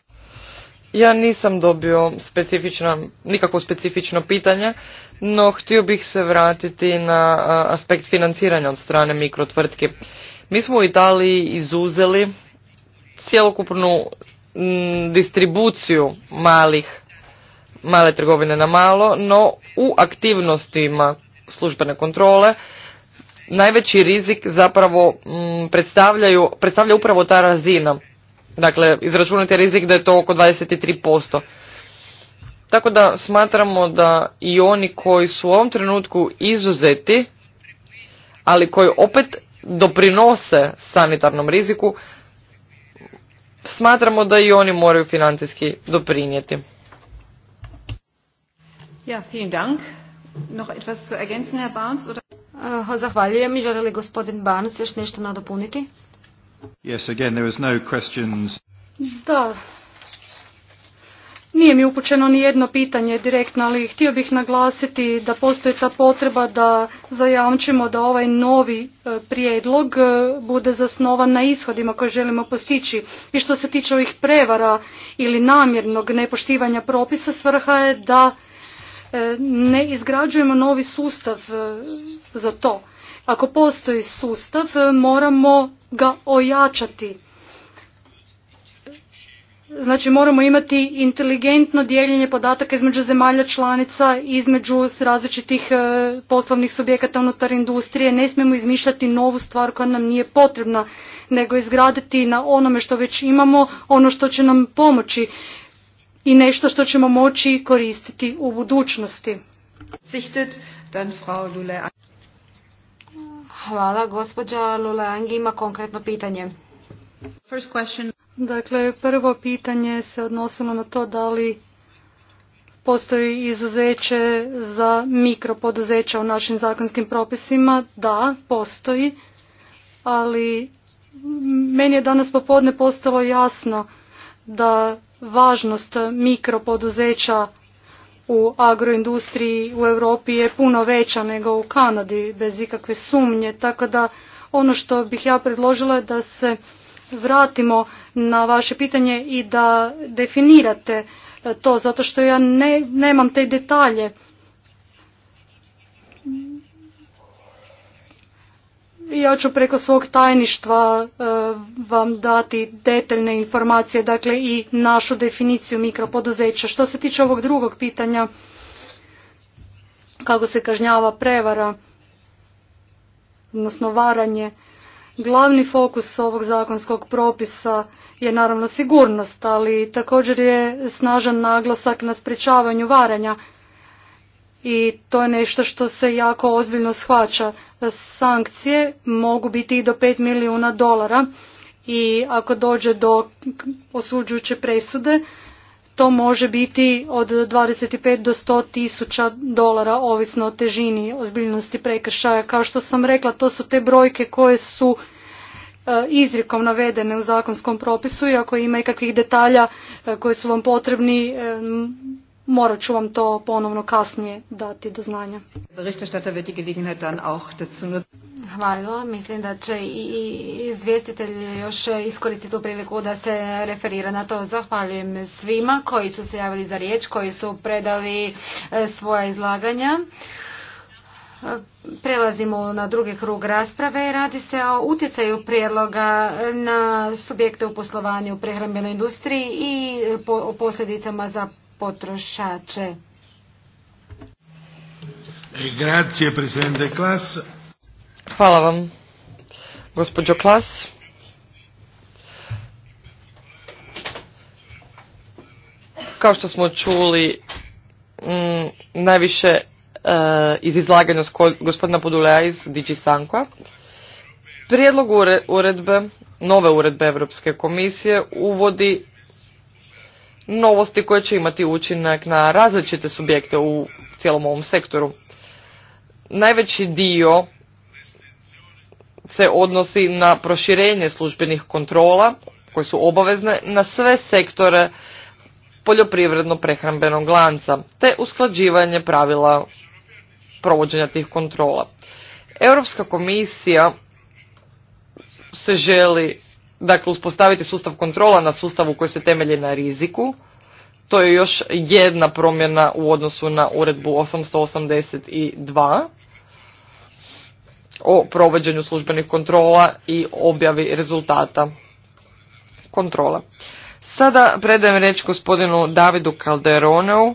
Ja nisam dobio specifično, nikakvo specifično pitanje, no htio bih se vratiti na aspekt financiranja od strane mikrotvrtke. Mi smo u Italiji izuzeli cjelokupnu mm, distribuciju malih, male trgovine na malo, no u aktivnostima službene kontrole najveći rizik zapravo mm, predstavljaju, predstavlja upravo ta razina. Dakle, izračunajte rizik da je to oko 23%. Tako da smatramo da i oni koji su u ovom trenutku izuzeti, ali koji opet doprinose sanitarnom riziku, smatramo da i oni moraju financijski doprinijeti. Ja, vielen Dank. Noch etwas zu ergänzen, Herr Barnes? Oder? Uh, zahvaljujem. žele li gospodin Barnes još nešto nadopuniti? Yes, again, there was no questions. Da, nije mi upućeno ni jedno pitanje direktno, ali htio bih naglasiti da postoji ta potreba da zajamčimo da ovaj novi e, prijedlog e, bude zasnovan na ishodima koje želimo postići. I što se tiče ovih prevara ili namjernog nepoštivanja propisa, svrha je da e, ne izgrađujemo novi sustav za to. Ako postoji sustav, moramo ga ojačati Znači moramo imati inteligentno dijeljenje podataka između zemalja članica, između različitih e, poslovnih subjekata unutar industrije. Ne smijemo izmišljati novu stvar koja nam nije potrebna, nego izgraditi na onome što već imamo, ono što će nam pomoći i nešto što ćemo moći koristiti u budućnosti. Hvala, gospođa ima konkretno pitanje. Dakle, prvo pitanje se odnosilo na to da li postoji izuzeće za mikropoduzeća u našim zakonskim propisima. Da, postoji, ali meni je danas popodne postalo jasno da važnost mikropoduzeća u agroindustriji u Europi je puno veća nego u Kanadi bez ikakve sumnje, tako da ono što bih ja predložila je da se vratimo na vaše pitanje i da definirate to, zato što ja ne, nemam te detalje. Ja ću preko svog tajništva e, vam dati detaljne informacije, dakle i našu definiciju mikropoduzeća. Što se tiče ovog drugog pitanja, kako se kažnjava prevara, odnosno varanje, Glavni fokus ovog zakonskog propisa je naravno sigurnost, ali također je snažan naglasak na sprečavanju varanja i to je nešto što se jako ozbiljno shvaća. Sankcije mogu biti i do 5 milijuna dolara i ako dođe do osuđujuće presude, to može biti od 25 do 100 tisuća dolara ovisno o težini ozbiljnosti prekršaja. Kao što sam rekla, to su te brojke koje su e, izrijekom navedene u zakonskom propisu i ako ima ikakvih detalja e, koji su vam potrebni, e, morat ću vam to ponovno kasnije dati do znanja. Hvala. Mislim da će i izvjestitelj još iskoristiti tu priliku da se referira na to. Zahvaljujem svima koji su se javili za riječ, koji su predali e, svoja izlaganja. E, prelazimo na drugi krug rasprave. Radi se o utjecaju prijedloga na subjekte u poslovanju u prehrambenoj industriji i o posljedicama za potrošače. Grazie, Presidente Hvala vam. Gospođo Klas. Kao što smo čuli, mm, najviše eh, iz izlaganja gospodina Podulea iz Digi prijedlog uredbe, nove uredbe Europske komisije uvodi novosti koje će imati učinak na različite subjekte u cijelom ovom sektoru. Najveći dio se odnosi na proširenje službenih kontrola koje su obavezne na sve sektore poljoprivredno-prehrambenog lanca te usklađivanje pravila provođenja tih kontrola. Europska komisija se želi dakle uspostaviti sustav kontrola na sustavu koji se temelji na riziku. To je još jedna promjena u odnosu na uredbu 882 o provođenju službenih kontrola i objavi rezultata kontrola. Sada predajem reč gospodinu Davidu Calderoneu, e,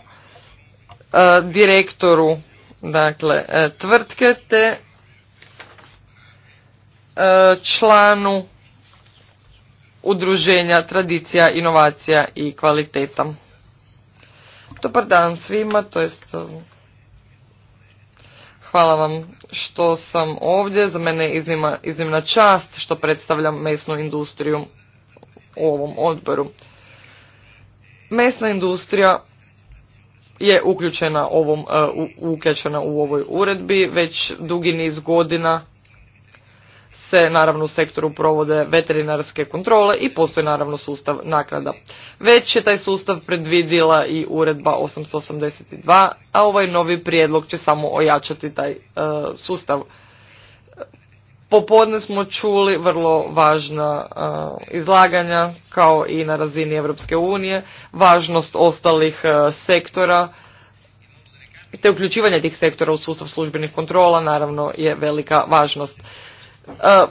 direktoru dakle, e, tvrtke te e, članu udruženja Tradicija, Inovacija i Kvaliteta. Dobar dan svima, to jest Hvala vam što sam ovdje. Za mene je iznima, iznimna čast što predstavljam mesnu industriju u ovom odboru. Mesna industrija je uključena, ovom, e, uključena u ovoj uredbi već dugi niz godina se naravno u sektoru provode veterinarske kontrole i postoji naravno sustav naknada. Već je taj sustav predvidila i uredba 882, a ovaj novi prijedlog će samo ojačati taj e, sustav. Popodne smo čuli vrlo važna e, izlaganja kao i na razini Europske unije, važnost ostalih e, sektora te uključivanje tih sektora u sustav službenih kontrola naravno je velika važnost. E,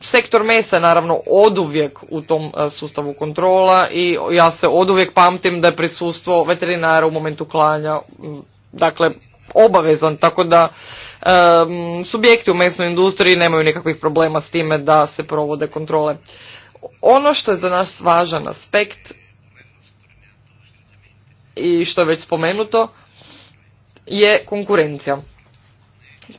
sektor mesa je naravno oduvijek u tom e, sustavu kontrola i ja se oduvijek pamtim da je prisustvo veterinara u momentu klanja dakle obavezan tako da e, subjekti u mesnoj industriji nemaju nikakvih problema s time da se provode kontrole ono što je za nas važan aspekt i što je već spomenuto je konkurencija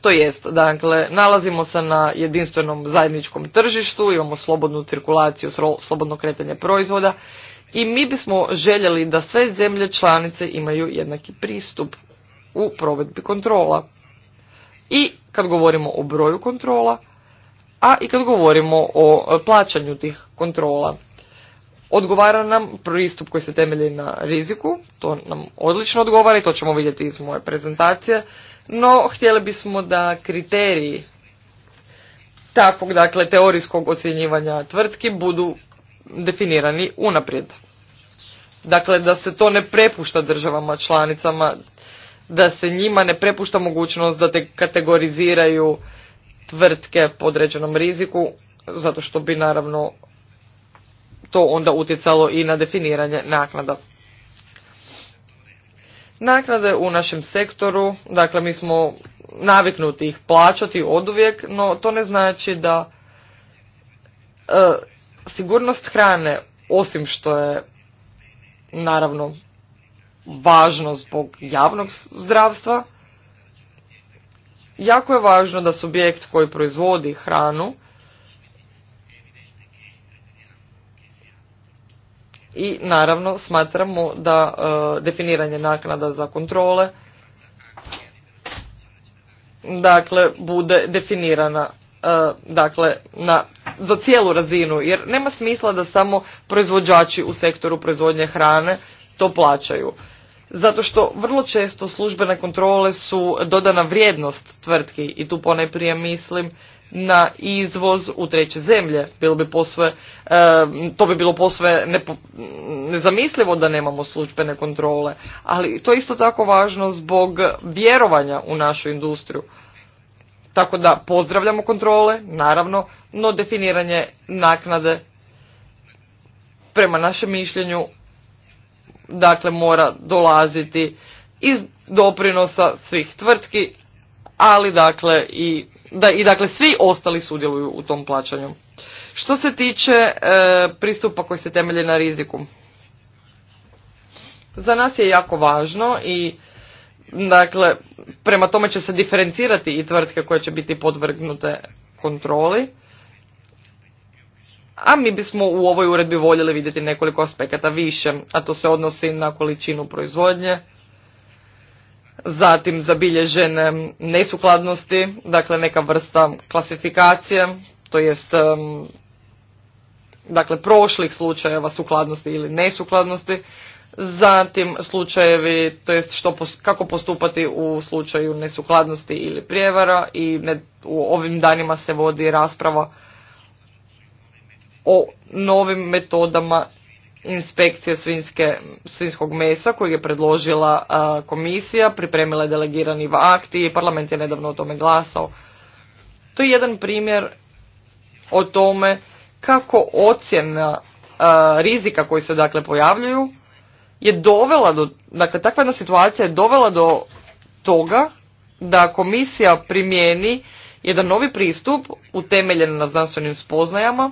to jest, dakle, nalazimo se na jedinstvenom zajedničkom tržištu, imamo slobodnu cirkulaciju, slobodno kretanje proizvoda i mi bismo željeli da sve zemlje članice imaju jednaki pristup u provedbi kontrola. I kad govorimo o broju kontrola, a i kad govorimo o plaćanju tih kontrola. Odgovara nam pristup koji se temelji na riziku, to nam odlično odgovara i to ćemo vidjeti iz moje prezentacije no htjeli bismo da kriteriji takvog dakle teorijskog ocjenjivanja tvrtki budu definirani unaprijed. Dakle, da se to ne prepušta državama članicama, da se njima ne prepušta mogućnost da te kategoriziraju tvrtke po određenom riziku, zato što bi naravno to onda utjecalo i na definiranje naknada. Naknade u našem sektoru, dakle mi smo naviknuti ih plaćati oduvijek, no to ne znači da e, sigurnost hrane, osim što je naravno važno zbog javnog zdravstva, jako je važno da subjekt koji proizvodi hranu i naravno smatramo da e, definiranje naknada za kontrole dakle bude definirana e, dakle na za cijelu razinu jer nema smisla da samo proizvođači u sektoru proizvodnje hrane to plaćaju zato što vrlo često službene kontrole su dodana vrijednost tvrtki i tu ponajprije mislim na izvoz u treće zemlje. Bilo bi posve, to bi bilo posve nezamislivo da nemamo službene kontrole, ali to je isto tako važno zbog vjerovanja u našu industriju. Tako da pozdravljamo kontrole, naravno, no definiranje naknade prema našem mišljenju dakle mora dolaziti iz doprinosa svih tvrtki, ali dakle i da i dakle svi ostali sudjeluju u tom plaćanju. Što se tiče e, pristupa koji se temelji na riziku. Za nas je jako važno i dakle prema tome će se diferencirati i tvrtke koje će biti podvrgnute kontroli. A mi bismo u ovoj uredbi voljeli vidjeti nekoliko aspekata više, a to se odnosi na količinu proizvodnje, zatim zabilježene nesukladnosti, dakle neka vrsta klasifikacije, to jest dakle prošlih slučajeva sukladnosti ili nesukladnosti, zatim slučajevi, to jest što, kako postupati u slučaju nesukladnosti ili prijevara i u ovim danima se vodi rasprava o novim metodama inspekcije svinske svinjskog mesa kojeg je predložila komisija, pripremila je delegirani akt i parlament je nedavno o tome glasao. To je jedan primjer o tome kako ocjena rizika koji se dakle pojavljuju je dovela do, dakle takva jedna situacija je dovela do toga da komisija primijeni jedan novi pristup utemeljen na znanstvenim spoznajama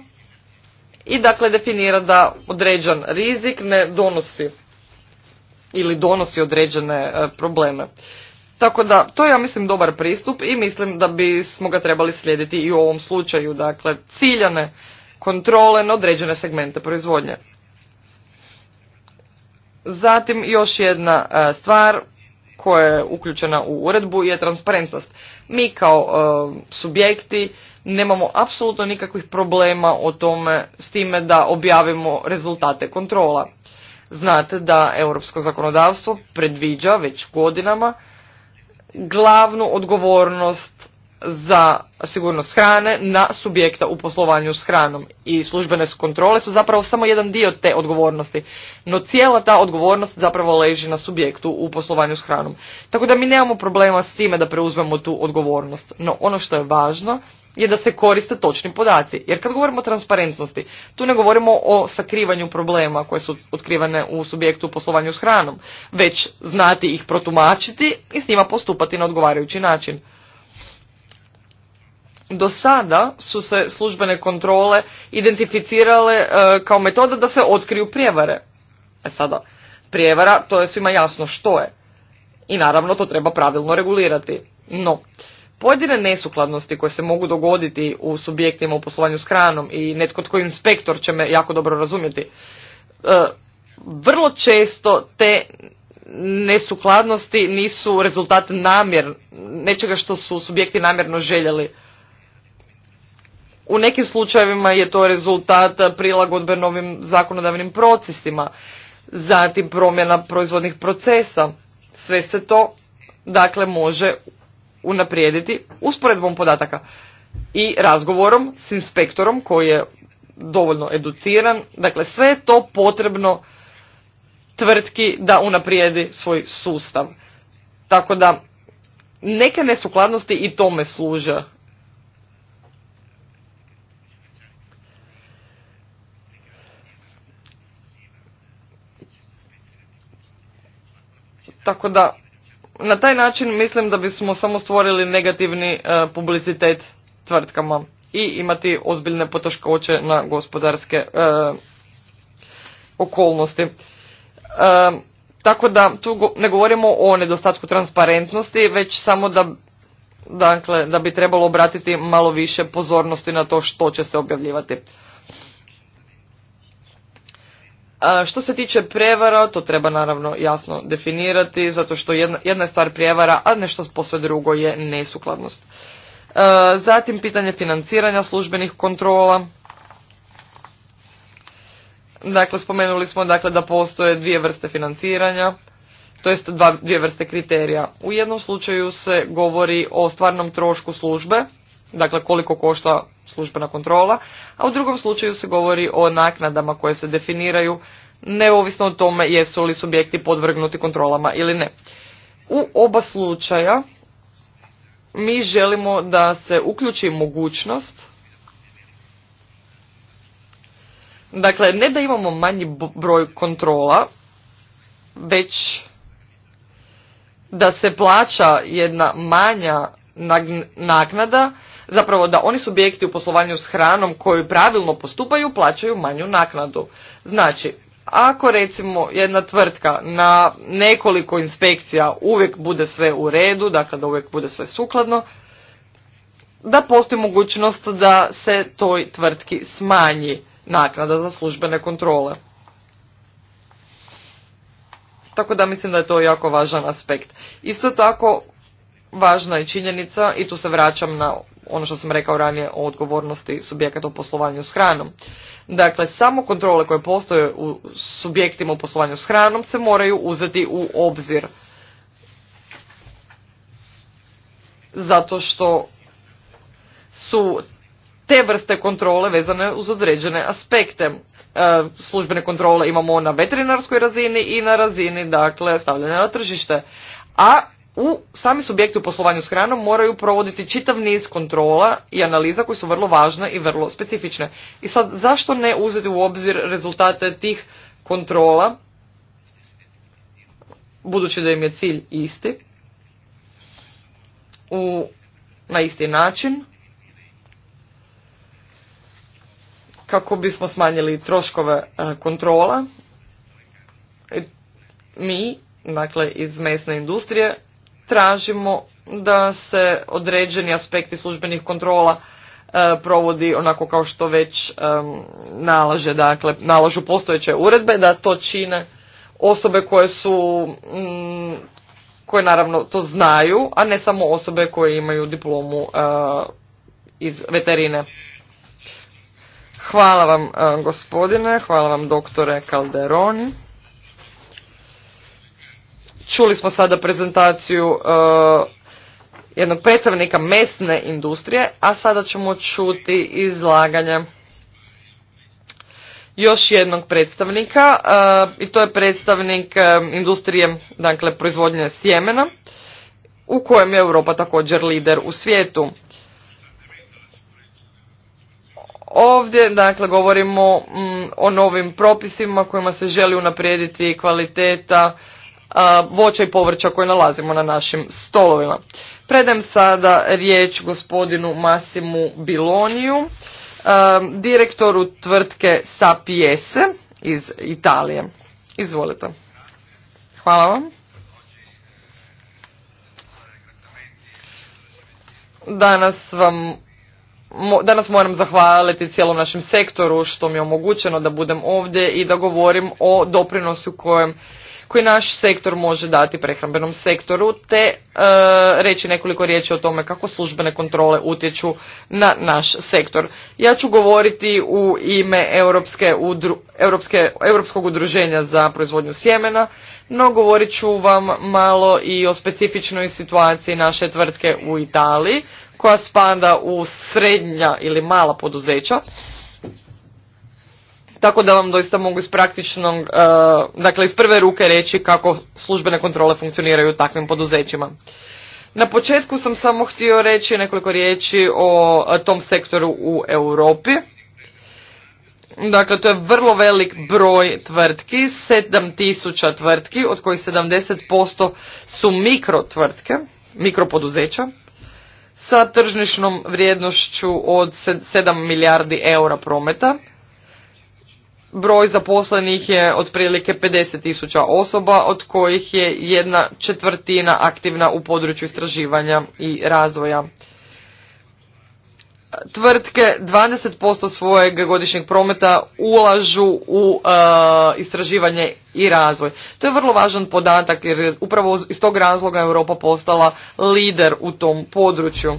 i dakle definira da određen rizik ne donosi ili donosi određene e, probleme. Tako da, to je, ja mislim, dobar pristup i mislim da bismo ga trebali slijediti i u ovom slučaju. Dakle, ciljane kontrole na određene segmente proizvodnje. Zatim, još jedna e, stvar, koja je uključena u uredbu je transparentnost. Mi kao e, subjekti nemamo apsolutno nikakvih problema o tome s time da objavimo rezultate kontrola. Znate da europsko zakonodavstvo predviđa već godinama glavnu odgovornost za sigurnost hrane na subjekta u poslovanju s hranom i službene kontrole su zapravo samo jedan dio te odgovornosti, no cijela ta odgovornost zapravo leži na subjektu u poslovanju s hranom. Tako da mi nemamo problema s time da preuzmemo tu odgovornost, no ono što je važno je da se koriste točni podaci. Jer kad govorimo o transparentnosti, tu ne govorimo o sakrivanju problema koje su otkrivane u subjektu u poslovanju s hranom, već znati ih protumačiti i s njima postupati na odgovarajući način do sada su se službene kontrole identificirale e, kao metoda da se otkriju prijevare. E sada, prijevara, to je svima jasno što je. I naravno to treba pravilno regulirati. No, pojedine nesukladnosti koje se mogu dogoditi u subjektima u poslovanju s hranom i netko tko je inspektor će me jako dobro razumjeti, e, vrlo često te nesukladnosti nisu rezultat namjer, nečega što su subjekti namjerno željeli u nekim slučajevima je to rezultat prilagodbe novim zakonodavnim procesima, zatim promjena proizvodnih procesa. Sve se to dakle može unaprijediti usporedbom podataka i razgovorom s inspektorom koji je dovoljno educiran. Dakle, sve je to potrebno tvrtki da unaprijedi svoj sustav. Tako da neke nesukladnosti i tome služe. Tako da, na taj način mislim da bismo samo stvorili negativni e, publicitet tvrtkama i imati ozbiljne poteškoće na gospodarske e, okolnosti. E, tako da tu ne govorimo o nedostatku transparentnosti, već samo da, dakle, da bi trebalo obratiti malo više pozornosti na to što će se objavljivati. Što se tiče prevara, to treba naravno jasno definirati, zato što jedna, je stvar prijevara, a nešto posve drugo je nesukladnost. Zatim pitanje financiranja službenih kontrola. Dakle, spomenuli smo dakle, da postoje dvije vrste financiranja, to jest dva, dvije vrste kriterija. U jednom slučaju se govori o stvarnom trošku službe, dakle koliko košta službena kontrola, a u drugom slučaju se govori o naknadama koje se definiraju neovisno o tome jesu li subjekti podvrgnuti kontrolama ili ne. U oba slučaja mi želimo da se uključi mogućnost Dakle, ne da imamo manji broj kontrola, već da se plaća jedna manja naknada zapravo da oni subjekti u poslovanju s hranom koji pravilno postupaju plaćaju manju naknadu. Znači, ako recimo jedna tvrtka na nekoliko inspekcija uvijek bude sve u redu, dakle da uvijek bude sve sukladno, da postoji mogućnost da se toj tvrtki smanji naknada za službene kontrole. Tako da mislim da je to jako važan aspekt. Isto tako važna je činjenica, i tu se vraćam na ono što sam rekao ranije o odgovornosti subjekata u poslovanju s hranom. Dakle, samo kontrole koje postoje u subjektima u poslovanju s hranom se moraju uzeti u obzir. Zato što su te vrste kontrole vezane uz određene aspekte. E, službene kontrole imamo na veterinarskoj razini i na razini dakle, stavljanja na tržište. A u sami subjekti u poslovanju s hranom moraju provoditi čitav niz kontrola i analiza koji su vrlo važne i vrlo specifične. I sad zašto ne uzeti u obzir rezultate tih kontrola, budući da im je cilj isti, u, na isti način, kako bismo smanjili troškove e, kontrola. E, mi, dakle iz mesne industrije, tražimo da se određeni aspekti službenih kontrola e, provodi onako kao što već e, nalaže, dakle nalažu postojeće uredbe, da to čine osobe koje su, mm, koje naravno to znaju, a ne samo osobe koje imaju diplomu e, iz veterine. Hvala vam gospodine, hvala vam doktore Calderoni. Čuli smo sada prezentaciju uh, jednog predstavnika mesne industrije, a sada ćemo čuti izlaganje još jednog predstavnika uh, i to je predstavnik um, industrije, dakle proizvodnje sjemena u kojem je Europa također lider u svijetu. Ovdje dakle govorimo mm, o novim propisima kojima se želi unaprijediti kvaliteta voća i povrća koje nalazimo na našim stolovima. Predam sada riječ gospodinu Masimu Biloniju, direktoru tvrtke Sapiese iz Italije. Izvolite. Hvala vam. Danas vam danas moram zahvaliti cijelom našem sektoru što mi je omogućeno da budem ovdje i da govorim o doprinosu kojem koji naš sektor može dati prehrambenom sektoru te e, reći nekoliko riječi o tome kako službene kontrole utječu na naš sektor. Ja ću govoriti u ime Europske Europskog udruženja za proizvodnju sjemena, no govorit ću vam malo i o specifičnoj situaciji naše tvrtke u Italiji koja spada u srednja ili mala poduzeća tako da vam doista mogu iz e, dakle iz prve ruke reći kako službene kontrole funkcioniraju u takvim poduzećima. Na početku sam samo htio reći nekoliko riječi o tom sektoru u Europi. Dakle, to je vrlo velik broj tvrtki, 7000 tvrtki, od kojih 70% su mikro tvrtke, mikropoduzeća, sa tržnišnom vrijednošću od 7 milijardi eura prometa broj zaposlenih je otprilike 50 osoba, od kojih je jedna četvrtina aktivna u području istraživanja i razvoja. Tvrtke 20% svojeg godišnjeg prometa ulažu u e, istraživanje i razvoj. To je vrlo važan podatak jer je upravo iz tog razloga Europa postala lider u tom području.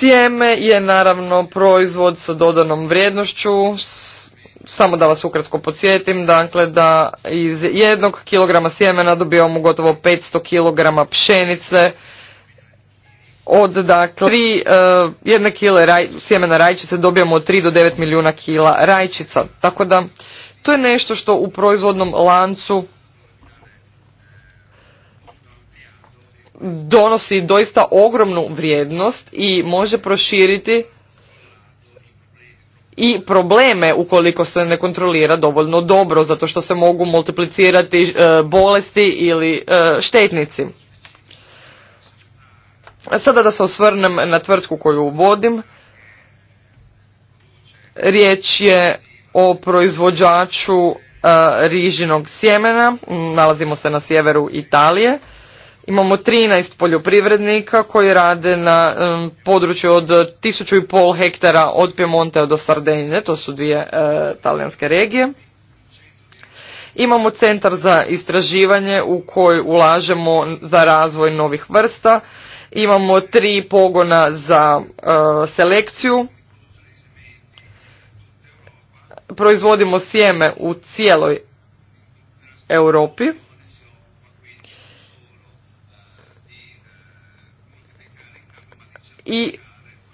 Sjeme je naravno proizvod sa dodanom vrijednošću, samo da vas ukratko podsjetim, dakle da iz jednog kilograma sjemena dobijamo gotovo 500 kilograma pšenice, od dakle tri, uh, jedne kile raj, sjemena rajčice dobijamo od 3 do 9 milijuna kila rajčica. Tako da to je nešto što u proizvodnom lancu donosi doista ogromnu vrijednost i može proširiti i probleme ukoliko se ne kontrolira dovoljno dobro zato što se mogu multiplicirati e, bolesti ili e, štetnici. Sada da se osvrnem na tvrtku koju vodim. Riječ je o proizvođaču e, rižinog sjemena. Nalazimo se na sjeveru Italije. Imamo 13 poljoprivrednika koji rade na području od 1500 hektara od Piemonte do Sardenine, to su dvije e, talijanske regije. Imamo centar za istraživanje u koji ulažemo za razvoj novih vrsta. Imamo tri pogona za e, selekciju. Proizvodimo sjeme u cijeloj Europi. i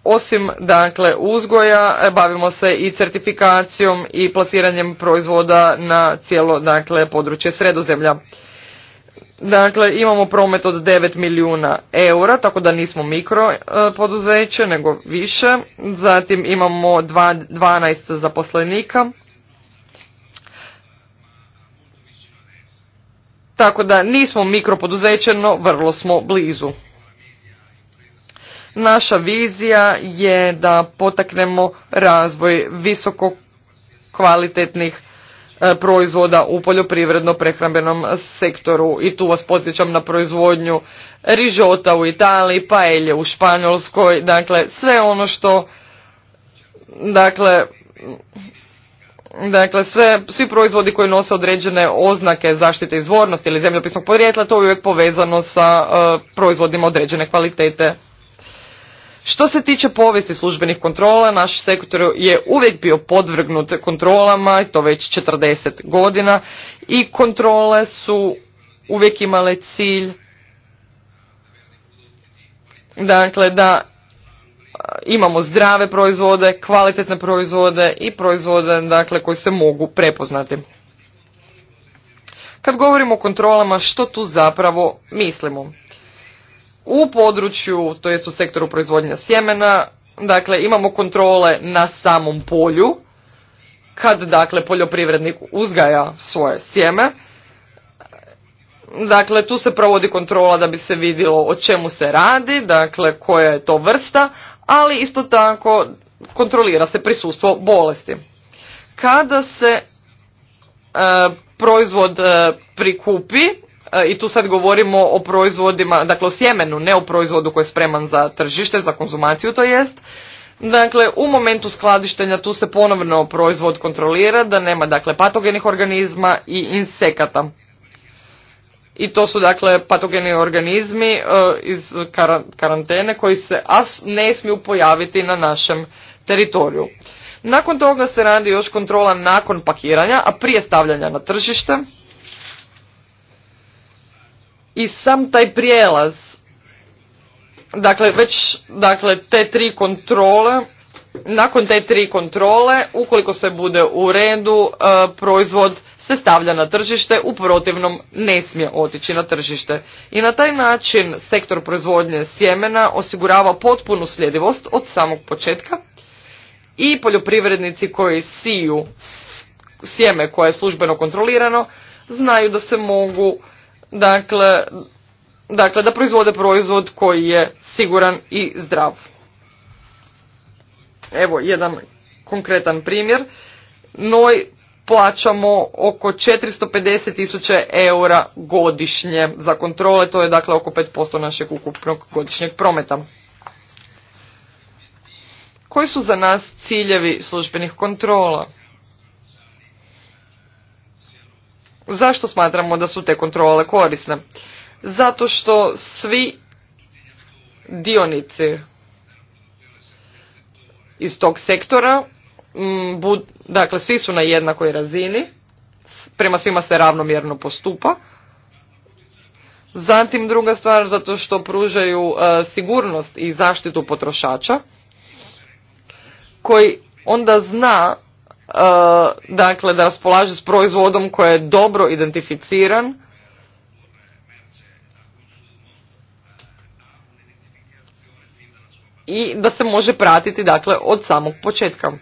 osim dakle uzgoja e, bavimo se i certifikacijom i plasiranjem proizvoda na cijelo dakle područje sredozemlja. Dakle, imamo promet od 9 milijuna eura, tako da nismo mikro e, poduzeće, nego više. Zatim imamo dva, 12 zaposlenika. Tako da nismo mikro poduzeće, no vrlo smo blizu. Naša vizija je da potaknemo razvoj visoko kvalitetnih e, proizvoda u poljoprivredno-prehrambenom sektoru. I tu vas podsjećam na proizvodnju rižota u Italiji, paelje u Španjolskoj, dakle sve ono što, dakle, dakle sve, svi proizvodi koji nose određene oznake zaštite izvornosti ili zemljopisnog podrijetla, to je uvijek povezano sa uh, proizvodima određene kvalitete. Što se tiče povijesti službenih kontrola, naš sektor je uvijek bio podvrgnut kontrolama, i to već 40 godina, i kontrole su uvijek imale cilj dakle, da imamo zdrave proizvode, kvalitetne proizvode i proizvode dakle, koji se mogu prepoznati. Kad govorimo o kontrolama, što tu zapravo mislimo? u području, to jest u sektoru proizvodnja sjemena, dakle imamo kontrole na samom polju, kad dakle poljoprivrednik uzgaja svoje sjeme, Dakle, tu se provodi kontrola da bi se vidjelo o čemu se radi, dakle koja je to vrsta, ali isto tako kontrolira se prisustvo bolesti. Kada se e, proizvod e, prikupi, E, i tu sad govorimo o proizvodima, dakle o sjemenu, ne o proizvodu koji je spreman za tržište, za konzumaciju to jest. Dakle, u momentu skladištenja tu se ponovno proizvod kontrolira, da nema dakle patogenih organizma i insekata. I to su dakle patogeni organizmi e, iz karantene koji se as ne smiju pojaviti na našem teritoriju. Nakon toga se radi još kontrola nakon pakiranja, a prije stavljanja na tržište i sam taj prijelaz, dakle već dakle, te tri kontrole, nakon te tri kontrole, ukoliko se bude u redu, e, proizvod se stavlja na tržište, u protivnom ne smije otići na tržište. I na taj način sektor proizvodnje sjemena osigurava potpunu sljedivost od samog početka i poljoprivrednici koji siju sjeme koje je službeno kontrolirano znaju da se mogu Dakle, dakle, da proizvode proizvod koji je siguran i zdrav. Evo jedan konkretan primjer. Noj plaćamo oko 450.000 eura godišnje za kontrole, to je dakle oko 5% našeg ukupnog godišnjeg prometa. Koji su za nas ciljevi službenih kontrola? Zašto smatramo da su te kontrole korisne? Zato što svi dionici iz tog sektora, mm, dakle svi su na jednakoj razini, prema svima se ravnomjerno postupa. Zatim druga stvar, zato što pružaju e, sigurnost i zaštitu potrošača, koji onda zna Eh, dakle da raspolaže s proizvodom koji je dobro identificiran i da se može pratiti dakle od samog početka.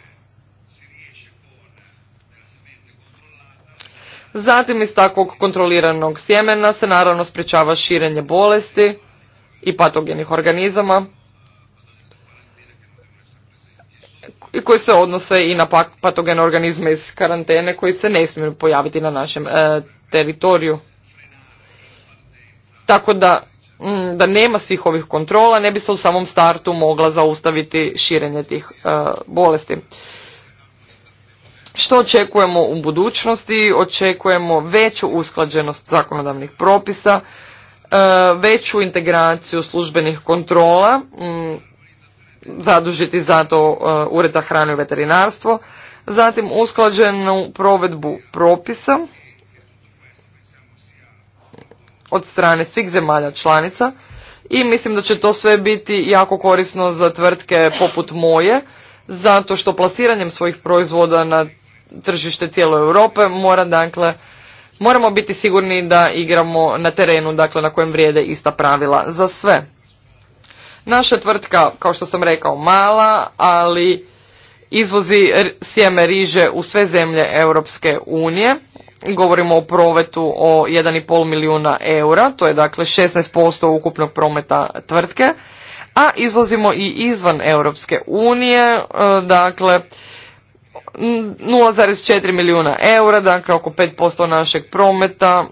Zatim iz takvog kontroliranog sjemena se naravno sprječava širenje bolesti i patogenih organizama. i koji se odnose i na patogene organizme iz karantene koji se ne smiju pojaviti na našem e, teritoriju. Tako da, mm, da nema svih ovih kontrola, ne bi se u samom startu mogla zaustaviti širenje tih e, bolesti. Što očekujemo u budućnosti? Očekujemo veću usklađenost zakonodavnih propisa, e, veću integraciju službenih kontrola, mm, zadužiti za to e, Ured za hranu i veterinarstvo, zatim usklađenu provedbu propisa od strane svih zemalja članica i mislim da će to sve biti jako korisno za tvrtke poput moje, zato što plasiranjem svojih proizvoda na tržište cijele Europe mora dakle moramo biti sigurni da igramo na terenu dakle na kojem vrijede ista pravila za sve. Naša tvrtka, kao što sam rekao, mala, ali izvozi sjeme riže u sve zemlje Europske unije. Govorimo o provetu o 1,5 milijuna eura, to je dakle 16% ukupnog prometa tvrtke, a izvozimo i izvan Europske unije, e, dakle 0,4 milijuna eura, dakle oko 5% našeg prometa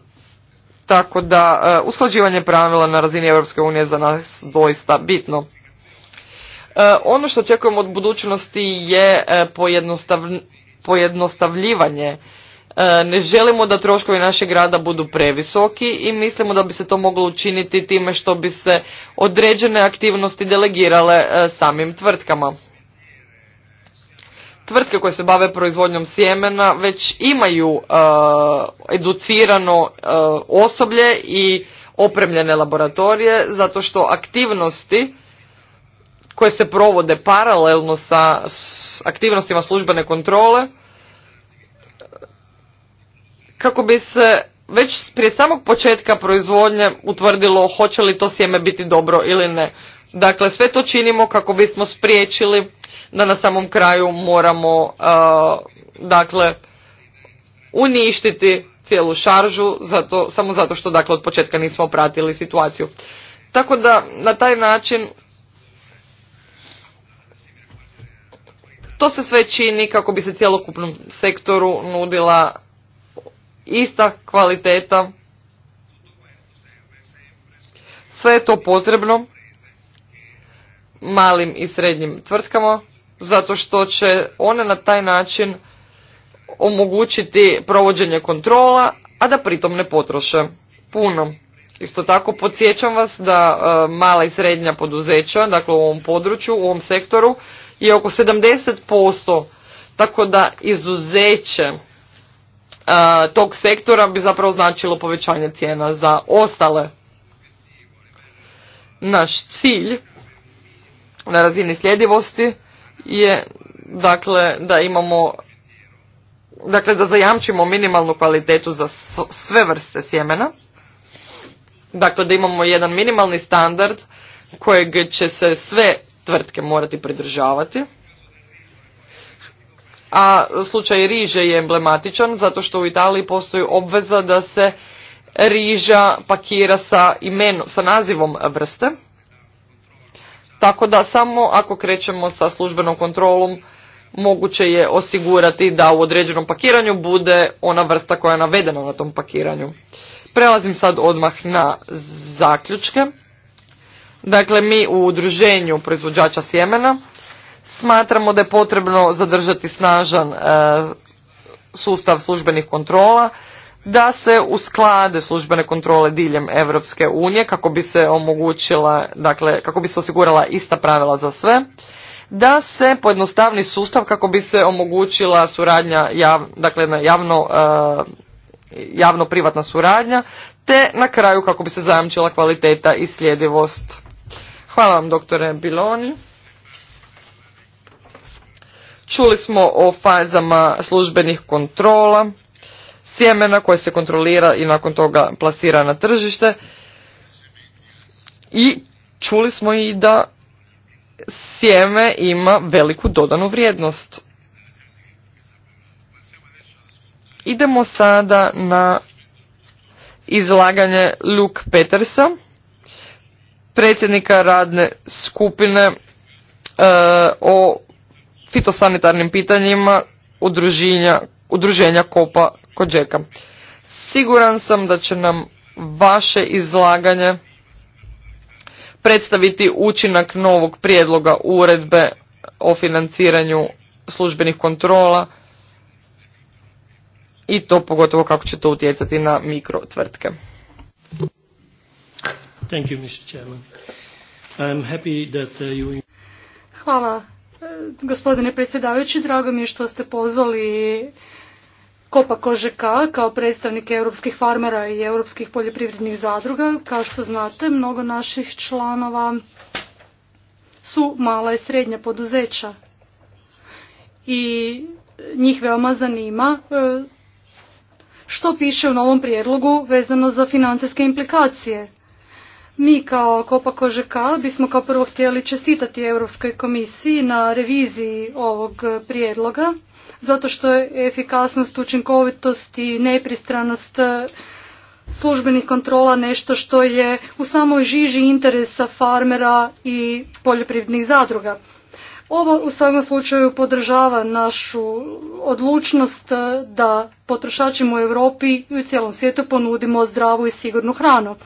tako da e, usklađivanje pravila na razini Europske unije je za nas doista bitno. E, ono što očekujemo od budućnosti je e, pojednostavljivanje. Ne želimo da troškovi našeg grada budu previsoki i mislimo da bi se to moglo učiniti time što bi se određene aktivnosti delegirale samim tvrtkama tvrtke koje se bave proizvodnjom sjemena već imaju e, educirano e, osoblje i opremljene laboratorije zato što aktivnosti koje se provode paralelno sa aktivnostima službene kontrole kako bi se već prije samog početka proizvodnje utvrdilo hoće li to sjeme biti dobro ili ne. Dakle, sve to činimo kako bismo spriječili da na samom kraju moramo dakle uništiti cijelu šaržu zato, samo zato što dakle od početka nismo pratili situaciju. Tako da na taj način to se sve čini kako bi se cjelokupnom sektoru nudila ista kvaliteta. Sve je to potrebno malim i srednjim tvrtkama zato što će one na taj način omogućiti provođenje kontrola, a da pritom ne potroše puno. Isto tako podsjećam vas da e, mala i srednja poduzeća, dakle u ovom području, u ovom sektoru, je oko 70%, tako da izuzeće e, tog sektora bi zapravo značilo povećanje cijena za ostale. Naš cilj na razini sljedivosti je dakle da imamo dakle da zajamčimo minimalnu kvalitetu za sve vrste sjemena. Dakle da imamo jedan minimalni standard kojeg će se sve tvrtke morati pridržavati. A slučaj riže je emblematičan zato što u Italiji postoji obveza da se riža pakira sa imenom, sa nazivom vrste tako da samo ako krećemo sa službenom kontrolom moguće je osigurati da u određenom pakiranju bude ona vrsta koja je navedena na tom pakiranju. Prelazim sad odmah na zaključke. Dakle, mi u udruženju proizvođača sjemena smatramo da je potrebno zadržati snažan e, sustav službenih kontrola da se usklade službene kontrole diljem Europske unije kako bi se omogućila, dakle kako bi se osigurala ista pravila za sve, da se pojednostavni sustav kako bi se omogućila suradnja jav, dakle javno eh, javno privatna suradnja te na kraju kako bi se zajamčila kvaliteta i sljedivost. Hvala vam doktore Biloni. Čuli smo o fazama službenih kontrola sjemena koje se kontrolira i nakon toga plasira na tržište. I čuli smo i da sjeme ima veliku dodanu vrijednost. Idemo sada na izlaganje Luke Petersa, predsjednika radne skupine eh, o fitosanitarnim pitanjima udruženja udruženja Kopa Kođeka. Siguran sam da će nam vaše izlaganje predstaviti učinak novog prijedloga uredbe o financiranju službenih kontrola i to pogotovo kako će to utjecati na mikro tvrtke. Hvala, gospodine predsjedavajući. Drago mi je što ste pozvali Kopa Kožeka kao predstavnik europskih farmera i europskih poljoprivrednih zadruga. Kao što znate, mnogo naših članova su mala i srednja poduzeća i njih veoma zanima e, što piše u novom prijedlogu vezano za financijske implikacije. Mi kao Kopa Kožeka bismo kao prvo htjeli čestitati Europskoj komisiji na reviziji ovog prijedloga zato što je efikasnost, učinkovitost i nepristranost e, službenih kontrola nešto što je u samoj žiži interesa farmera i poljoprivrednih zadruga. Ovo u svakom slučaju podržava našu odlučnost e, da potrošačima u Europi i u cijelom svijetu ponudimo zdravu i sigurnu hranu.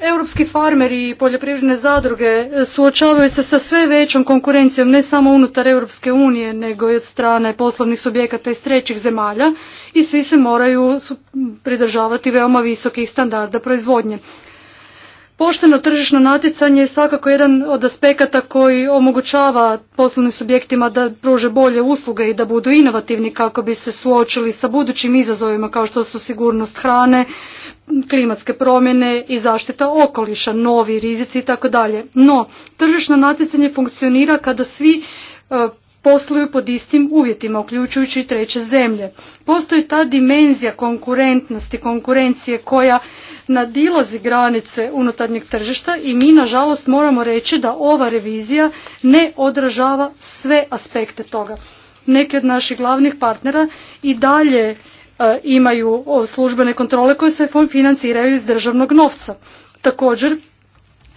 Europski farmeri i poljoprivredne zadruge e, suočavaju se sa sve većom konkurencijom ne samo unutar Europske unije nego i od strane poslovnih subjekata iz trećih zemalja i svi se moraju pridržavati veoma visokih standarda proizvodnje. Pošteno tržišno natjecanje je svakako jedan od aspekata koji omogućava poslovnim subjektima da pruže bolje usluge i da budu inovativni kako bi se suočili sa budućim izazovima kao što su sigurnost hrane, klimatske promjene i zaštita okoliša, novi rizici i tako dalje. No, tržišno natjecanje funkcionira kada svi e, posluju pod istim uvjetima, uključujući i treće zemlje. Postoji ta dimenzija konkurentnosti, konkurencije koja nadilazi granice unutarnjeg tržišta i mi nažalost moramo reći da ova revizija ne odražava sve aspekte toga. Neki od naših glavnih partnera i dalje E, imaju službene kontrole koje se financiraju iz državnog novca. Također,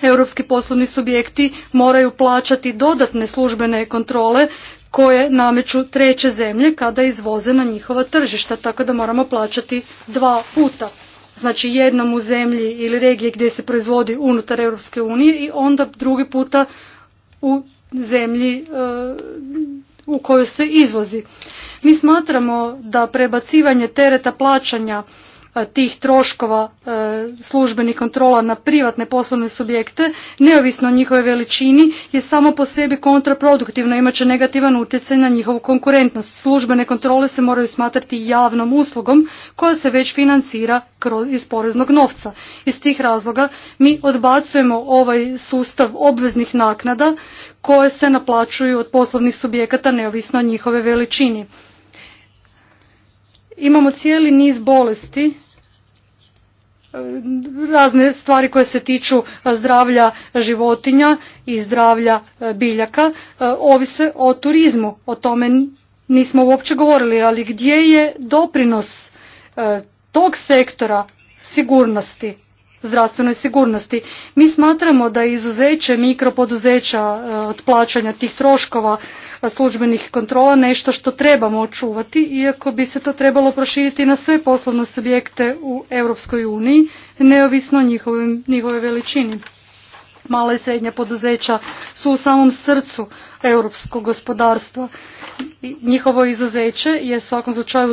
europski poslovni subjekti moraju plaćati dodatne službene kontrole koje nameću treće zemlje kada izvoze na njihova tržišta, tako da moramo plaćati dva puta. Znači jednom u zemlji ili regiji gdje se proizvodi unutar Europske unije i onda drugi puta u zemlji e, u kojoj se izvozi. Mi smatramo da prebacivanje tereta plaćanja e, tih troškova e, službenih kontrola na privatne poslovne subjekte, neovisno o njihovoj veličini, je samo po sebi kontraproduktivno, imat će negativan utjecaj na njihovu konkurentnost. Službene kontrole se moraju smatrati javnom uslugom koja se već financira kroz, iz poreznog novca. Iz tih razloga mi odbacujemo ovaj sustav obveznih naknada koje se naplaćuju od poslovnih subjekata neovisno o njihove veličini imamo cijeli niz bolesti e, razne stvari koje se tiču e, zdravlja životinja i zdravlja e, biljaka ovise o turizmu. O tome nismo uopće govorili, ali gdje je doprinos tog sektora sigurnosti, zdravstvenoj sigurnosti. Mi smatramo da izuzeće mikropoduzeća od plaćanja tih troškova službenih kontrola nešto što trebamo očuvati, iako bi se to trebalo proširiti na sve poslovne subjekte u Europskoj uniji, neovisno o njihovoj, veličini. Mala i srednja poduzeća su u samom srcu europskog gospodarstva njihovo izuzeće je svakom slučaju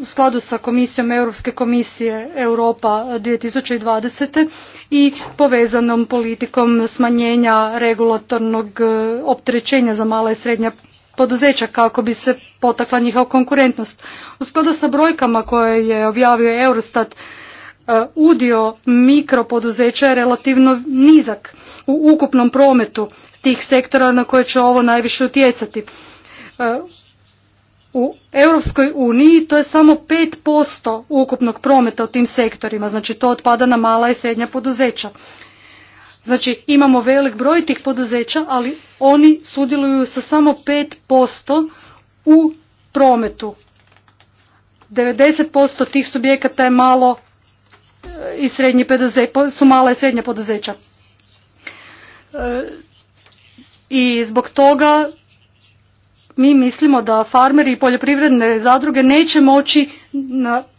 u skladu sa komisijom Europske komisije Europa 2020. i povezanom politikom smanjenja regulatornog e, opterećenja za mala i srednja poduzeća kako bi se potakla njihova konkurentnost. U skladu sa brojkama koje je objavio Eurostat, e, udio mikropoduzeća je relativno nizak u ukupnom prometu tih sektora na koje će ovo najviše utjecati. E, u Europskoj uniji to je samo 5% ukupnog prometa u tim sektorima, znači to otpada na mala i srednja poduzeća. Znači imamo velik broj tih poduzeća, ali oni sudjeluju sa samo 5% u prometu. 90% tih subjekata je malo e, i srednji su mala i srednja poduzeća. E, I zbog toga mi mislimo da farmeri i poljoprivredne zadruge neće moći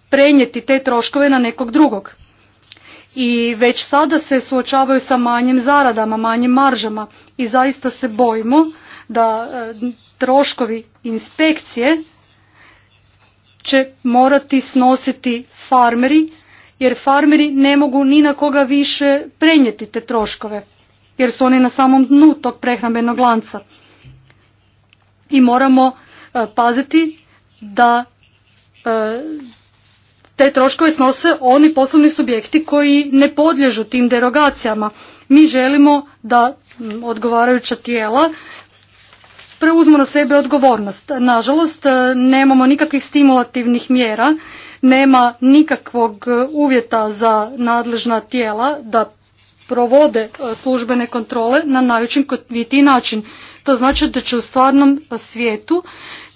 prenijeti te troškove na nekog drugog. I već sada se suočavaju sa manjim zaradama, manjim maržama i zaista se bojimo da e, troškovi inspekcije će morati snositi farmeri jer farmeri ne mogu ni na koga više prenijeti te troškove jer su oni na samom dnu tog prehrambenog lanca i moramo e, paziti da e, te troškove snose oni poslovni subjekti koji ne podliježu tim derogacijama. Mi želimo da odgovarajuća tijela preuzmu na sebe odgovornost. Nažalost, e, nemamo nikakvih stimulativnih mjera, nema nikakvog uvjeta za nadležna tijela da provode službene kontrole na najučinkovitiji način. To znači da će u stvarnom svijetu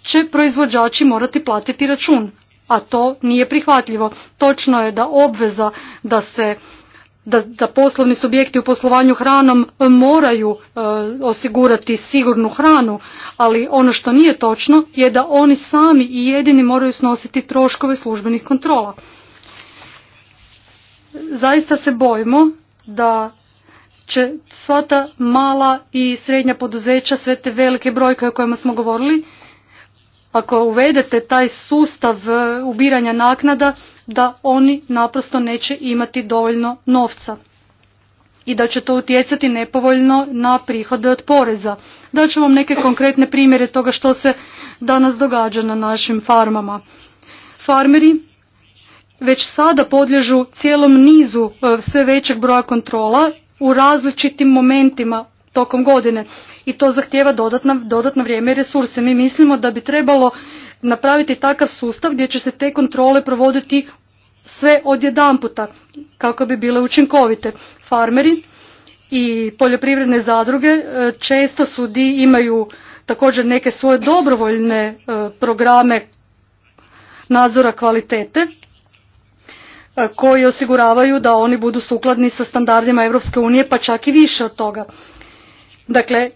će proizvođači morati platiti račun, a to nije prihvatljivo. Točno je da obveza da se da, poslovni subjekti u poslovanju hranom moraju e, osigurati sigurnu hranu, ali ono što nije točno je da oni sami i jedini moraju snositi troškove službenih kontrola. Zaista se bojimo da će sva ta mala i srednja poduzeća, sve te velike brojke o kojima smo govorili, ako uvedete taj sustav e, ubiranja naknada, da oni naprosto neće imati dovoljno novca i da će to utjecati nepovoljno na prihode od poreza. ću vam neke konkretne primjere toga što se danas događa na našim farmama. Farmeri već sada podlježu cijelom nizu e, sve većeg broja kontrola u različitim momentima tokom godine i to zahtjeva dodatna, dodatno vrijeme i resurse. Mi mislimo da bi trebalo napraviti takav sustav gdje će se te kontrole provoditi sve odjedanputa kako bi bile učinkovite. Farmeri i poljoprivredne zadruge e, često su di imaju također neke svoje dobrovoljne e, programe nadzora kvalitete E, koji osiguravaju da oni budu sukladni sa standardima Europske unije pa čak i više od toga. Dakle,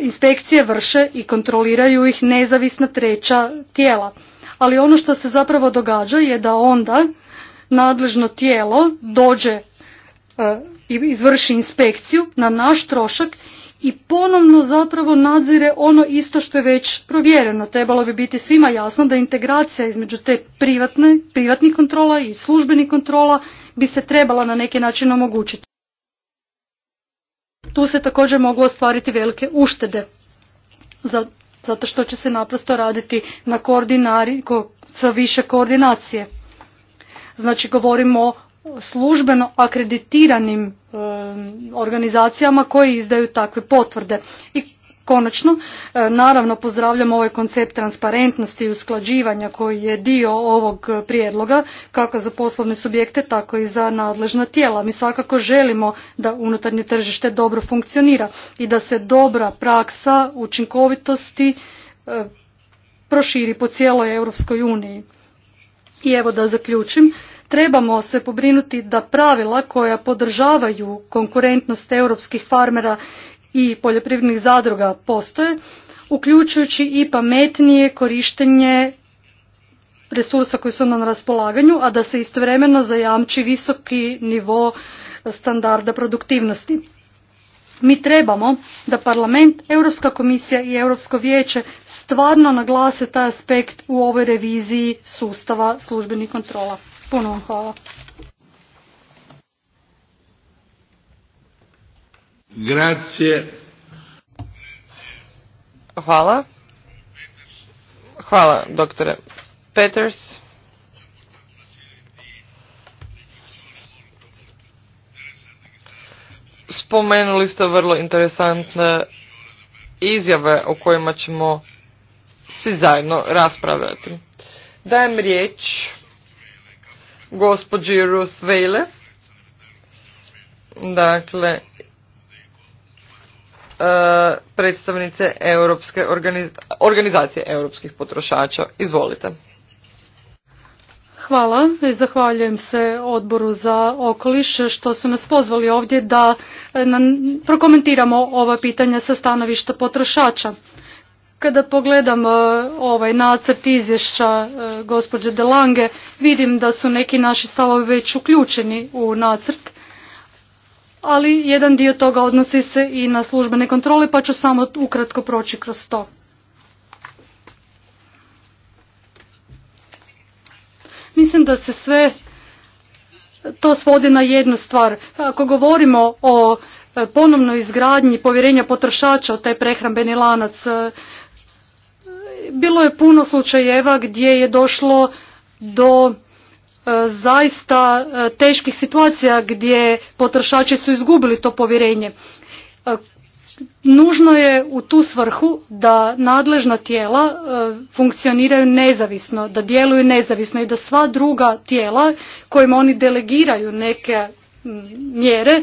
inspekcije vrše i kontroliraju ih nezavisna treća tijela. Ali ono što se zapravo događa je da onda nadležno tijelo dođe e, i izvrši inspekciju na naš trošak i ponovno zapravo nadzire ono isto što je već provjereno. Trebalo bi biti svima jasno da integracija između te privatne, privatnih kontrola i službenih kontrola bi se trebala na neki način omogućiti. Tu se također mogu ostvariti velike uštede, zato što će se naprosto raditi na koordinari, ko, sa više koordinacije. Znači govorimo o službeno akreditiranim e, Um, organizacijama koje izdaju takve potvrde. I konačno, uh, naravno pozdravljam ovaj koncept transparentnosti i usklađivanja koji je dio ovog prijedloga kako za poslovne subjekte tako i za nadležna tijela. Mi svakako želimo da unutarnje tržište dobro funkcionira i da se dobra praksa učinkovitosti uh, proširi po cijeloj Europskoj uniji. I evo da zaključim, trebamo se pobrinuti da pravila koja podržavaju konkurentnost europskih farmera i poljoprivrednih zadruga postoje, uključujući i pametnije korištenje resursa koji su nam na raspolaganju, a da se istovremeno zajamči visoki nivo standarda produktivnosti. Mi trebamo da parlament, Europska komisija i Europsko vijeće stvarno naglase taj aspekt u ovoj reviziji sustava službenih kontrola. Puno vam hvala. Grazie. Hvala. Hvala, doktore Peters. Spomenuli ste vrlo interesantne izjave o kojima ćemo svi zajedno raspravljati. Dajem riječ gospođi Ruth Vejle. Dakle, e, predstavnice Europske organizacije europskih potrošača. Izvolite. Hvala i zahvaljujem se odboru za okoliš što su nas pozvali ovdje da e, prokomentiramo ova pitanja sa stanovišta potrošača. Kada pogledam e, ovaj nacrt izvješća e, gospođe Delange, vidim da su neki naši stavovi već uključeni u nacrt, ali jedan dio toga odnosi se i na službene kontrole, pa ću samo ukratko proći kroz to. Mislim da se sve to svodi na jednu stvar. Ako govorimo o ponovnoj izgradnji povjerenja potrošača u taj prehrambeni lanac, bilo je puno slučajeva gdje je došlo do e, zaista e, teških situacija gdje potrošači su izgubili to povjerenje. E, nužno je u tu svrhu da nadležna tijela funkcioniraju nezavisno, da djeluju nezavisno i da sva druga tijela kojima oni delegiraju neke mjere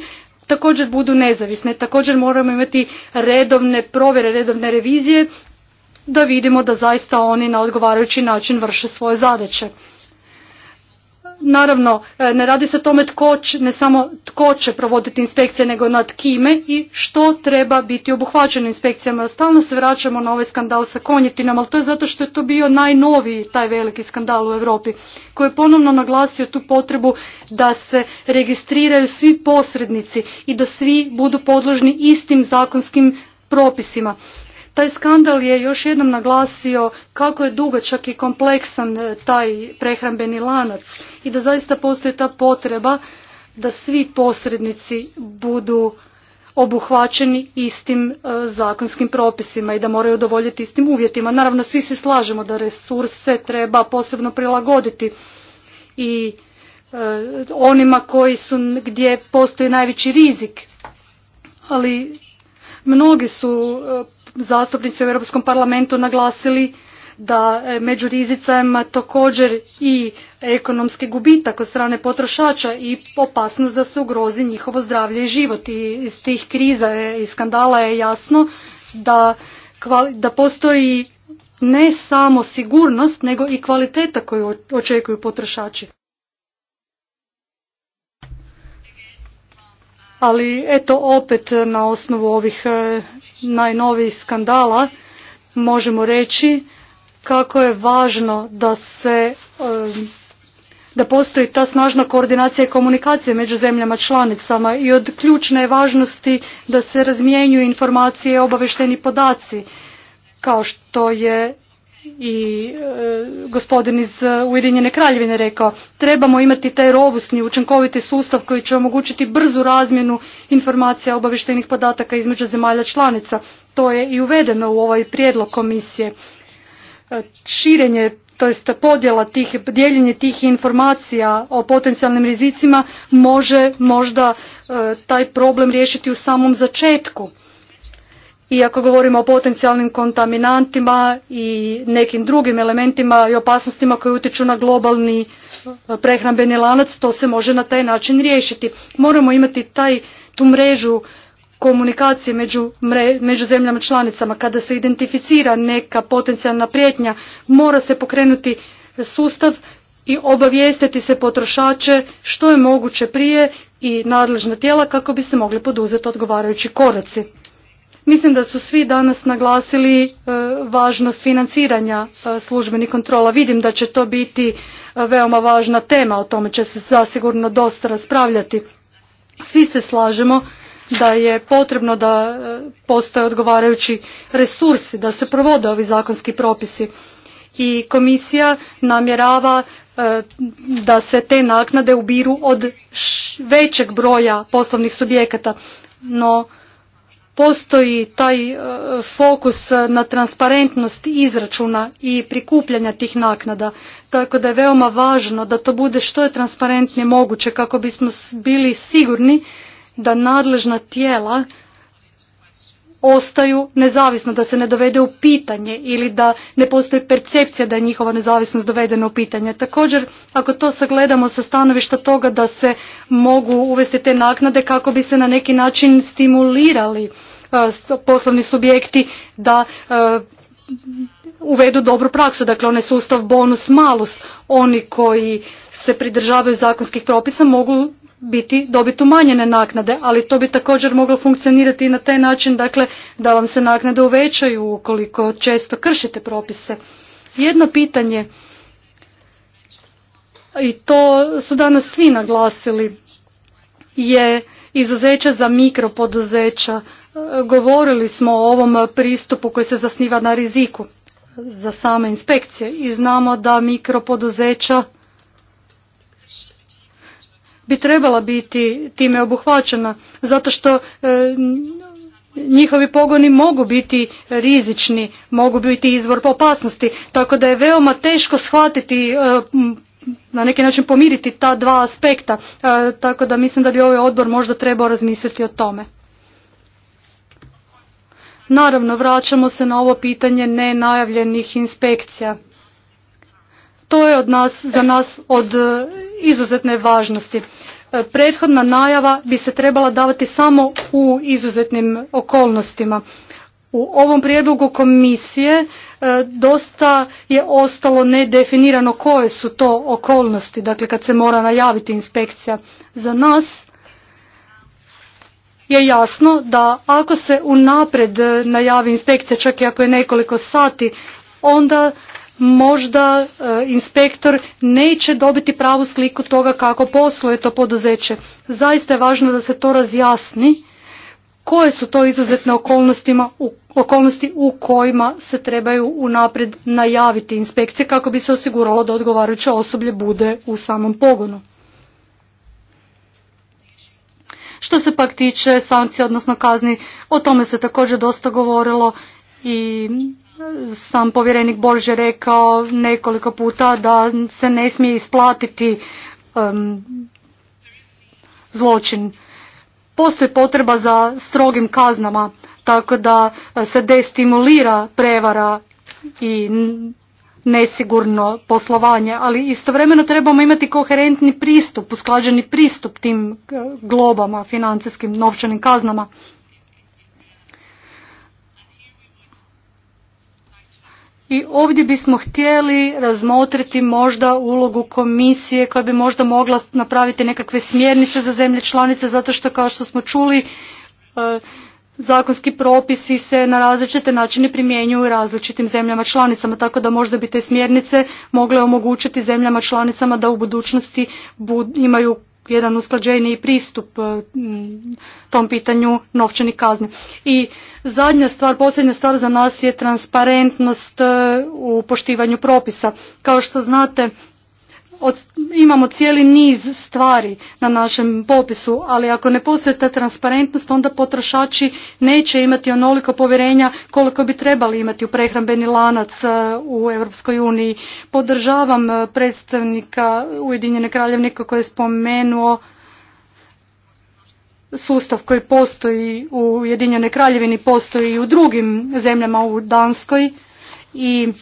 također budu nezavisne. Također moramo imati redovne provjere, redovne revizije da vidimo da zaista oni na odgovarajući način vrše svoje zadaće. Naravno, e, ne radi se o tome tko će, ne samo tko će provoditi inspekcije, nego nad kime i što treba biti obuhvaćeno inspekcijama. Stalno se vraćamo na ovaj skandal sa konjetinom, ali to je zato što je to bio najnoviji taj veliki skandal u Europi, koji je ponovno naglasio tu potrebu da se registriraju svi posrednici i da svi budu podložni istim zakonskim propisima. Taj skandal je još jednom naglasio kako je dugačak i kompleksan e, taj prehrambeni lanac i da zaista postoji ta potreba da svi posrednici budu obuhvaćeni istim e, zakonskim propisima i da moraju udovoljiti istim uvjetima. Naravno, svi se slažemo da resurse treba posebno prilagoditi i e, onima koji su gdje postoji najveći rizik. Ali mnogi su zastupnici u Europskom parlamentu naglasili da e, među rizicama također i ekonomski gubitak od strane potrošača i opasnost da se ugrozi njihovo zdravlje i život. I iz tih kriza e, i skandala je jasno da, da postoji ne samo sigurnost nego i kvaliteta koju očekuju potrošači. Ali eto opet na osnovu ovih e, najnovijih skandala možemo reći kako je važno da se da postoji ta snažna koordinacija i komunikacija među zemljama članicama i od ključne važnosti da se razmjenjuju informacije i obavešteni podaci kao što je i e, gospodin iz e, Ujedinjene kraljevine rekao trebamo imati taj robustni učinkoviti sustav koji će omogućiti brzu razmjenu informacija obavještajnih podataka između zemalja članica to je i uvedeno u ovaj prijedlog komisije e, širenje to jest podjela tih, dijeljenje tih informacija o potencijalnim rizicima može možda taj problem riješiti u samom začetku i ako govorimo o potencijalnim kontaminantima i nekim drugim elementima i opasnostima koje utječu na globalni e, prehrambeni lanac, to se može na taj način riješiti. Moramo imati taj, tu mrežu komunikacije među, među zemljama članicama. Kada se identificira neka potencijalna prijetnja, mora se pokrenuti sustav i obavijestiti se potrošače što je moguće prije i nadležna tijela kako bi se mogli poduzeti odgovarajući koraci. Mislim da su svi danas naglasili e, važnost financiranja e, službenih kontrola. Vidim da će to biti e, veoma važna tema, o tome će se zasigurno dosta raspravljati. Svi se slažemo da je potrebno da postoje odgovarajući resursi, da se provode ovi zakonski propisi. I komisija namjerava da se te naknade ubiru od većeg broja poslovnih subjekata, no postoji taj e, fokus na transparentnost izračuna i prikupljanja tih naknada. Tako da je veoma važno da to bude što je transparentnije moguće kako bismo bili sigurni da nadležna tijela ostaju nezavisno, da se ne dovede u pitanje ili da ne postoji percepcija da je njihova nezavisnost dovedena u pitanje. Također, ako to sagledamo sa stanovišta toga da se mogu uvesti te naknade kako bi se na neki način stimulirali E, poslovni subjekti da e, uvedu dobru praksu, dakle onaj sustav bonus malus, oni koji se pridržavaju zakonskih propisa mogu biti dobiti umanjene naknade, ali to bi također moglo funkcionirati i na taj način dakle da vam se naknade uvećaju ukoliko često kršite propise. Jedno pitanje i to su danas svi naglasili je izuzeća za mikropoduzeća govorili smo o ovom pristupu koji se zasniva na riziku za same inspekcije i znamo da mikropoduzeća bi trebala biti time obuhvaćena zato što e, njihovi pogoni mogu biti rizični, mogu biti izvor opasnosti, tako da je veoma teško shvatiti e, na neki način pomiriti ta dva aspekta, e, tako da mislim da bi ovaj odbor možda trebao razmisliti o tome. Naravno, vraćamo se na ovo pitanje nenajavljenih inspekcija. To je od nas, za nas od e, izuzetne važnosti. E, prethodna najava bi se trebala davati samo u izuzetnim okolnostima. U ovom prijedlogu komisije e, dosta je ostalo nedefinirano koje su to okolnosti, dakle kad se mora najaviti inspekcija. Za nas je jasno da ako se unapred e, najavi inspekcija, čak i ako je nekoliko sati, onda možda e, inspektor neće dobiti pravu sliku toga kako posluje to poduzeće. Zaista je važno da se to razjasni koje su to izuzetne okolnostima, okolnosti u kojima se trebaju unaprijed najaviti inspekcije kako bi se osiguralo da odgovarajuće osoblje bude u samom pogonu. Što se pak tiče sankcija, odnosno kazni, o tome se također dosta govorilo i sam povjerenik Borž rekao nekoliko puta da se ne smije isplatiti zločin. Postoji potreba za strogim kaznama, tako da se destimulira prevara i nesigurno poslovanje, ali istovremeno trebamo imati koherentni pristup, usklađeni pristup tim eh, globama, financijskim novčanim kaznama. I ovdje bismo htjeli razmotriti možda ulogu komisije koja bi možda mogla napraviti nekakve smjernice za zemlje članice, zato što kao što smo čuli eh, zakonski propisi se na različite načine primjenjuju u različitim zemljama članicama, tako da možda bi te smjernice mogle omogućiti zemljama članicama da u budućnosti imaju jedan usklađeniji pristup e, tom pitanju novčanih kazni. I zadnja stvar, posljednja stvar za nas je transparentnost e, u poštivanju propisa. Kao što znate, od, imamo cijeli niz stvari na našem popisu, ali ako ne postoji ta transparentnost, onda potrošači neće imati onoliko povjerenja koliko bi trebali imati u prehrambeni lanac e, u Europskoj uniji. Podržavam e, predstavnika Ujedinjene kraljevnika koji je spomenuo sustav koji postoji u Ujedinjenoj kraljevini postoji i u drugim zemljama u Danskoj i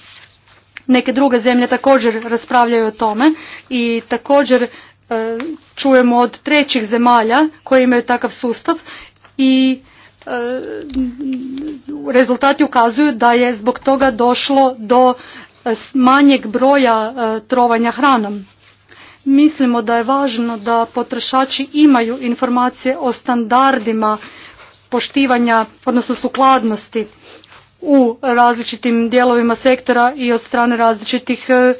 Neke druge zemlje također raspravljaju o tome i također e, čujemo od trećih zemalja koje imaju takav sustav i e, rezultati ukazuju da je zbog toga došlo do e, manjeg broja trovanja hranom. Mislimo da je važno da potrošači imaju informacije o standardima poštivanja, odnosno sukladnosti u različitim dijelovima sektora i od strane različitih e,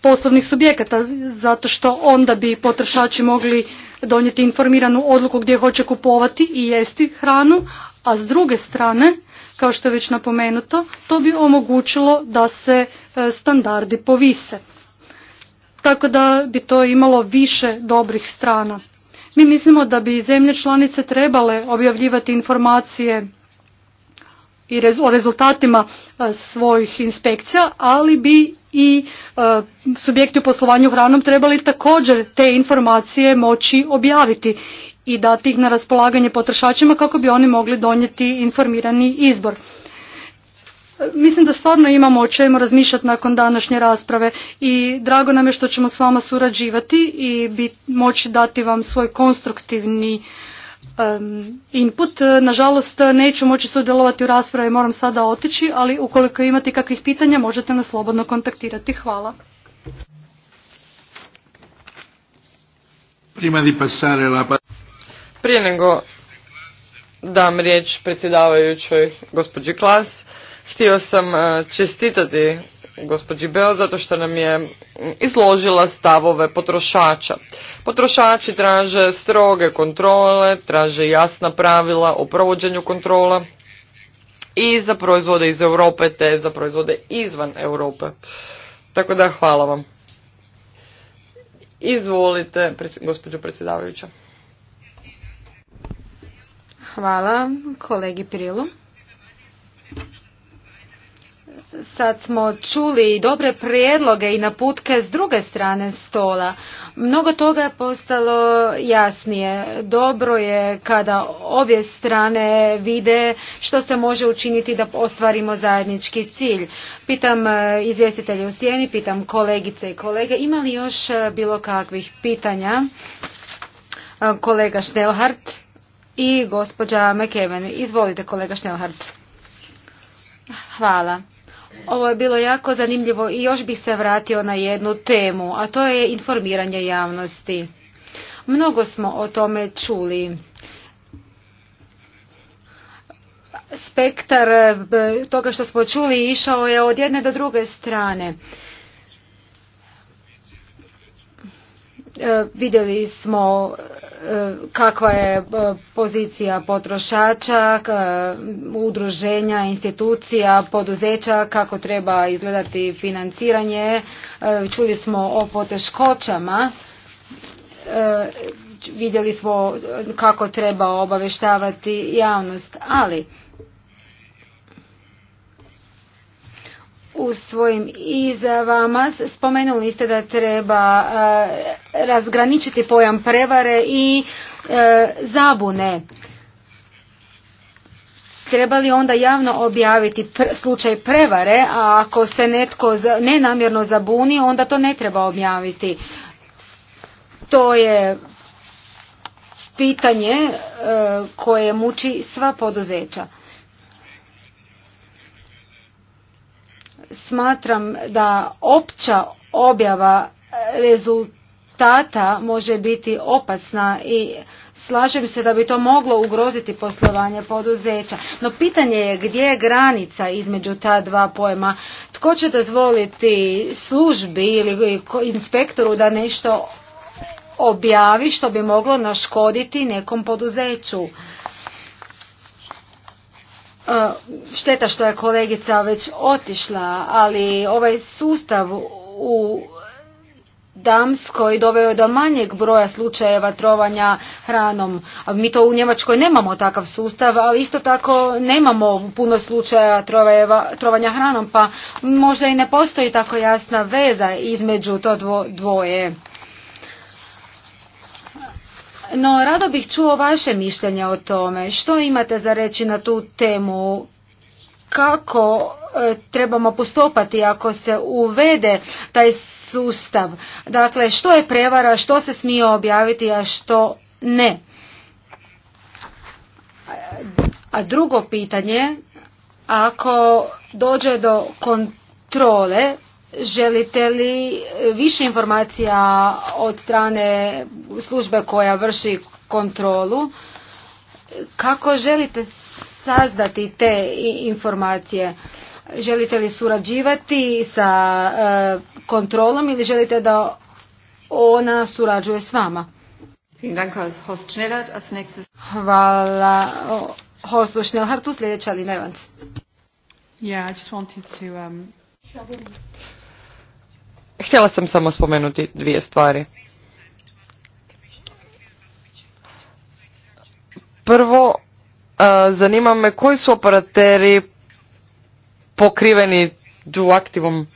poslovnih subjekata zato što onda bi potrošači mogli donijeti informiranu odluku gdje hoće kupovati i jesti hranu, a s druge strane, kao što je već napomenuto, to bi omogućilo da se e, standardi povise. Tako da bi to imalo više dobrih strana. Mi mislimo da bi zemlje članice trebale objavljivati informacije i o rezultatima e, svojih inspekcija, ali bi i e, subjekti u poslovanju hranom trebali također te informacije moći objaviti i dati ih na raspolaganje potrošačima kako bi oni mogli donijeti informirani izbor. E, mislim da stvarno imamo o čemu razmišljati nakon današnje rasprave i drago nam je što ćemo s vama surađivati i moći dati vam svoj konstruktivni input. E, nažalost, e, neću moći sudjelovati u raspravi, moram sada otići, ali ukoliko imate kakvih pitanja, možete nas slobodno kontaktirati. Hvala. Pa- Prije nego dam riječ predsjedavajućoj gospođi Klas, htio sam e, čestitati gospođi Beo zato što nam je izložila stavove potrošača. Potrošači traže stroge kontrole, traže jasna pravila o provođenju kontrola i za proizvode iz Europe te za proizvode izvan Europe. Tako da hvala vam. Izvolite, gospođo predsjedavajuća. Hvala kolegi Prilu. Sad smo čuli dobre prijedloge i naputke s druge strane stola. Mnogo toga je postalo jasnije. Dobro je kada obje strane vide što se može učiniti da ostvarimo zajednički cilj. Pitam e, izvjestitelje u sjeni, pitam kolegice i kolege, ima li još e, bilo kakvih pitanja? E, kolega Šnelhart i gospođa McEwen. Izvolite kolega Šnelhart. Hvala. Ovo je bilo jako zanimljivo i još bih se vratio na jednu temu, a to je informiranje javnosti. Mnogo smo o tome čuli. Spektar e, toga što smo čuli išao je od jedne do druge strane. E, vidjeli smo kakva je e, pozicija potrošača, e, udruženja, institucija, poduzeća, kako treba izgledati financiranje. E, čuli smo o poteškoćama, vidjeli smo kako treba obavještavati javnost, ali u svojim izavama spomenuli ste da treba razgraničiti pojam prevare i e, zabune. Treba li onda javno objaviti slučaj prevare, a ako se netko nenamjerno zabuni, onda to ne treba objaviti. To je pitanje e, koje muči sva poduzeća. Smatram da opća objava rezultata tata može biti opasna i slažem se da bi to moglo ugroziti poslovanje poduzeća. No pitanje je gdje je granica između ta dva pojma. Tko će dozvoliti službi ili inspektoru da nešto objavi što bi moglo naškoditi nekom poduzeću. E, šteta što je kolegica već otišla, ali ovaj sustav u Damskoj doveo je do manjeg broja slučajeva trovanja hranom. Mi to u Njemačkoj nemamo takav sustav, ali isto tako nemamo puno slučaja trovanja hranom, pa možda i ne postoji tako jasna veza između to dvoje. No, rado bih čuo vaše mišljenje o tome. Što imate za reći na tu temu? kako e, trebamo postupati ako se uvede taj sustav. Dakle, što je prevara, što se smije objaviti, a što ne. A drugo pitanje, ako dođe do kontrole, želite li više informacija od strane službe koja vrši kontrolu? Kako želite saznati te informacije? Želite li surađivati sa e, kontrolom ili želite da ona surađuje s vama? Hvala Horstu Schnellhartu, sljedeća um, Htjela sam samo spomenuti dvije stvari. Prvo, Zanima me koji su operateri pokriveni aktivom?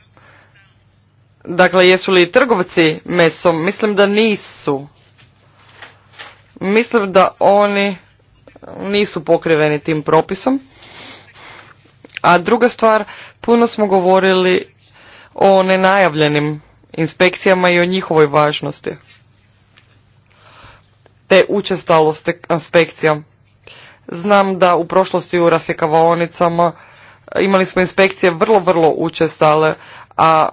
Dakle, jesu li trgovci mesom? Mislim da nisu. Mislim da oni nisu pokriveni tim propisom. A druga stvar, puno smo govorili o nenajavljenim inspekcijama i o njihovoj važnosti. Te učestalosti inspekcijama. Znam da u prošlosti u rasjekavaonicama imali smo inspekcije vrlo, vrlo učestale, a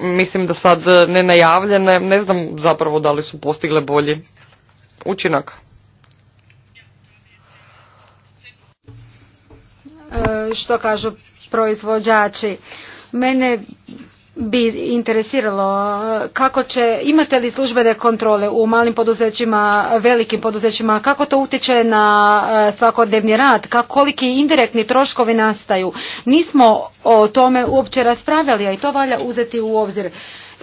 mislim da sad ne najavljene. ne znam zapravo da li su postigle bolji učinak. E, što kažu proizvođači? Mene bi interesiralo kako će, imate li službene kontrole u malim poduzećima, velikim poduzećima, kako to utječe na e, svakodnevni rad, koliki indirektni troškovi nastaju. Nismo o tome uopće raspravljali, a i to valja uzeti u obzir.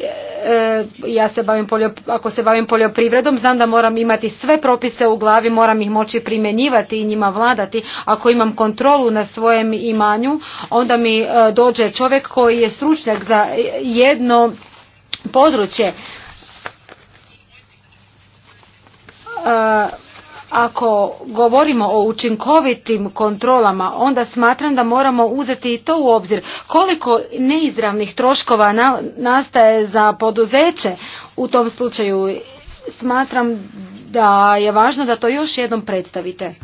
E, ja se bavim ako se bavim poljoprivredom znam da moram imati sve propise u glavi moram ih moći primjenjivati i njima vladati ako imam kontrolu na svojem imanju onda mi e, dođe čovjek koji je stručnjak za jedno područje e, ako govorimo o učinkovitim kontrolama, onda smatram da moramo uzeti i to u obzir. Koliko neizravnih troškova nastaje za poduzeće u tom slučaju, smatram da je važno da to još jednom predstavite.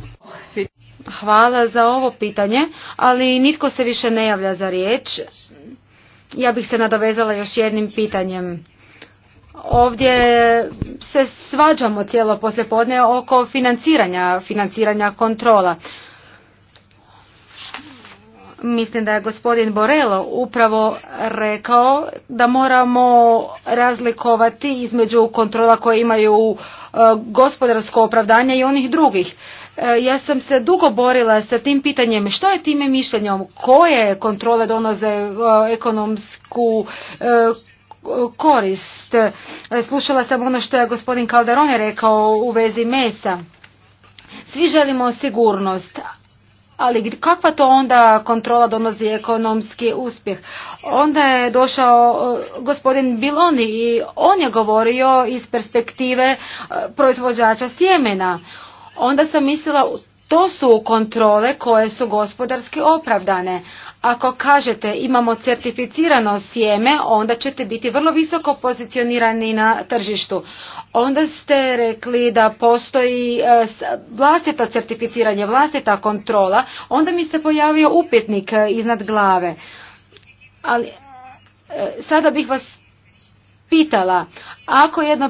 Hvala za ovo pitanje, ali nitko se više ne javlja za riječ. Ja bih se nadovezala još jednim pitanjem. Ovdje se svađamo cijelo poslijepodne oko financiranja, financiranja kontrola. Mislim da je gospodin Borelo upravo rekao da moramo razlikovati između kontrola koje imaju e, gospodarsko opravdanje i onih drugih. E, ja sam se dugo borila sa tim pitanjem što je time mišljenjem, koje kontrole donoze e, ekonomsku korist. Slušala sam ono što je gospodin Calderone rekao u vezi mesa. Svi želimo sigurnost, ali kakva to onda kontrola donosi ekonomski uspjeh? Onda je došao e, gospodin Biloni i on je govorio iz perspektive e, proizvođača sjemena. Onda sam mislila to su kontrole koje su gospodarski opravdane. Ako kažete imamo certificirano sjeme, onda ćete biti vrlo visoko pozicionirani na tržištu. Onda ste rekli da postoji e, vlastito certificiranje, vlastita kontrola, onda mi se pojavio upitnik e, iznad glave. Ali e, sada bih vas pitala, ako jedno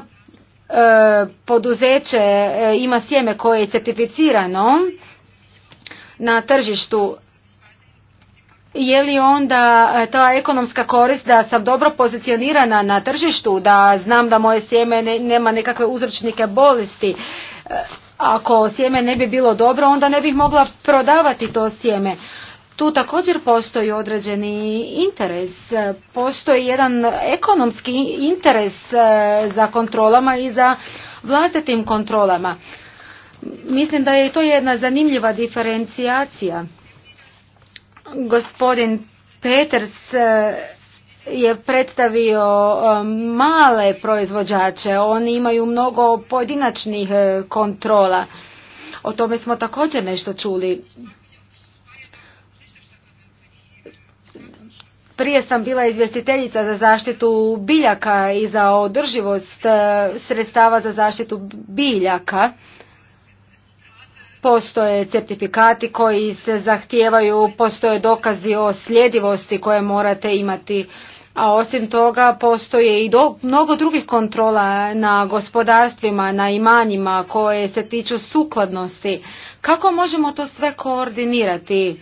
E, poduzeće e, ima sjeme koje je certificirano na tržištu je li onda e, ta ekonomska korist da sam dobro pozicionirana na tržištu, da znam da moje sjeme nema nekakve uzročnike bolesti. Ako sjeme ne bi bilo dobro, onda ne bih mogla prodavati to sjeme tu također postoji određeni interes. Postoji jedan ekonomski interes e, za kontrolama i za vlastitim kontrolama. Mislim da je to jedna zanimljiva diferencijacija. Gospodin Peters e, je predstavio e, male proizvođače. Oni imaju mnogo pojedinačnih kontrola. O tome smo također nešto čuli. prije sam bila izvjestiteljica za zaštitu biljaka i za održivost e, sredstava za zaštitu biljaka. Postoje certifikati koji se zahtijevaju, postoje dokazi o sljedivosti koje morate imati. A osim toga postoje i mnogo drugih kontrola na gospodarstvima, na imanjima koje se tiču sukladnosti. Kako možemo to sve koordinirati?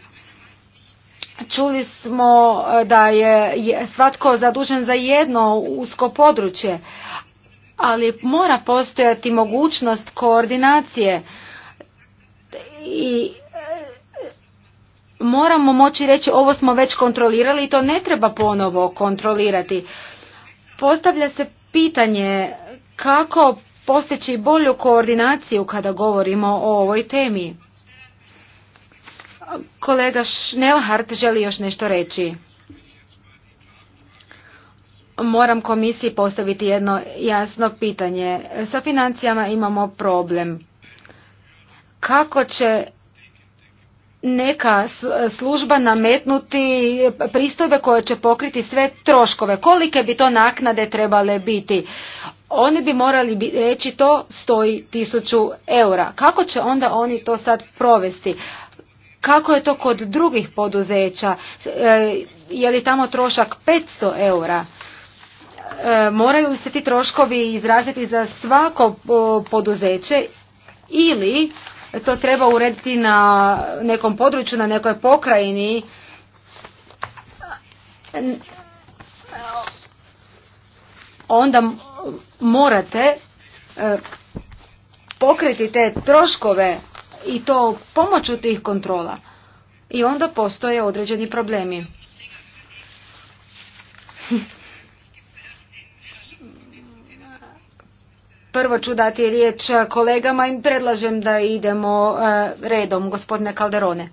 Čuli smo e, da je svatko zadužen za jedno usko područje, ali mora postojati mogućnost koordinacije i e, moramo moći reći ovo smo već kontrolirali i to ne treba ponovo kontrolirati. Postavlja se pitanje kako postići bolju koordinaciju kada govorimo o ovoj temi. Kolega Schnellhardt želi još nešto reći. Moram komisiji postaviti jedno jasno pitanje. Sa financijama imamo problem. Kako će neka služba nametnuti pristojbe koje će pokriti sve troškove. Kolike bi to naknade trebale biti? Oni bi morali reći to stoji tisuću eura. Kako će onda oni to sad provesti? Kako je to kod drugih poduzeća? E, je li tamo trošak 500 eura? E, moraju li se ti troškovi izraziti za svako poduzeće ili to treba urediti na nekom području, na nekoj pokrajini? Onda morate e, pokriti te troškove i to pomoću tih kontrola. I onda postoje određeni problemi. Prvo ću dati riječ kolegama i predlažem da idemo e, redom, gospodine Calderone.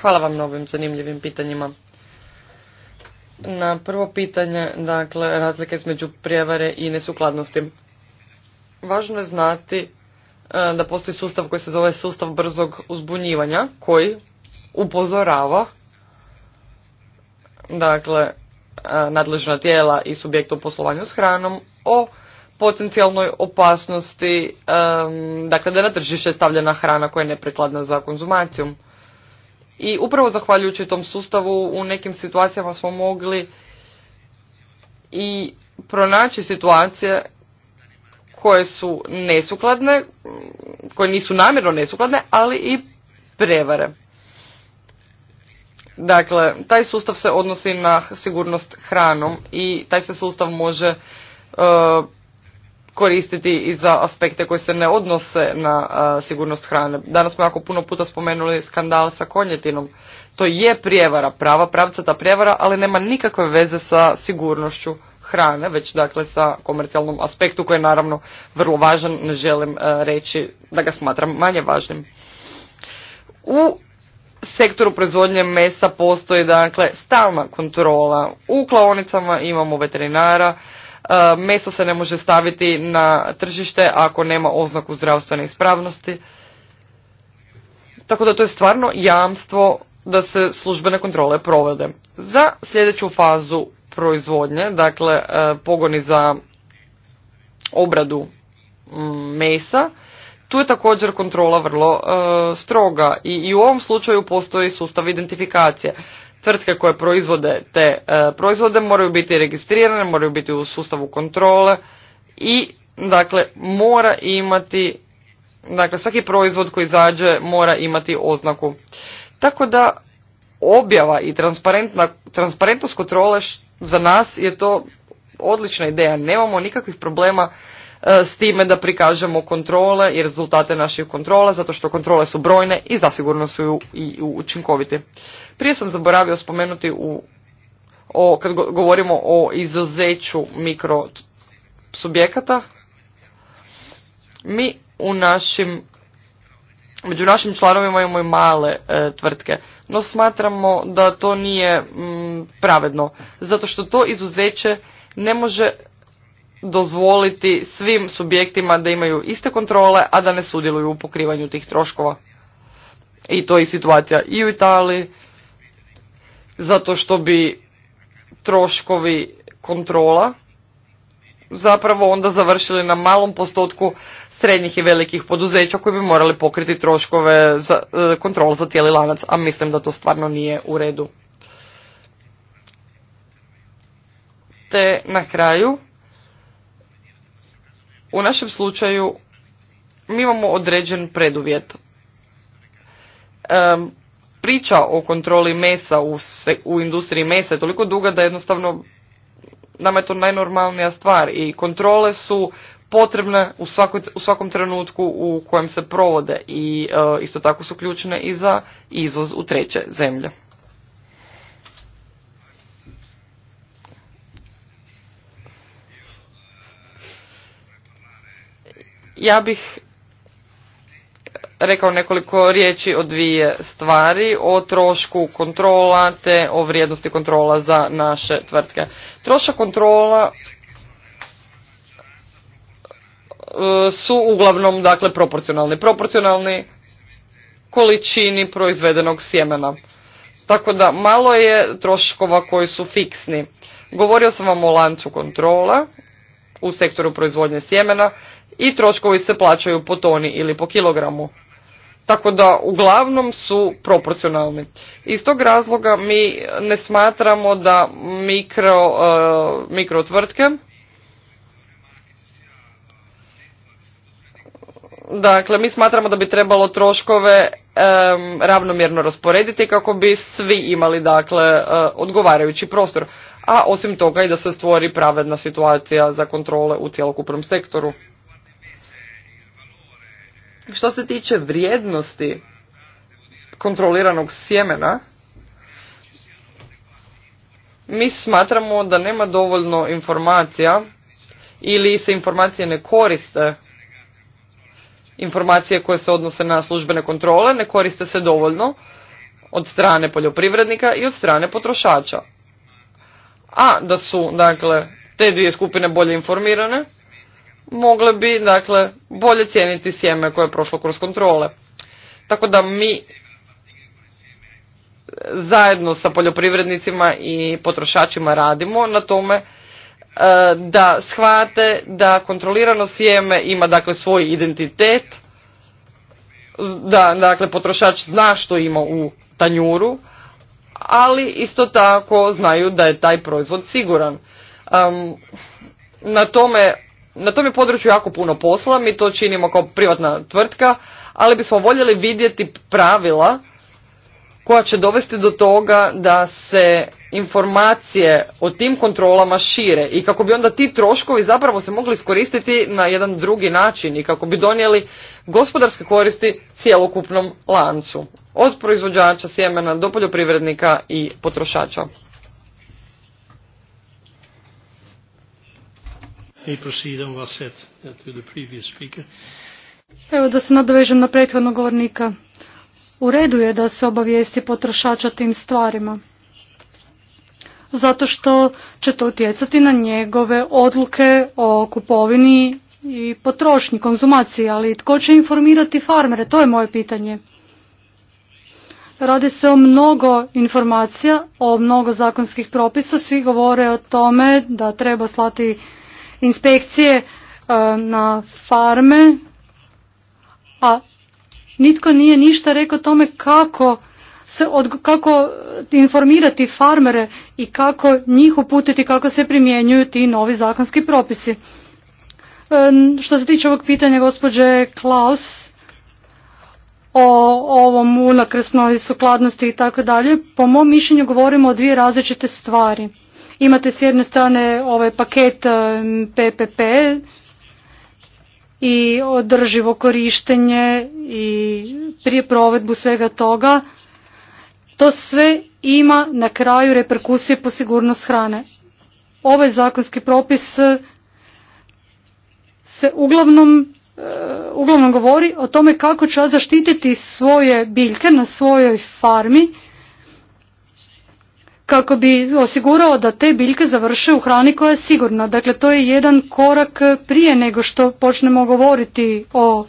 Hvala vam na ovim zanimljivim pitanjima. Na prvo pitanje, dakle, razlike između prijevare i nesukladnosti važno je znati e, da postoji sustav koji se zove sustav brzog uzbunjivanja koji upozorava dakle e, nadležna tijela i subjekta u poslovanju s hranom o potencijalnoj opasnosti e, dakle da je na tržište stavljena hrana koja je neprikladna za konzumaciju. I upravo zahvaljujući tom sustavu u nekim situacijama smo mogli i pronaći situacije koje su nesukladne, koje nisu namjerno nesukladne, ali i prevare. Dakle, taj sustav se odnosi na sigurnost hranom i taj se sustav može e, koristiti i za aspekte koji se ne odnose na e, sigurnost hrane. Danas smo jako puno puta spomenuli skandal sa konjetinom. To je prijevara, prava pravca ta prijevara, ali nema nikakve veze sa sigurnošću hrane, već dakle sa komercijalnom aspektu koji je naravno vrlo važan, ne želim e, reći da ga smatram manje važnim. U sektoru proizvodnje mesa postoji dakle stalna kontrola. U klaonicama imamo veterinara, e, meso se ne može staviti na tržište ako nema oznaku zdravstvene ispravnosti. Tako da to je stvarno jamstvo da se službene kontrole provode. Za sljedeću fazu proizvodnje, dakle e, pogoni za obradu mm, mesa, tu je također kontrola vrlo e, stroga i, u ovom slučaju postoji sustav identifikacije. Tvrtke koje proizvode te e, proizvode moraju biti registrirane, moraju biti u sustavu kontrole i dakle mora imati, dakle svaki proizvod koji izađe mora imati oznaku. Tako da objava i transparentnost kontrole za nas je to odlična ideja. Nemamo nikakvih problema e, s time da prikažemo kontrole i rezultate naših kontrola, zato što kontrole su brojne i zasigurno su i učinkovite. Prije sam zaboravio spomenuti u, o, kad govorimo o izuzeću mikro subjekata, mi u našim, među našim članovima imamo i male e, tvrtke no smatramo da to nije mm, pravedno zato što to izuzeće ne može dozvoliti svim subjektima da imaju iste kontrole a da ne sudjeluju u pokrivanju tih troškova i to je situacija i u Italiji zato što bi troškovi kontrola zapravo onda završili na malom postotku srednjih i velikih poduzeća koji bi morali pokriti troškove za e, kontrol za cijeli lanac, a mislim da to stvarno nije u redu. Te na kraju, u našem slučaju mi imamo određen preduvjet. E, priča o kontroli mesa u industriji mesa je toliko duga da jednostavno nama je to najnormalnija stvar i kontrole su potrebne u, u svakom trenutku u kojem se provode i e, isto tako su ključne i za izvoz u treće zemlje. Ja bih rekao nekoliko riječi o dvije stvari, o trošku kontrola te o vrijednosti kontrola za naše tvrtke. Trošak kontrola e, su uglavnom dakle proporcionalni. Proporcionalni količini proizvedenog sjemena. Tako da malo je troškova koji su fiksni. Govorio sam vam o lancu kontrola u sektoru proizvodnje sjemena i troškovi se plaćaju po toni ili po kilogramu tako da uglavnom su proporcionalni. Iz tog razloga mi ne smatramo da mikro, eh, tvrtke, dakle mi smatramo da bi trebalo troškove ravnomjerno rasporediti kako bi svi imali dakle eh, odgovarajući prostor, a osim toga i da se stvori pravedna situacija za kontrole u cjelokupnom sektoru. Što se tiče vrijednosti kontroliranog sjemena, mi smatramo da nema dovoljno informacija ili se informacije ne koriste informacije koje se odnose na službene kontrole ne koriste se dovoljno od strane poljoprivrednika i od strane potrošača. A da su dakle te dvije skupine bolje informirane, mogle bi dakle bolje cijeniti sjeme koje je prošlo kroz kontrole. Tako da mi zajedno sa poljoprivrednicima i potrošačima radimo na tome e, da shvate da kontrolirano sjeme ima dakle svoj identitet, da dakle potrošač zna što ima u tanjuru, ali isto tako znaju da je taj proizvod siguran. na tome na tom je području jako puno posla, mi to činimo kao privatna tvrtka, ali bismo voljeli vidjeti pravila koja će dovesti do toga da se informacije o tim kontrolama šire i kako bi onda ti troškovi zapravo se mogli iskoristiti na jedan drugi način i kako bi donijeli gospodarske koristi cjelokupnom lancu od proizvođača sjemena do poljoprivrednika i potrošača. Uh, Evo da se nadovežem na prethodnog govornika. U redu je da se obavijesti potrošača tim stvarima. Zato što će to utjecati na njegove odluke o kupovini i potrošnji, konzumaciji, ali tko će informirati farmere, to je moje pitanje. Radi se o mnogo informacija, o mnogo zakonskih propisa, svi govore o tome da treba slati inspekcije eh, na farme, a nitko nije ništa rekao tome kako se kako informirati farmere i kako njih uputiti kako se primjenjuju ti novi zakonski propisi. Eh, što se tiče ovog pitanja gospođe Klaus o ovom unakrsnoj sukladnosti i tako dalje, po mom mišljenju govorimo o dvije različite stvari. Imate s jedne strane ovaj paket PPP i održivo korištenje i prije provedbu svega toga. To sve ima na kraju reperkusije po sigurnost hrane. Ovaj zakonski propis eh, se uglavnom eh, uglavnom govori o tome kako će zaštititi svoje biljke na svojoj farmi kako bi osigurao da te biljke završe u hrani koja je sigurna. Dakle, to je jedan korak prije nego što počnemo govoriti o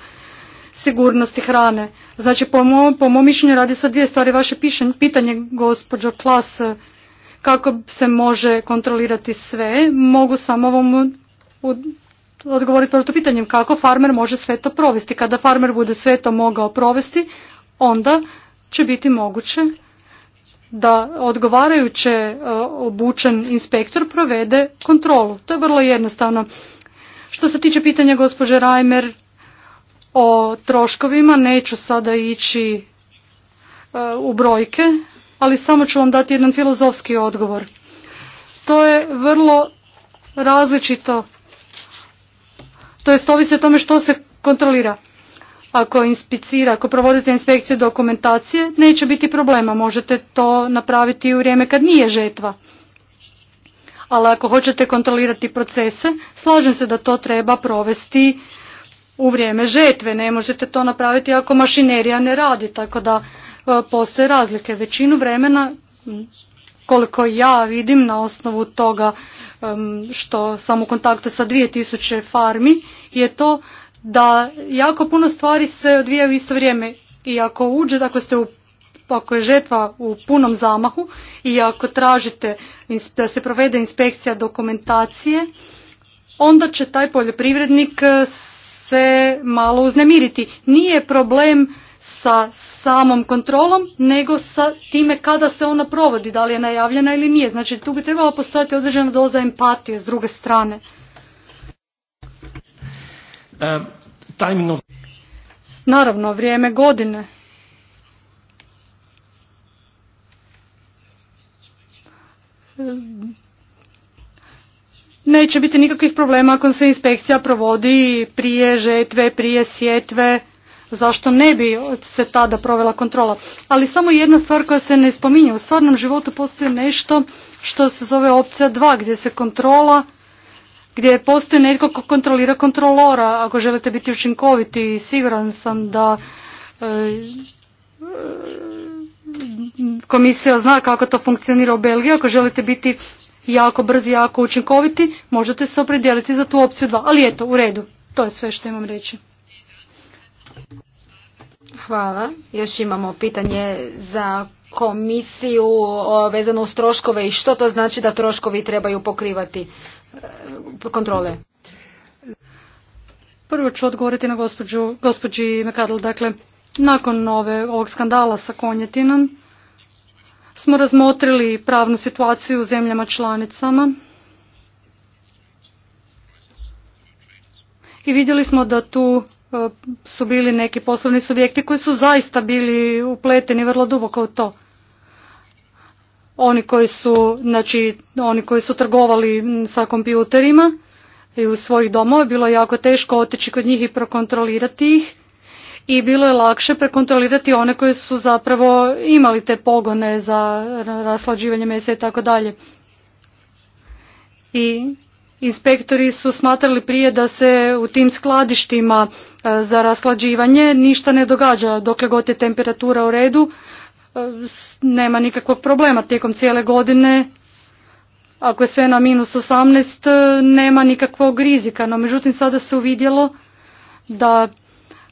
sigurnosti hrane. Znači, po mom, po mom mišljenju radi se o dvije stvari. Vaše pitanje, gospođo Klas, kako se može kontrolirati sve, mogu samo vam odgovoriti proto pitanjem kako farmer može sve to provesti. Kada farmer bude sve to mogao provesti, onda će biti moguće da odgovarajuće e, obučen inspektor provede kontrolu. To je vrlo jednostavno. Što se tiče pitanja gospođe Reimer o troškovima, neću sada ići e, u brojke, ali samo ću vam dati jedan filozofski odgovor. To je vrlo različito. To jest ovisi o tome što se kontrolira ako inspicira, ako provodite inspekciju dokumentacije, neće biti problema, možete to napraviti u vrijeme kad nije žetva. Ali ako hoćete kontrolirati procese, slažem se da to treba provesti u vrijeme žetve, ne možete to napraviti ako mašinerija ne radi, tako da e, postoje razlike. Većinu vremena, koliko ja vidim na osnovu toga što sam u kontaktu sa 2000 farmi, je to da jako puno stvari se odvijaju u isto vrijeme i ako uđe, ako dakle, ste u ako je žetva u punom zamahu i ako tražite da se provede inspekcija dokumentacije, onda će taj poljoprivrednik eh, se malo uznemiriti. Nije problem sa samom kontrolom, nego sa time kada se ona provodi, da li je najavljena ili nije. Znači tu bi trebala postojati određena doza empatije s druge strane. Uh, timing Naravno, vrijeme godine. Neće biti nikakvih problema ako se inspekcija provodi prije žetve, prije sjetve. Zašto ne bi se tada provela kontrola? Ali samo jedna stvar koja se ne spominje. U stvarnom životu postoji nešto što se zove opcija 2 gdje se kontrola gdje postoji netko ko kontrolira kontrolora ako želite biti učinkoviti siguran sam da e, e, komisija zna kako to funkcionira u Belgiji ako želite biti jako brzi, jako učinkoviti možete se opredijeliti za tu opciju 2 ali eto, u redu, to je sve što imam reći Hvala. Još imamo pitanje za komisiju vezano uz troškove i što to znači da troškovi trebaju pokrivati kontrole. Prvo ću odgovoriti na gospođu, gospođi Mekadl. Dakle, nakon ove, ovog skandala sa konjetinom smo razmotrili pravnu situaciju u zemljama članicama i vidjeli smo da tu e, su bili neki poslovni subjekti koji su zaista bili upleteni vrlo duboko u to oni koji su, znači, oni koji su trgovali sa kompjuterima i u svojih domova, bilo je jako teško otići kod njih i prokontrolirati ih i bilo je lakše prekontrolirati one koji su zapravo imali te pogone za raslađivanje mesa i tako dalje. I inspektori su smatrali prije da se u tim skladištima e, za raslađivanje ništa ne događa dokle god je temperatura u redu nema nikakvog problema tijekom cijele godine. Ako je sve na minus 18, e, nema nikakvog rizika. No, međutim, sada se uvidjelo da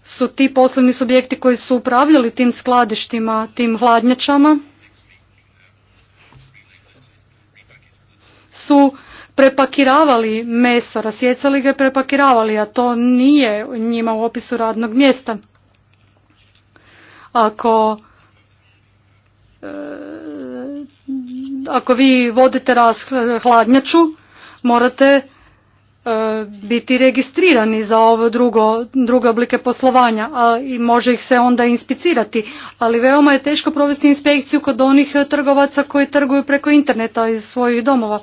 su ti poslovni subjekti koji su upravljali tim skladištima, tim hladnjačama, su prepakiravali meso, rasjecali ga i prepakiravali, a to nije njima u opisu radnog mjesta. Ako E, ako vi vodite hladnjaču, morate e, biti registrirani za ovo drugo, druge oblike poslovanja a, i može ih se onda inspicirati. Ali veoma je teško provesti inspekciju kod onih trgovaca koji trguju preko interneta iz svojih domova.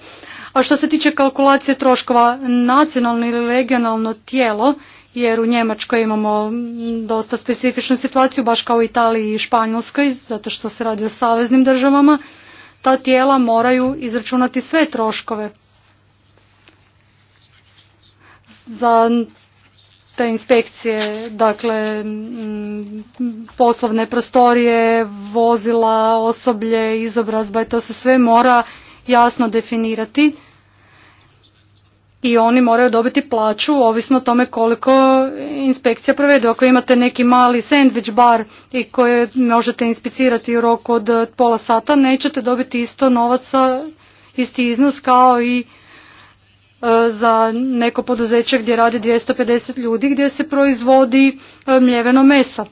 A što se tiče kalkulacije troškova, nacionalno ili regionalno tijelo jer u Njemačkoj imamo mm, dosta specifičnu situaciju, baš kao u Italiji i Španjolskoj, zato što se radi o saveznim državama, ta tijela moraju izračunati sve troškove za te inspekcije, dakle mm, poslovne prostorije, vozila, osoblje, izobrazba i to se sve mora jasno definirati i oni moraju dobiti plaću ovisno o tome koliko inspekcija provede. Ako imate neki mali sandwich bar i koje možete inspicirati u roku od pola sata, nećete dobiti isto novaca, isti iznos kao i e, za neko poduzeće gdje radi 250 ljudi gdje se proizvodi e, mljeveno meso.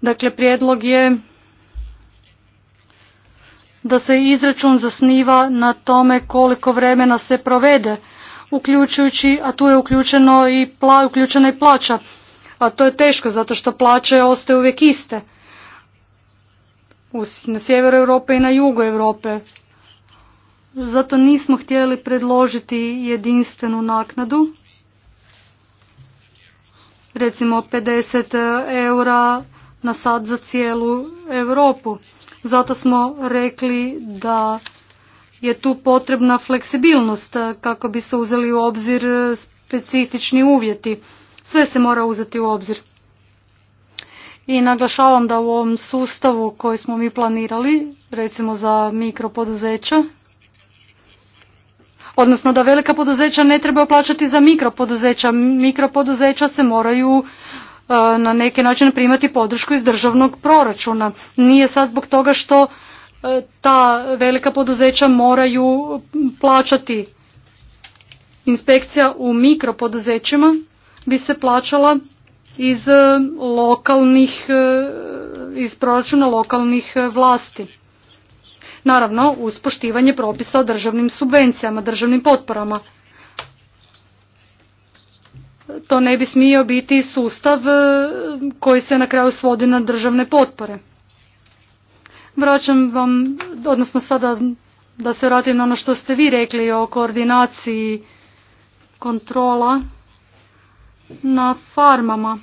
Dakle, prijedlog je da se izračun zasniva na tome koliko vremena se provede, uključujući, a tu je uključeno i pla, uključena i plaća, a to je teško zato što plaće ostaju uvijek iste na sjeveru Europe i na jugu Europe. Zato nismo htjeli predložiti jedinstvenu naknadu, recimo 50 eura na sad za cijelu Europu. Zato smo rekli da je tu potrebna fleksibilnost kako bi se uzeli u obzir specifični uvjeti. Sve se mora uzeti u obzir. I naglašavam da u ovom sustavu koji smo mi planirali, recimo za mikropoduzeća, odnosno da velika poduzeća ne treba plaćati za mikropoduzeća. Mikropoduzeća se moraju na neki način primati podršku iz državnog proračuna. Nije sad zbog toga što e, ta velika poduzeća moraju plaćati. Inspekcija u mikropoduzećima bi se plaćala iz e, lokalnih, e, iz proračuna lokalnih vlasti. Naravno, uz poštivanje propisa o državnim subvencijama, državnim potporama to ne bi smio biti sustav e, koji se na kraju svodi na državne potpore. Vraćam vam, odnosno sada da se vratim na ono što ste vi rekli o koordinaciji kontrola na farmama.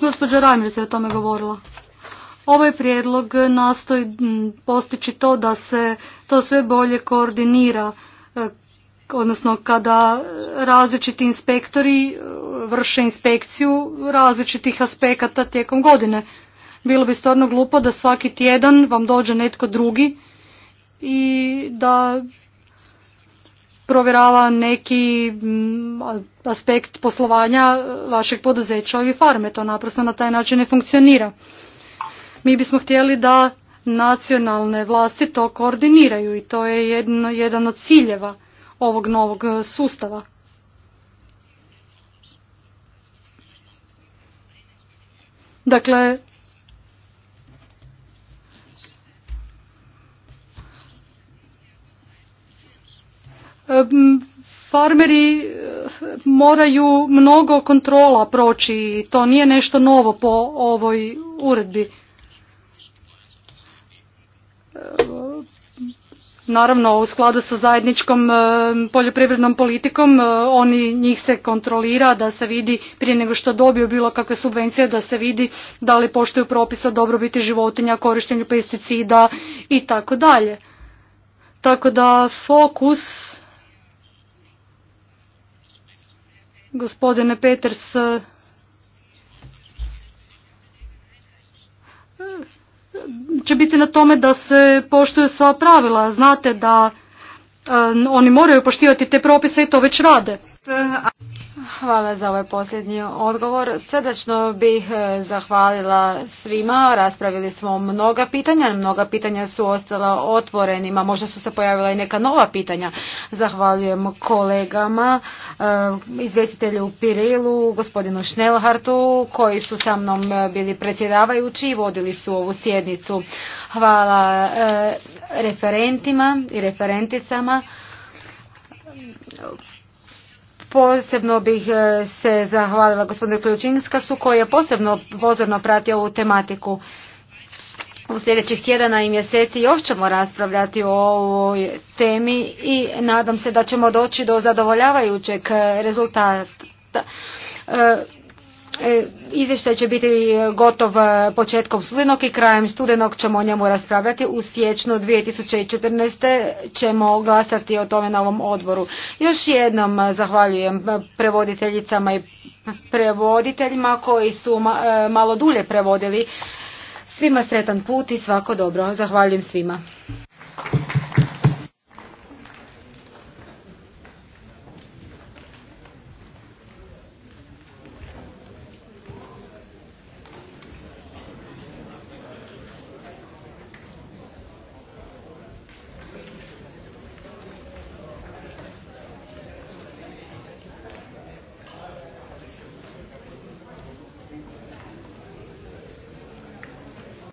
Gospođa Rajmir je o tome govorila. Ovaj prijedlog nastoji postići to da se to sve bolje koordinira odnosno kada različiti inspektori e, vrše inspekciju različitih aspekata tijekom godine. Bilo bi stvarno glupo da svaki tjedan vam dođe netko drugi i da provjerava neki mm, aspekt poslovanja vašeg poduzeća ili farme. To naprosto na taj način ne funkcionira. Mi bismo htjeli da nacionalne vlasti to koordiniraju i to je jedan od ciljeva ovog novog e, sustava. Dakle, e, farmeri e, moraju mnogo kontrola proći i to nije nešto novo po ovoj uredbi Naravno, u skladu sa zajedničkom e, poljoprivrednom politikom, e, oni njih se kontrolira da se vidi prije nego što dobiju bilo kakve subvencije, da se vidi da li poštuju propisa o dobrobiti životinja, korištenju pesticida i tako dalje. Tako da fokus, gospodine Peters, će biti na tome da se poštuju sva pravila. Znate da e, oni moraju poštivati te propise i to već rade. Hvala za ovaj posljednji odgovor. Srdačno bih e, zahvalila svima. Raspravili smo mnoga pitanja. Mnoga pitanja su ostala otvorenima. Možda su se pojavila i neka nova pitanja. Zahvaljujem kolegama, e, izvjestitelju Pirilu, gospodinu Šnelhartu, koji su sa mnom bili predsjedavajući i vodili su ovu sjednicu. Hvala e, referentima i referenticama Posebno bih e, se zahvalila gospodinu Ključinskasu koji je posebno pozorno pratio ovu tematiku. U sljedećih tjedana i mjeseci još ćemo raspravljati o ovoj temi i nadam se da ćemo doći do zadovoljavajućeg e, rezultata. E, E, izvještaj će biti e, gotov e, početkom studenog i krajem studenog ćemo o njemu raspravljati. U siječnju 2014. ćemo glasati o tome na ovom odboru. Još jednom zahvaljujem prevoditeljicama i prevoditeljima koji su malo dulje prevodili. Svima sretan put i svako dobro. Zahvaljujem svima.